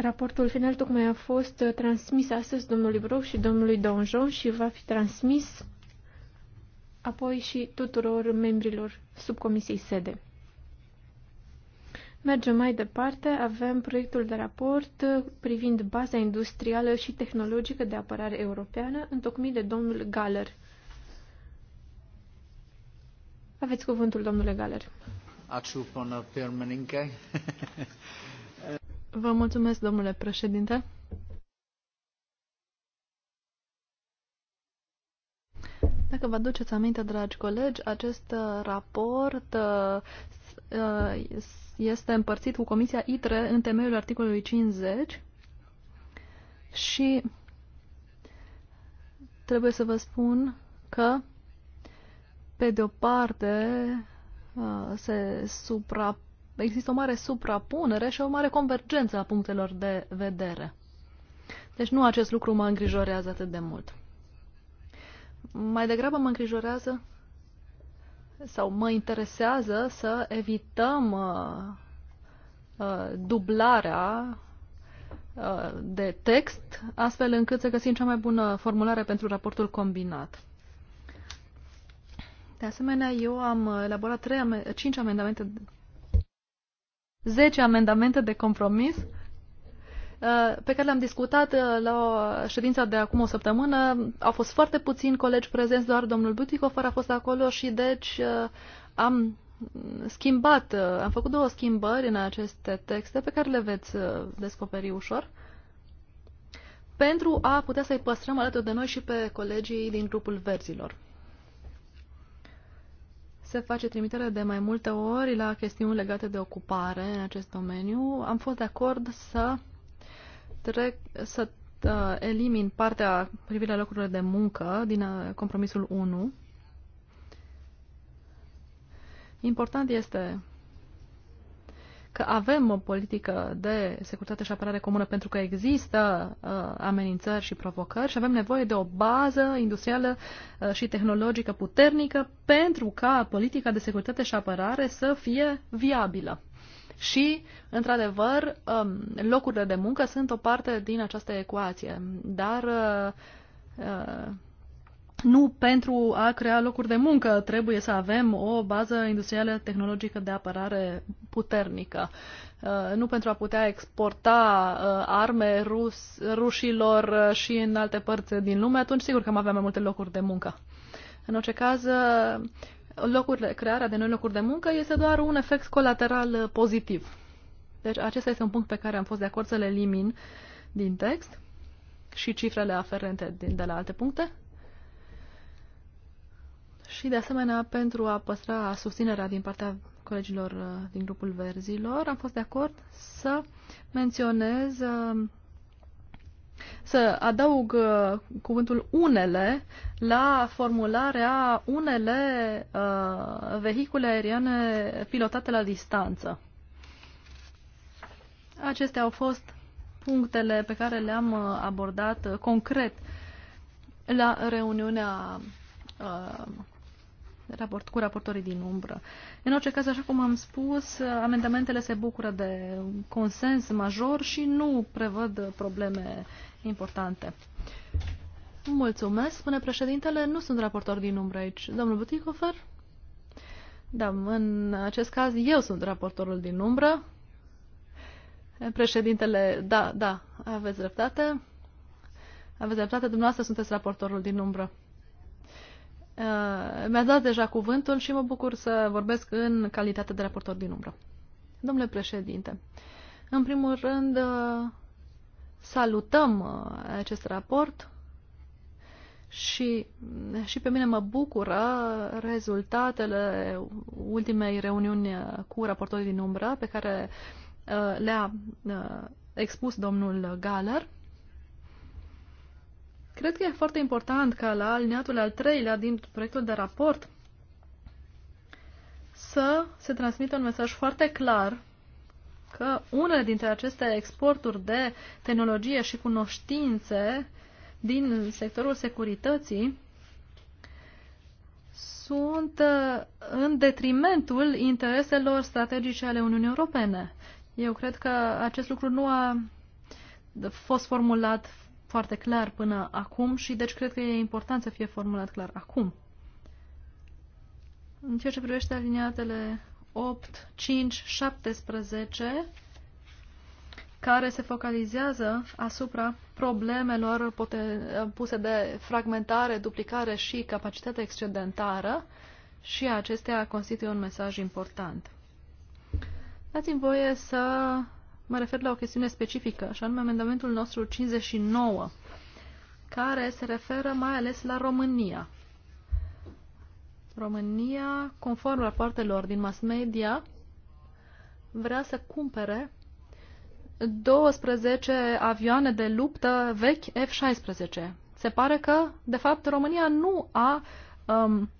Raportul final tocmai a fost uh, transmis astăzi domnului Broc și domnului Donjon și va fi transmis apoi și tuturor membrilor subcomisiei sede. Mergem mai departe, avem proiectul de raport uh, privind baza industrială și tehnologică de apărare europeană, întocmit de domnul Galer. Aveți cuvântul, domnule Galer.
Ačiū, pana
Vă mulțumesc, domnule președinte. Dacă vă aduceți aminte, dragi colegi, acest uh, raport uh, uh, este împărțit cu Comisia ITRE în temeiul articolului 50 și trebuie să vă spun că, pe de o parte, se suprapune există o mare suprapunere și o mare convergență a punctelor de vedere. Deci nu acest lucru mă îngrijorează atât de mult. Mai degrabă mă îngrijorează sau mă interesează să evităm uh, uh, dublarea uh, de text, astfel încât să găsim cea mai bună formulare pentru raportul combinat. De asemenea, eu am elaborat 3, 5 amendamente 10 amendamente de compromis uh, pe care le-am discutat uh, la ședința de acum o săptămână. Au fost foarte puțini colegi prezenți, doar domnul Butikofer a fost acolo și deci uh, am schimbat, am făcut două schimbări în aceste texte pe care le veți descoperi ușor pentru a putea să-i păstrăm alături de noi și pe colegii din grupul verzilor se face trimitere de mai multe ori la chestiuni legate de ocupare în acest domeniu. Am fost de acord să, trec, să uh, elimin partea privind la locurile de muncă din uh, compromisul 1. Important este că avem o politică de securitate și apărare comună pentru că există uh, amenințări și provocări și avem nevoie de o bază industrială uh, și tehnologică puternică pentru ca politica de securitate și apărare să fie viabilă. Și, într-adevăr, um, locurile de muncă sunt o parte din această ecuație, dar uh, uh nu pentru a crea locuri de muncă trebuie să avem o bază industrială tehnologică de apărare puternică. Uh, nu pentru a putea exporta uh, arme rus, rușilor uh, și în alte părți din lume, atunci sigur că am avea mai multe locuri de muncă. În orice caz, locurile, crearea de noi locuri de muncă este doar un efect colateral pozitiv. Deci acesta este un punct pe care am fost de acord să le elimin din text și cifrele aferente din, de la alte puncte. Și, de asemenea, pentru a păstra susținerea din partea colegilor uh, din grupul verzilor, am fost de acord să menționez, uh, să adaug uh, cuvântul unele la formularea unele vehicule aeriene pilotate la distanță. Acestea au fost punctele pe care le-am abordat concret la reuniunea raport, cu raportorii din umbră. În orice caz, așa cum am spus, amendamentele se bucură de consens major și nu prevăd probleme importante. Mulțumesc, spune președintele, nu sunt raportor din umbră aici. Domnul Buticofer? Da, în acest caz eu sunt raportorul din umbră. Președintele, da, da, aveți dreptate. Aveți dreptate, dumneavoastră sunteți raportorul din umbră. Uh, Mi-a dat deja cuvântul și mă bucur să vorbesc în calitate de raportor din umbră. Domnule președinte, în primul rând uh, salutăm uh, acest raport și, și pe mine mă bucură rezultatele ultimei reuniuni cu raportorii din umbră pe care le-a expus domnul Galer Cred că e foarte important ca la alineatul al treilea din proiectul de raport să se transmită un mesaj foarte clar că unele dintre aceste exporturi de tehnologie și cunoștințe din sectorul securității sunt uh, în detrimentul intereselor strategice ale Uniunii Europene. Eu cred că acest lucru nu a fost formulat foarte clar până acum și deci cred că e important să fie formulat clar acum. În ceea ce privește aliniatele 8, 5, 17, care se focalizează asupra problemelor puse de fragmentare, duplicare și capacitate excedentară și acestea constituie un mesaj important. Dați-mi voie să mă refer la o chestiune specifică, și anume amendamentul nostru 59, care se referă mai ales la România. România, conform rapoartelor din mass media, vrea să cumpere 12 avioane de luptă vechi F-16. Se pare că, de fapt, România nu a um,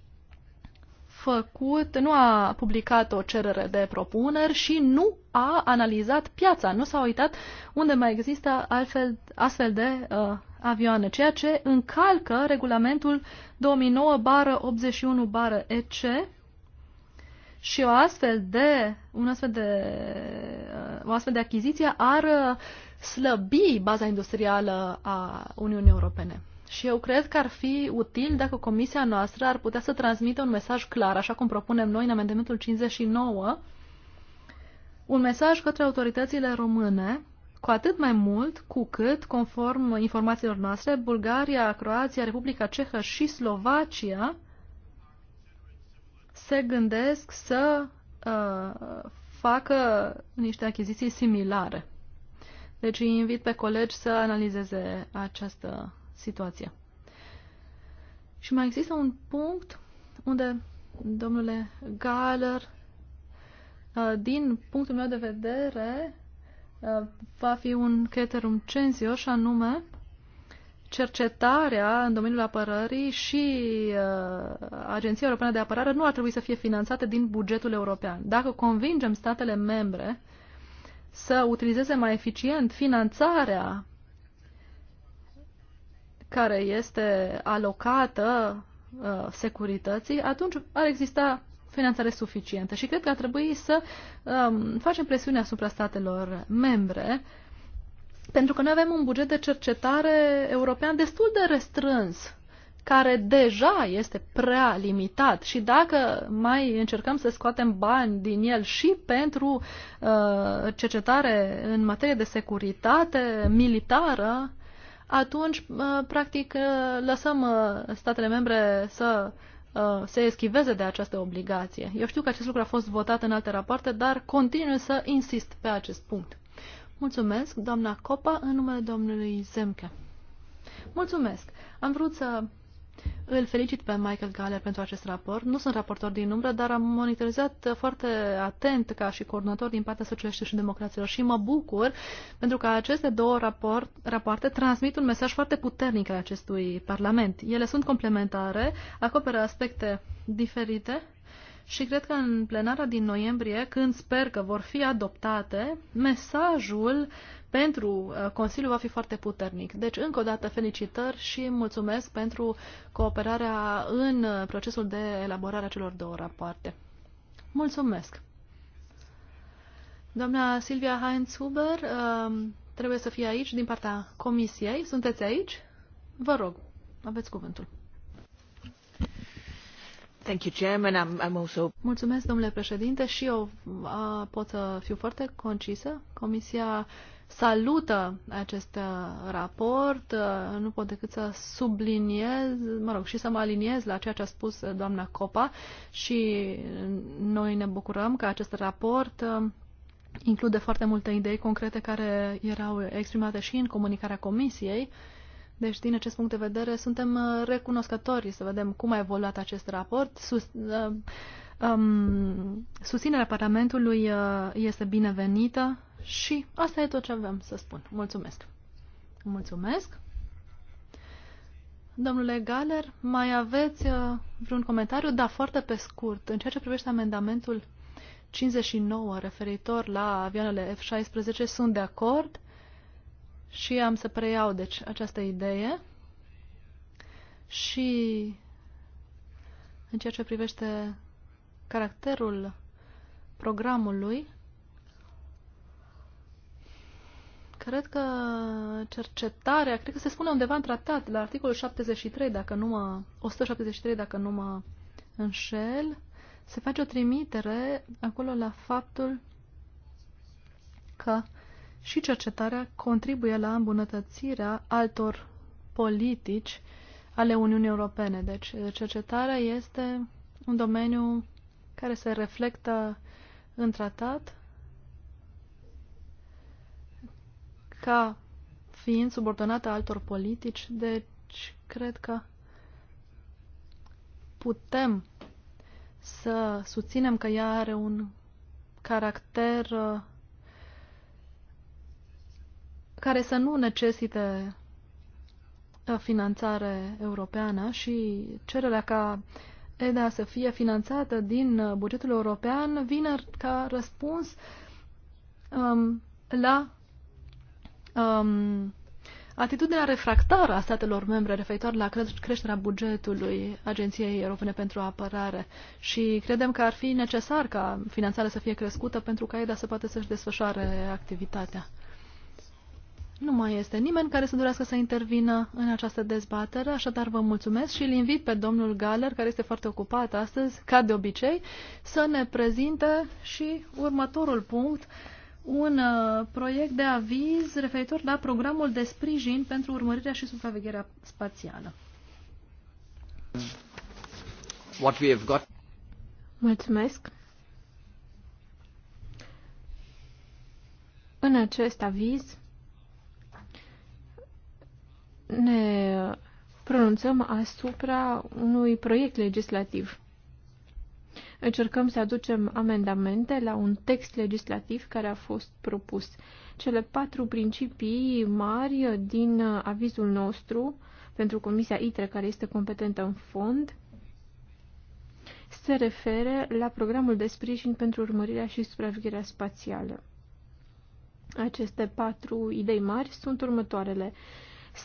făcut, nu a publicat o cerere de propuneri și nu a analizat piața, nu s-a uitat unde mai există altfel, astfel de uh, avioane, ceea ce încalcă regulamentul 2009-81-EC și o astfel de, un astfel de, uh, o astfel de achiziție ar uh, slăbi baza industrială a Uniunii Europene. Și eu cred că ar fi util dacă comisia noastră ar putea să transmită un mesaj clar, așa cum propunem noi în amendamentul 59, un mesaj către autoritățile române, cu atât mai mult cu cât, conform informațiilor noastre, Bulgaria, Croația, Republica Cehă și Slovacia se gândesc să uh, facă niște achiziții similare. Deci îi invit pe colegi să analizeze această situația. Și mai există un punct unde, domnule Galer, uh, din punctul meu de vedere, uh, va fi un caterum censio și anume cercetarea în domeniul apărării și uh, Agenția Europeană de Apărare nu ar trebui să fie finanțate din bugetul european. Dacă convingem statele membre să utilizeze mai eficient finanțarea care este alocată uh, securității, atunci ar exista finanțare suficientă. Și cred că ar trebui să um, facem presiune asupra statelor membre, pentru că noi avem un buget de cercetare european destul de restrâns, care deja este prea limitat. Și dacă mai încercăm să scoatem bani din el și pentru uh, cercetare în materie de securitate militară, atunci, uh, practic, uh, lăsăm uh, statele membre să se eschiveze de această obligație. Eu știu că acest lucru a fost votat în alte rapoarte, dar continu să insist pe acest punct. Mulțumesc, doamna Copa, în numele domnului Zemke. Mulțumesc. Am vrut să îl felicit pe Michael Galler pentru acest raport. Nu sunt raportor din umbră, dar am monitorizat foarte atent ca și coordonator din partea socialiștilor și democraților și mă bucur pentru că aceste două raport, rapoarte transmit un mesaj foarte puternic al acestui Parlament. Ele sunt complementare, acoperă aspecte diferite și cred că în plenara din noiembrie, când sper că vor fi adoptate, mesajul uh, pentru uh, Consiliu va fi foarte puternic. Deci, încă o dată, felicitări și mulțumesc pentru cooperarea în uh, procesul de elaborare a celor două rapoarte. Mulțumesc! Doamna Silvia Heinz-Huber uh, trebuie să fie aici din partea Comisiei. Sunteți aici? Vă rog, aveți cuvântul.
Thank you, Chairman. I'm, I'm also...
Mulțumesc, domnule președinte, și eu pot să fiu foarte concisă. Comisia uh, salută acest uh, raport. Uh, nu pot decât să subliniez, mă rog, și să mă aliniez la ceea ce a spus uh, doamna Copa și noi ne bucurăm că acest raport include foarte multe idei concrete care erau exprimate și în comunicarea Comisiei. Deci, din acest punct de vedere, suntem recunoscători să vedem cum a evoluat acest raport. Sus, um, susținerea Parlamentului este binevenită și asta e tot ce aveam să spun. Mulțumesc! Mulțumesc! Domnule Galer, mai aveți uh, vreun comentariu? Da, foarte pe scurt. În ceea ce privește amendamentul 59 referitor la avioanele F-16, sunt de acord și am să preiau deci această idee. Și în ceea ce privește caracterul programului, Cred că cercetarea, cred că se spune undeva în tratat, la articolul 73, dacă nu mă, 173, dacă nu mă înșel, se face o trimitere acolo la faptul că și cercetarea contribuie la îmbunătățirea altor politici ale Uniunii Europene. Deci cercetarea este un domeniu care se reflectă în tratat ca fiind subordonată altor politici, deci cred că putem să susținem că ea are un caracter uh, care să nu necesite uh, finanțare europeană și cererea ca EDA să fie finanțată din uh, bugetul european vine ca răspuns um, la um, atitudinea refractară a statelor membre referitor la creșterea bugetului Agenției Europene pentru Apărare și credem că ar fi necesar ca finanțarea să fie crescută pentru ca EDA să poată să-și desfășoare activitatea. Nu mai este nimeni care să dorească să intervină în această dezbatere, așadar vă mulțumesc și îl invit pe domnul Galler, care este foarte ocupat astăzi, ca de obicei, să ne prezinte și următorul punct un uh, proiect de aviz referitor la programul de sprijin pentru urmărirea și supravegherea spațială. What we have got.
Mulțumesc. În acest aviz ne pronunțăm asupra unui proiect legislativ Încercăm să aducem amendamente la un text legislativ care a fost propus. Cele patru principii mari din avizul nostru pentru Comisia ITRE, care este competentă în fond, se referă la programul de sprijin pentru urmărirea și supravegherea spațială. Aceste patru idei mari sunt următoarele.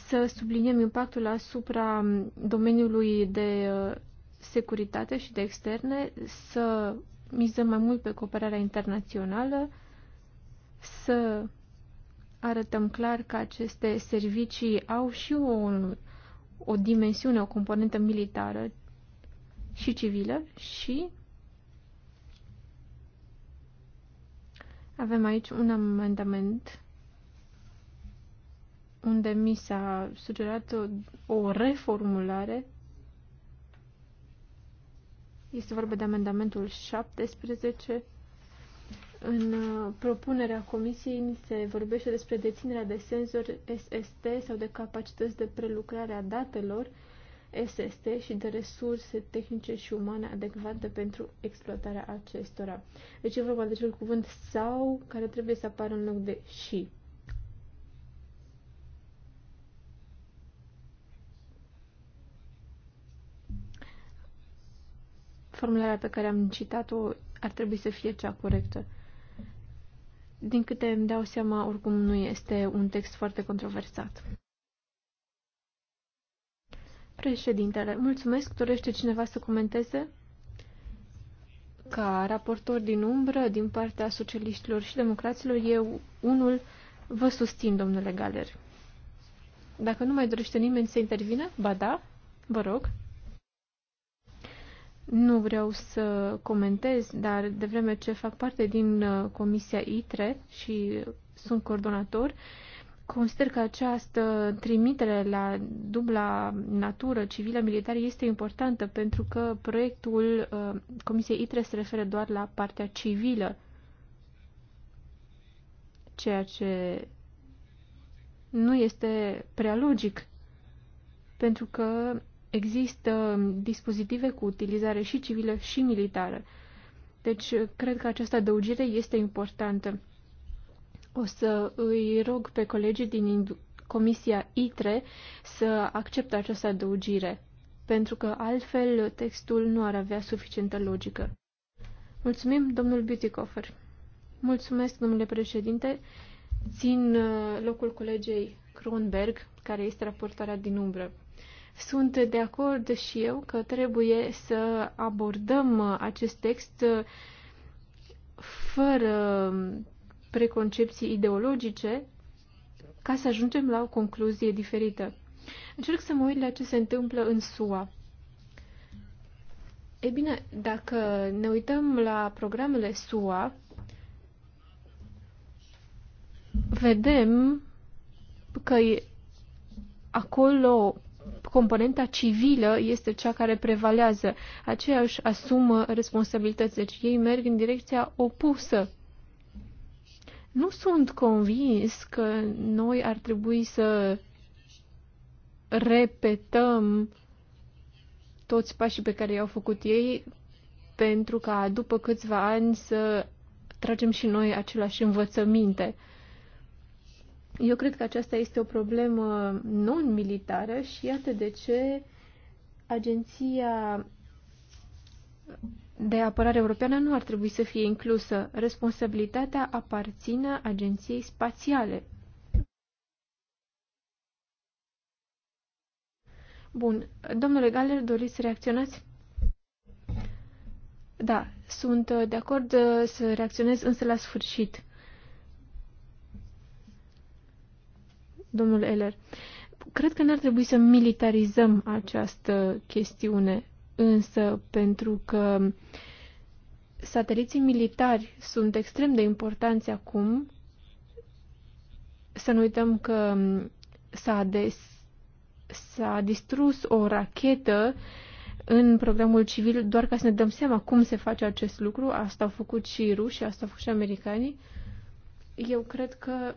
Să subliniem impactul asupra domeniului de securitate și de externe, să mizăm mai mult pe cooperarea internațională, să arătăm clar că aceste servicii au și o, o dimensiune, o componentă militară și civilă și avem aici un amendament unde mi s-a sugerat o, o reformulare este vorba de amendamentul 17. În uh, propunerea comisiei se vorbește despre deținerea de senzori SST sau de capacități de prelucrare a datelor SST și de resurse tehnice și umane adecvate pentru exploatarea acestora. Deci e vorba de cel cuvânt sau care trebuie să apară în loc de și. formularea pe care am citat-o ar trebui să fie cea corectă. Din câte îmi dau seama, oricum nu este un text foarte controversat. Președintele, mulțumesc. Dorește cineva să comenteze? Ca raportor din umbră, din partea socialiștilor și democraților, eu unul vă susțin, domnule Galer. Dacă nu mai dorește nimeni să intervine, ba da, vă rog. Nu vreau să comentez, dar de vreme ce fac parte din uh, Comisia ITRE și sunt coordonator, consider că această trimitere la dubla natură civilă-militară este importantă pentru că proiectul uh, Comisiei ITRE se referă doar la partea civilă, ceea ce nu este prea logic, pentru că există dispozitive cu utilizare și civilă și militară. Deci, cred că această adăugire este importantă. O să îi rog pe colegii din Comisia ITRE să accepte această adăugire, pentru că altfel textul nu ar avea suficientă logică. Mulțumim, domnul Beautycoffer. Mulțumesc, domnule președinte. Țin uh, locul colegei Kronberg, care este raportarea din umbră. Sunt de acord și eu că trebuie să abordăm acest text uh, fără um, preconcepții ideologice ca să ajungem la o concluzie diferită. Încerc să mă uit la ce se întâmplă în SUA. E bine, dacă ne uităm la programele SUA, vedem că acolo componenta civilă este cea care prevalează. Aceia își asumă responsabilități, deci ei merg în direcția opusă. Nu sunt convins că noi ar trebui să repetăm toți pașii pe care i-au făcut ei pentru ca după câțiva ani să tragem și noi același învățăminte. Eu cred că aceasta este o problemă non-militară și iată de ce Agenția de Apărare Europeană nu ar trebui să fie inclusă. Responsabilitatea aparține Agenției Spațiale. Bun. Domnule Galer, doriți să reacționați? Da, sunt de acord să reacționez, însă la sfârșit. domnul Eller. Cred că n-ar trebui să militarizăm această chestiune, însă pentru că sateliții militari sunt extrem de importanți acum, să nu uităm că s-a, des, distrus o rachetă în programul civil, doar ca să ne dăm seama cum se face acest lucru. Asta au făcut și rușii, asta au făcut și americanii. Eu cred că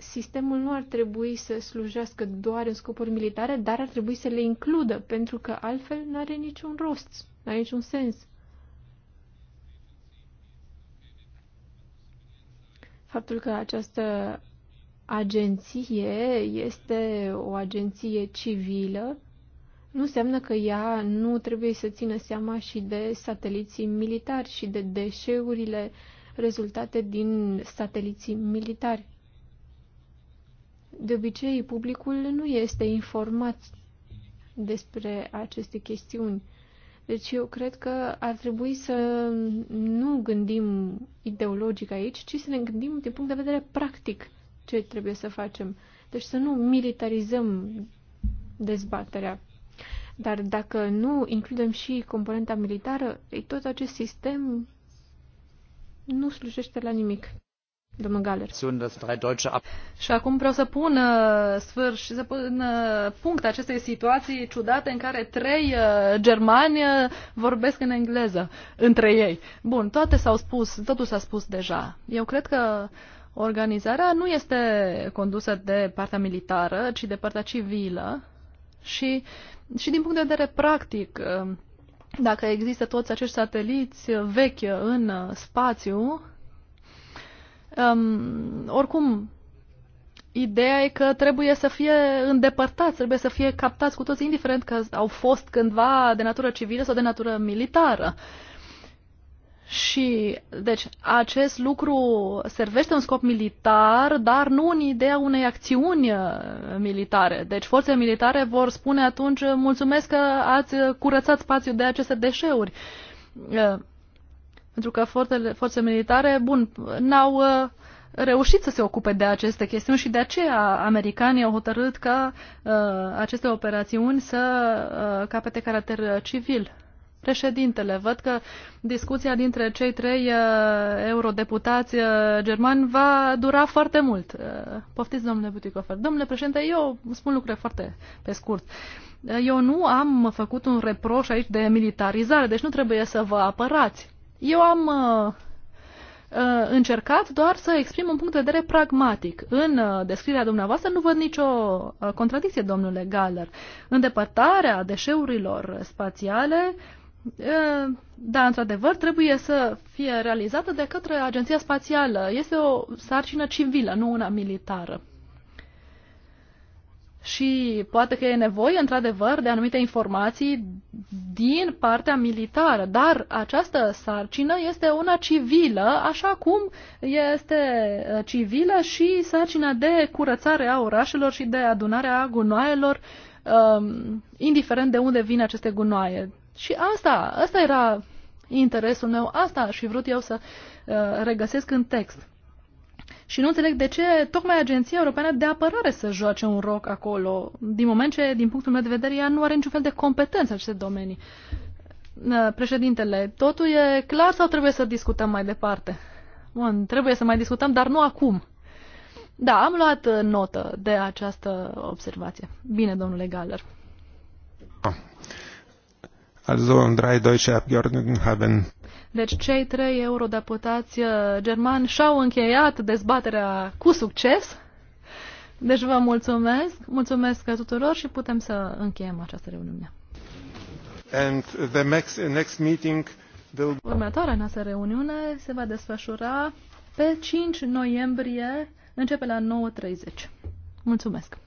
sistemul nu ar trebui să slujească doar în scopuri militare, dar ar trebui să le includă, pentru că altfel nu are niciun rost, nu are niciun sens. Faptul că această agenție este o agenție civilă nu înseamnă că ea nu trebuie să țină seama și de sateliții militari și de deșeurile rezultate din sateliții militari. De obicei, publicul nu este informat despre aceste chestiuni. Deci eu cred că ar trebui să nu gândim ideologic aici, ci să ne gândim din punct de vedere practic ce trebuie să facem. Deci să nu militarizăm dezbaterea. Dar dacă nu includem și componenta militară, tot acest sistem nu slujește la nimic. Domnul Galer. Și acum vreau să pun uh, sfârșit, să pun uh,
punct acestei situații ciudate în care trei uh, germani vorbesc în engleză între ei. Bun, toate s-au spus, totul s-a spus deja. Eu cred că organizarea nu este condusă de partea militară, ci de partea civilă și, și din punct de vedere practic, dacă există toți acești sateliți vechi în spațiu, Um, oricum, ideea e că trebuie să fie îndepărtați, trebuie să fie captați cu toți, indiferent că au fost cândva de natură civilă sau de natură militară. Și, deci, acest lucru servește un scop militar, dar nu în ideea unei acțiuni uh, militare. Deci, forțele militare vor spune atunci, mulțumesc că ați curățat spațiul de aceste deșeuri. Uh, pentru că forțele, forțele militare, bun, n-au uh, reușit să se ocupe de aceste chestiuni și de aceea americanii au hotărât ca uh, aceste operațiuni să uh, capete caracter civil. Președintele, văd că discuția dintre cei trei uh, eurodeputați uh, germani va dura foarte mult. Uh, poftiți, domnule Buticofer. Domnule președinte, eu spun lucruri foarte pe scurt. Uh, eu nu am făcut un reproș aici de militarizare, deci nu trebuie să vă apărați eu am uh, uh, încercat doar să exprim un punct de vedere pragmatic. În uh, descrierea dumneavoastră nu văd nicio uh, contradicție, domnule Galler. Îndepărtarea deșeurilor spațiale, uh, da, într-adevăr, trebuie să fie realizată de către Agenția Spațială. Este o sarcină civilă, nu una militară și poate că e nevoie, într-adevăr, de anumite informații din partea militară, dar această sarcină este una civilă, așa cum este uh, civilă și sarcina de curățare a orașelor și de adunare a gunoaielor, um, indiferent de unde vin aceste gunoaie. Și asta, asta era interesul meu, asta și vrut eu să uh, regăsesc în text. Și nu înțeleg de ce tocmai Agenția Europeană de Apărare să joace un rol acolo, din moment ce, din punctul meu de vedere, ea nu are niciun fel de competență în aceste domenii. Președintele, totul e clar sau trebuie să discutăm mai departe? Bun, trebuie să mai discutăm, dar nu acum. Da, am luat uh, notă de această observație. Bine, domnule Galler. Ah. Also, um, drei deutsche Abgeordneten haben deci cei trei eurodeputați uh, germani și-au încheiat dezbaterea cu succes. Deci vă mulțumesc, mulțumesc tuturor și putem să încheiem această reuniune.
And the next, next meeting
will... Următoarea noastră reuniune se va desfășura pe 5 noiembrie, începe la 9.30. Mulțumesc!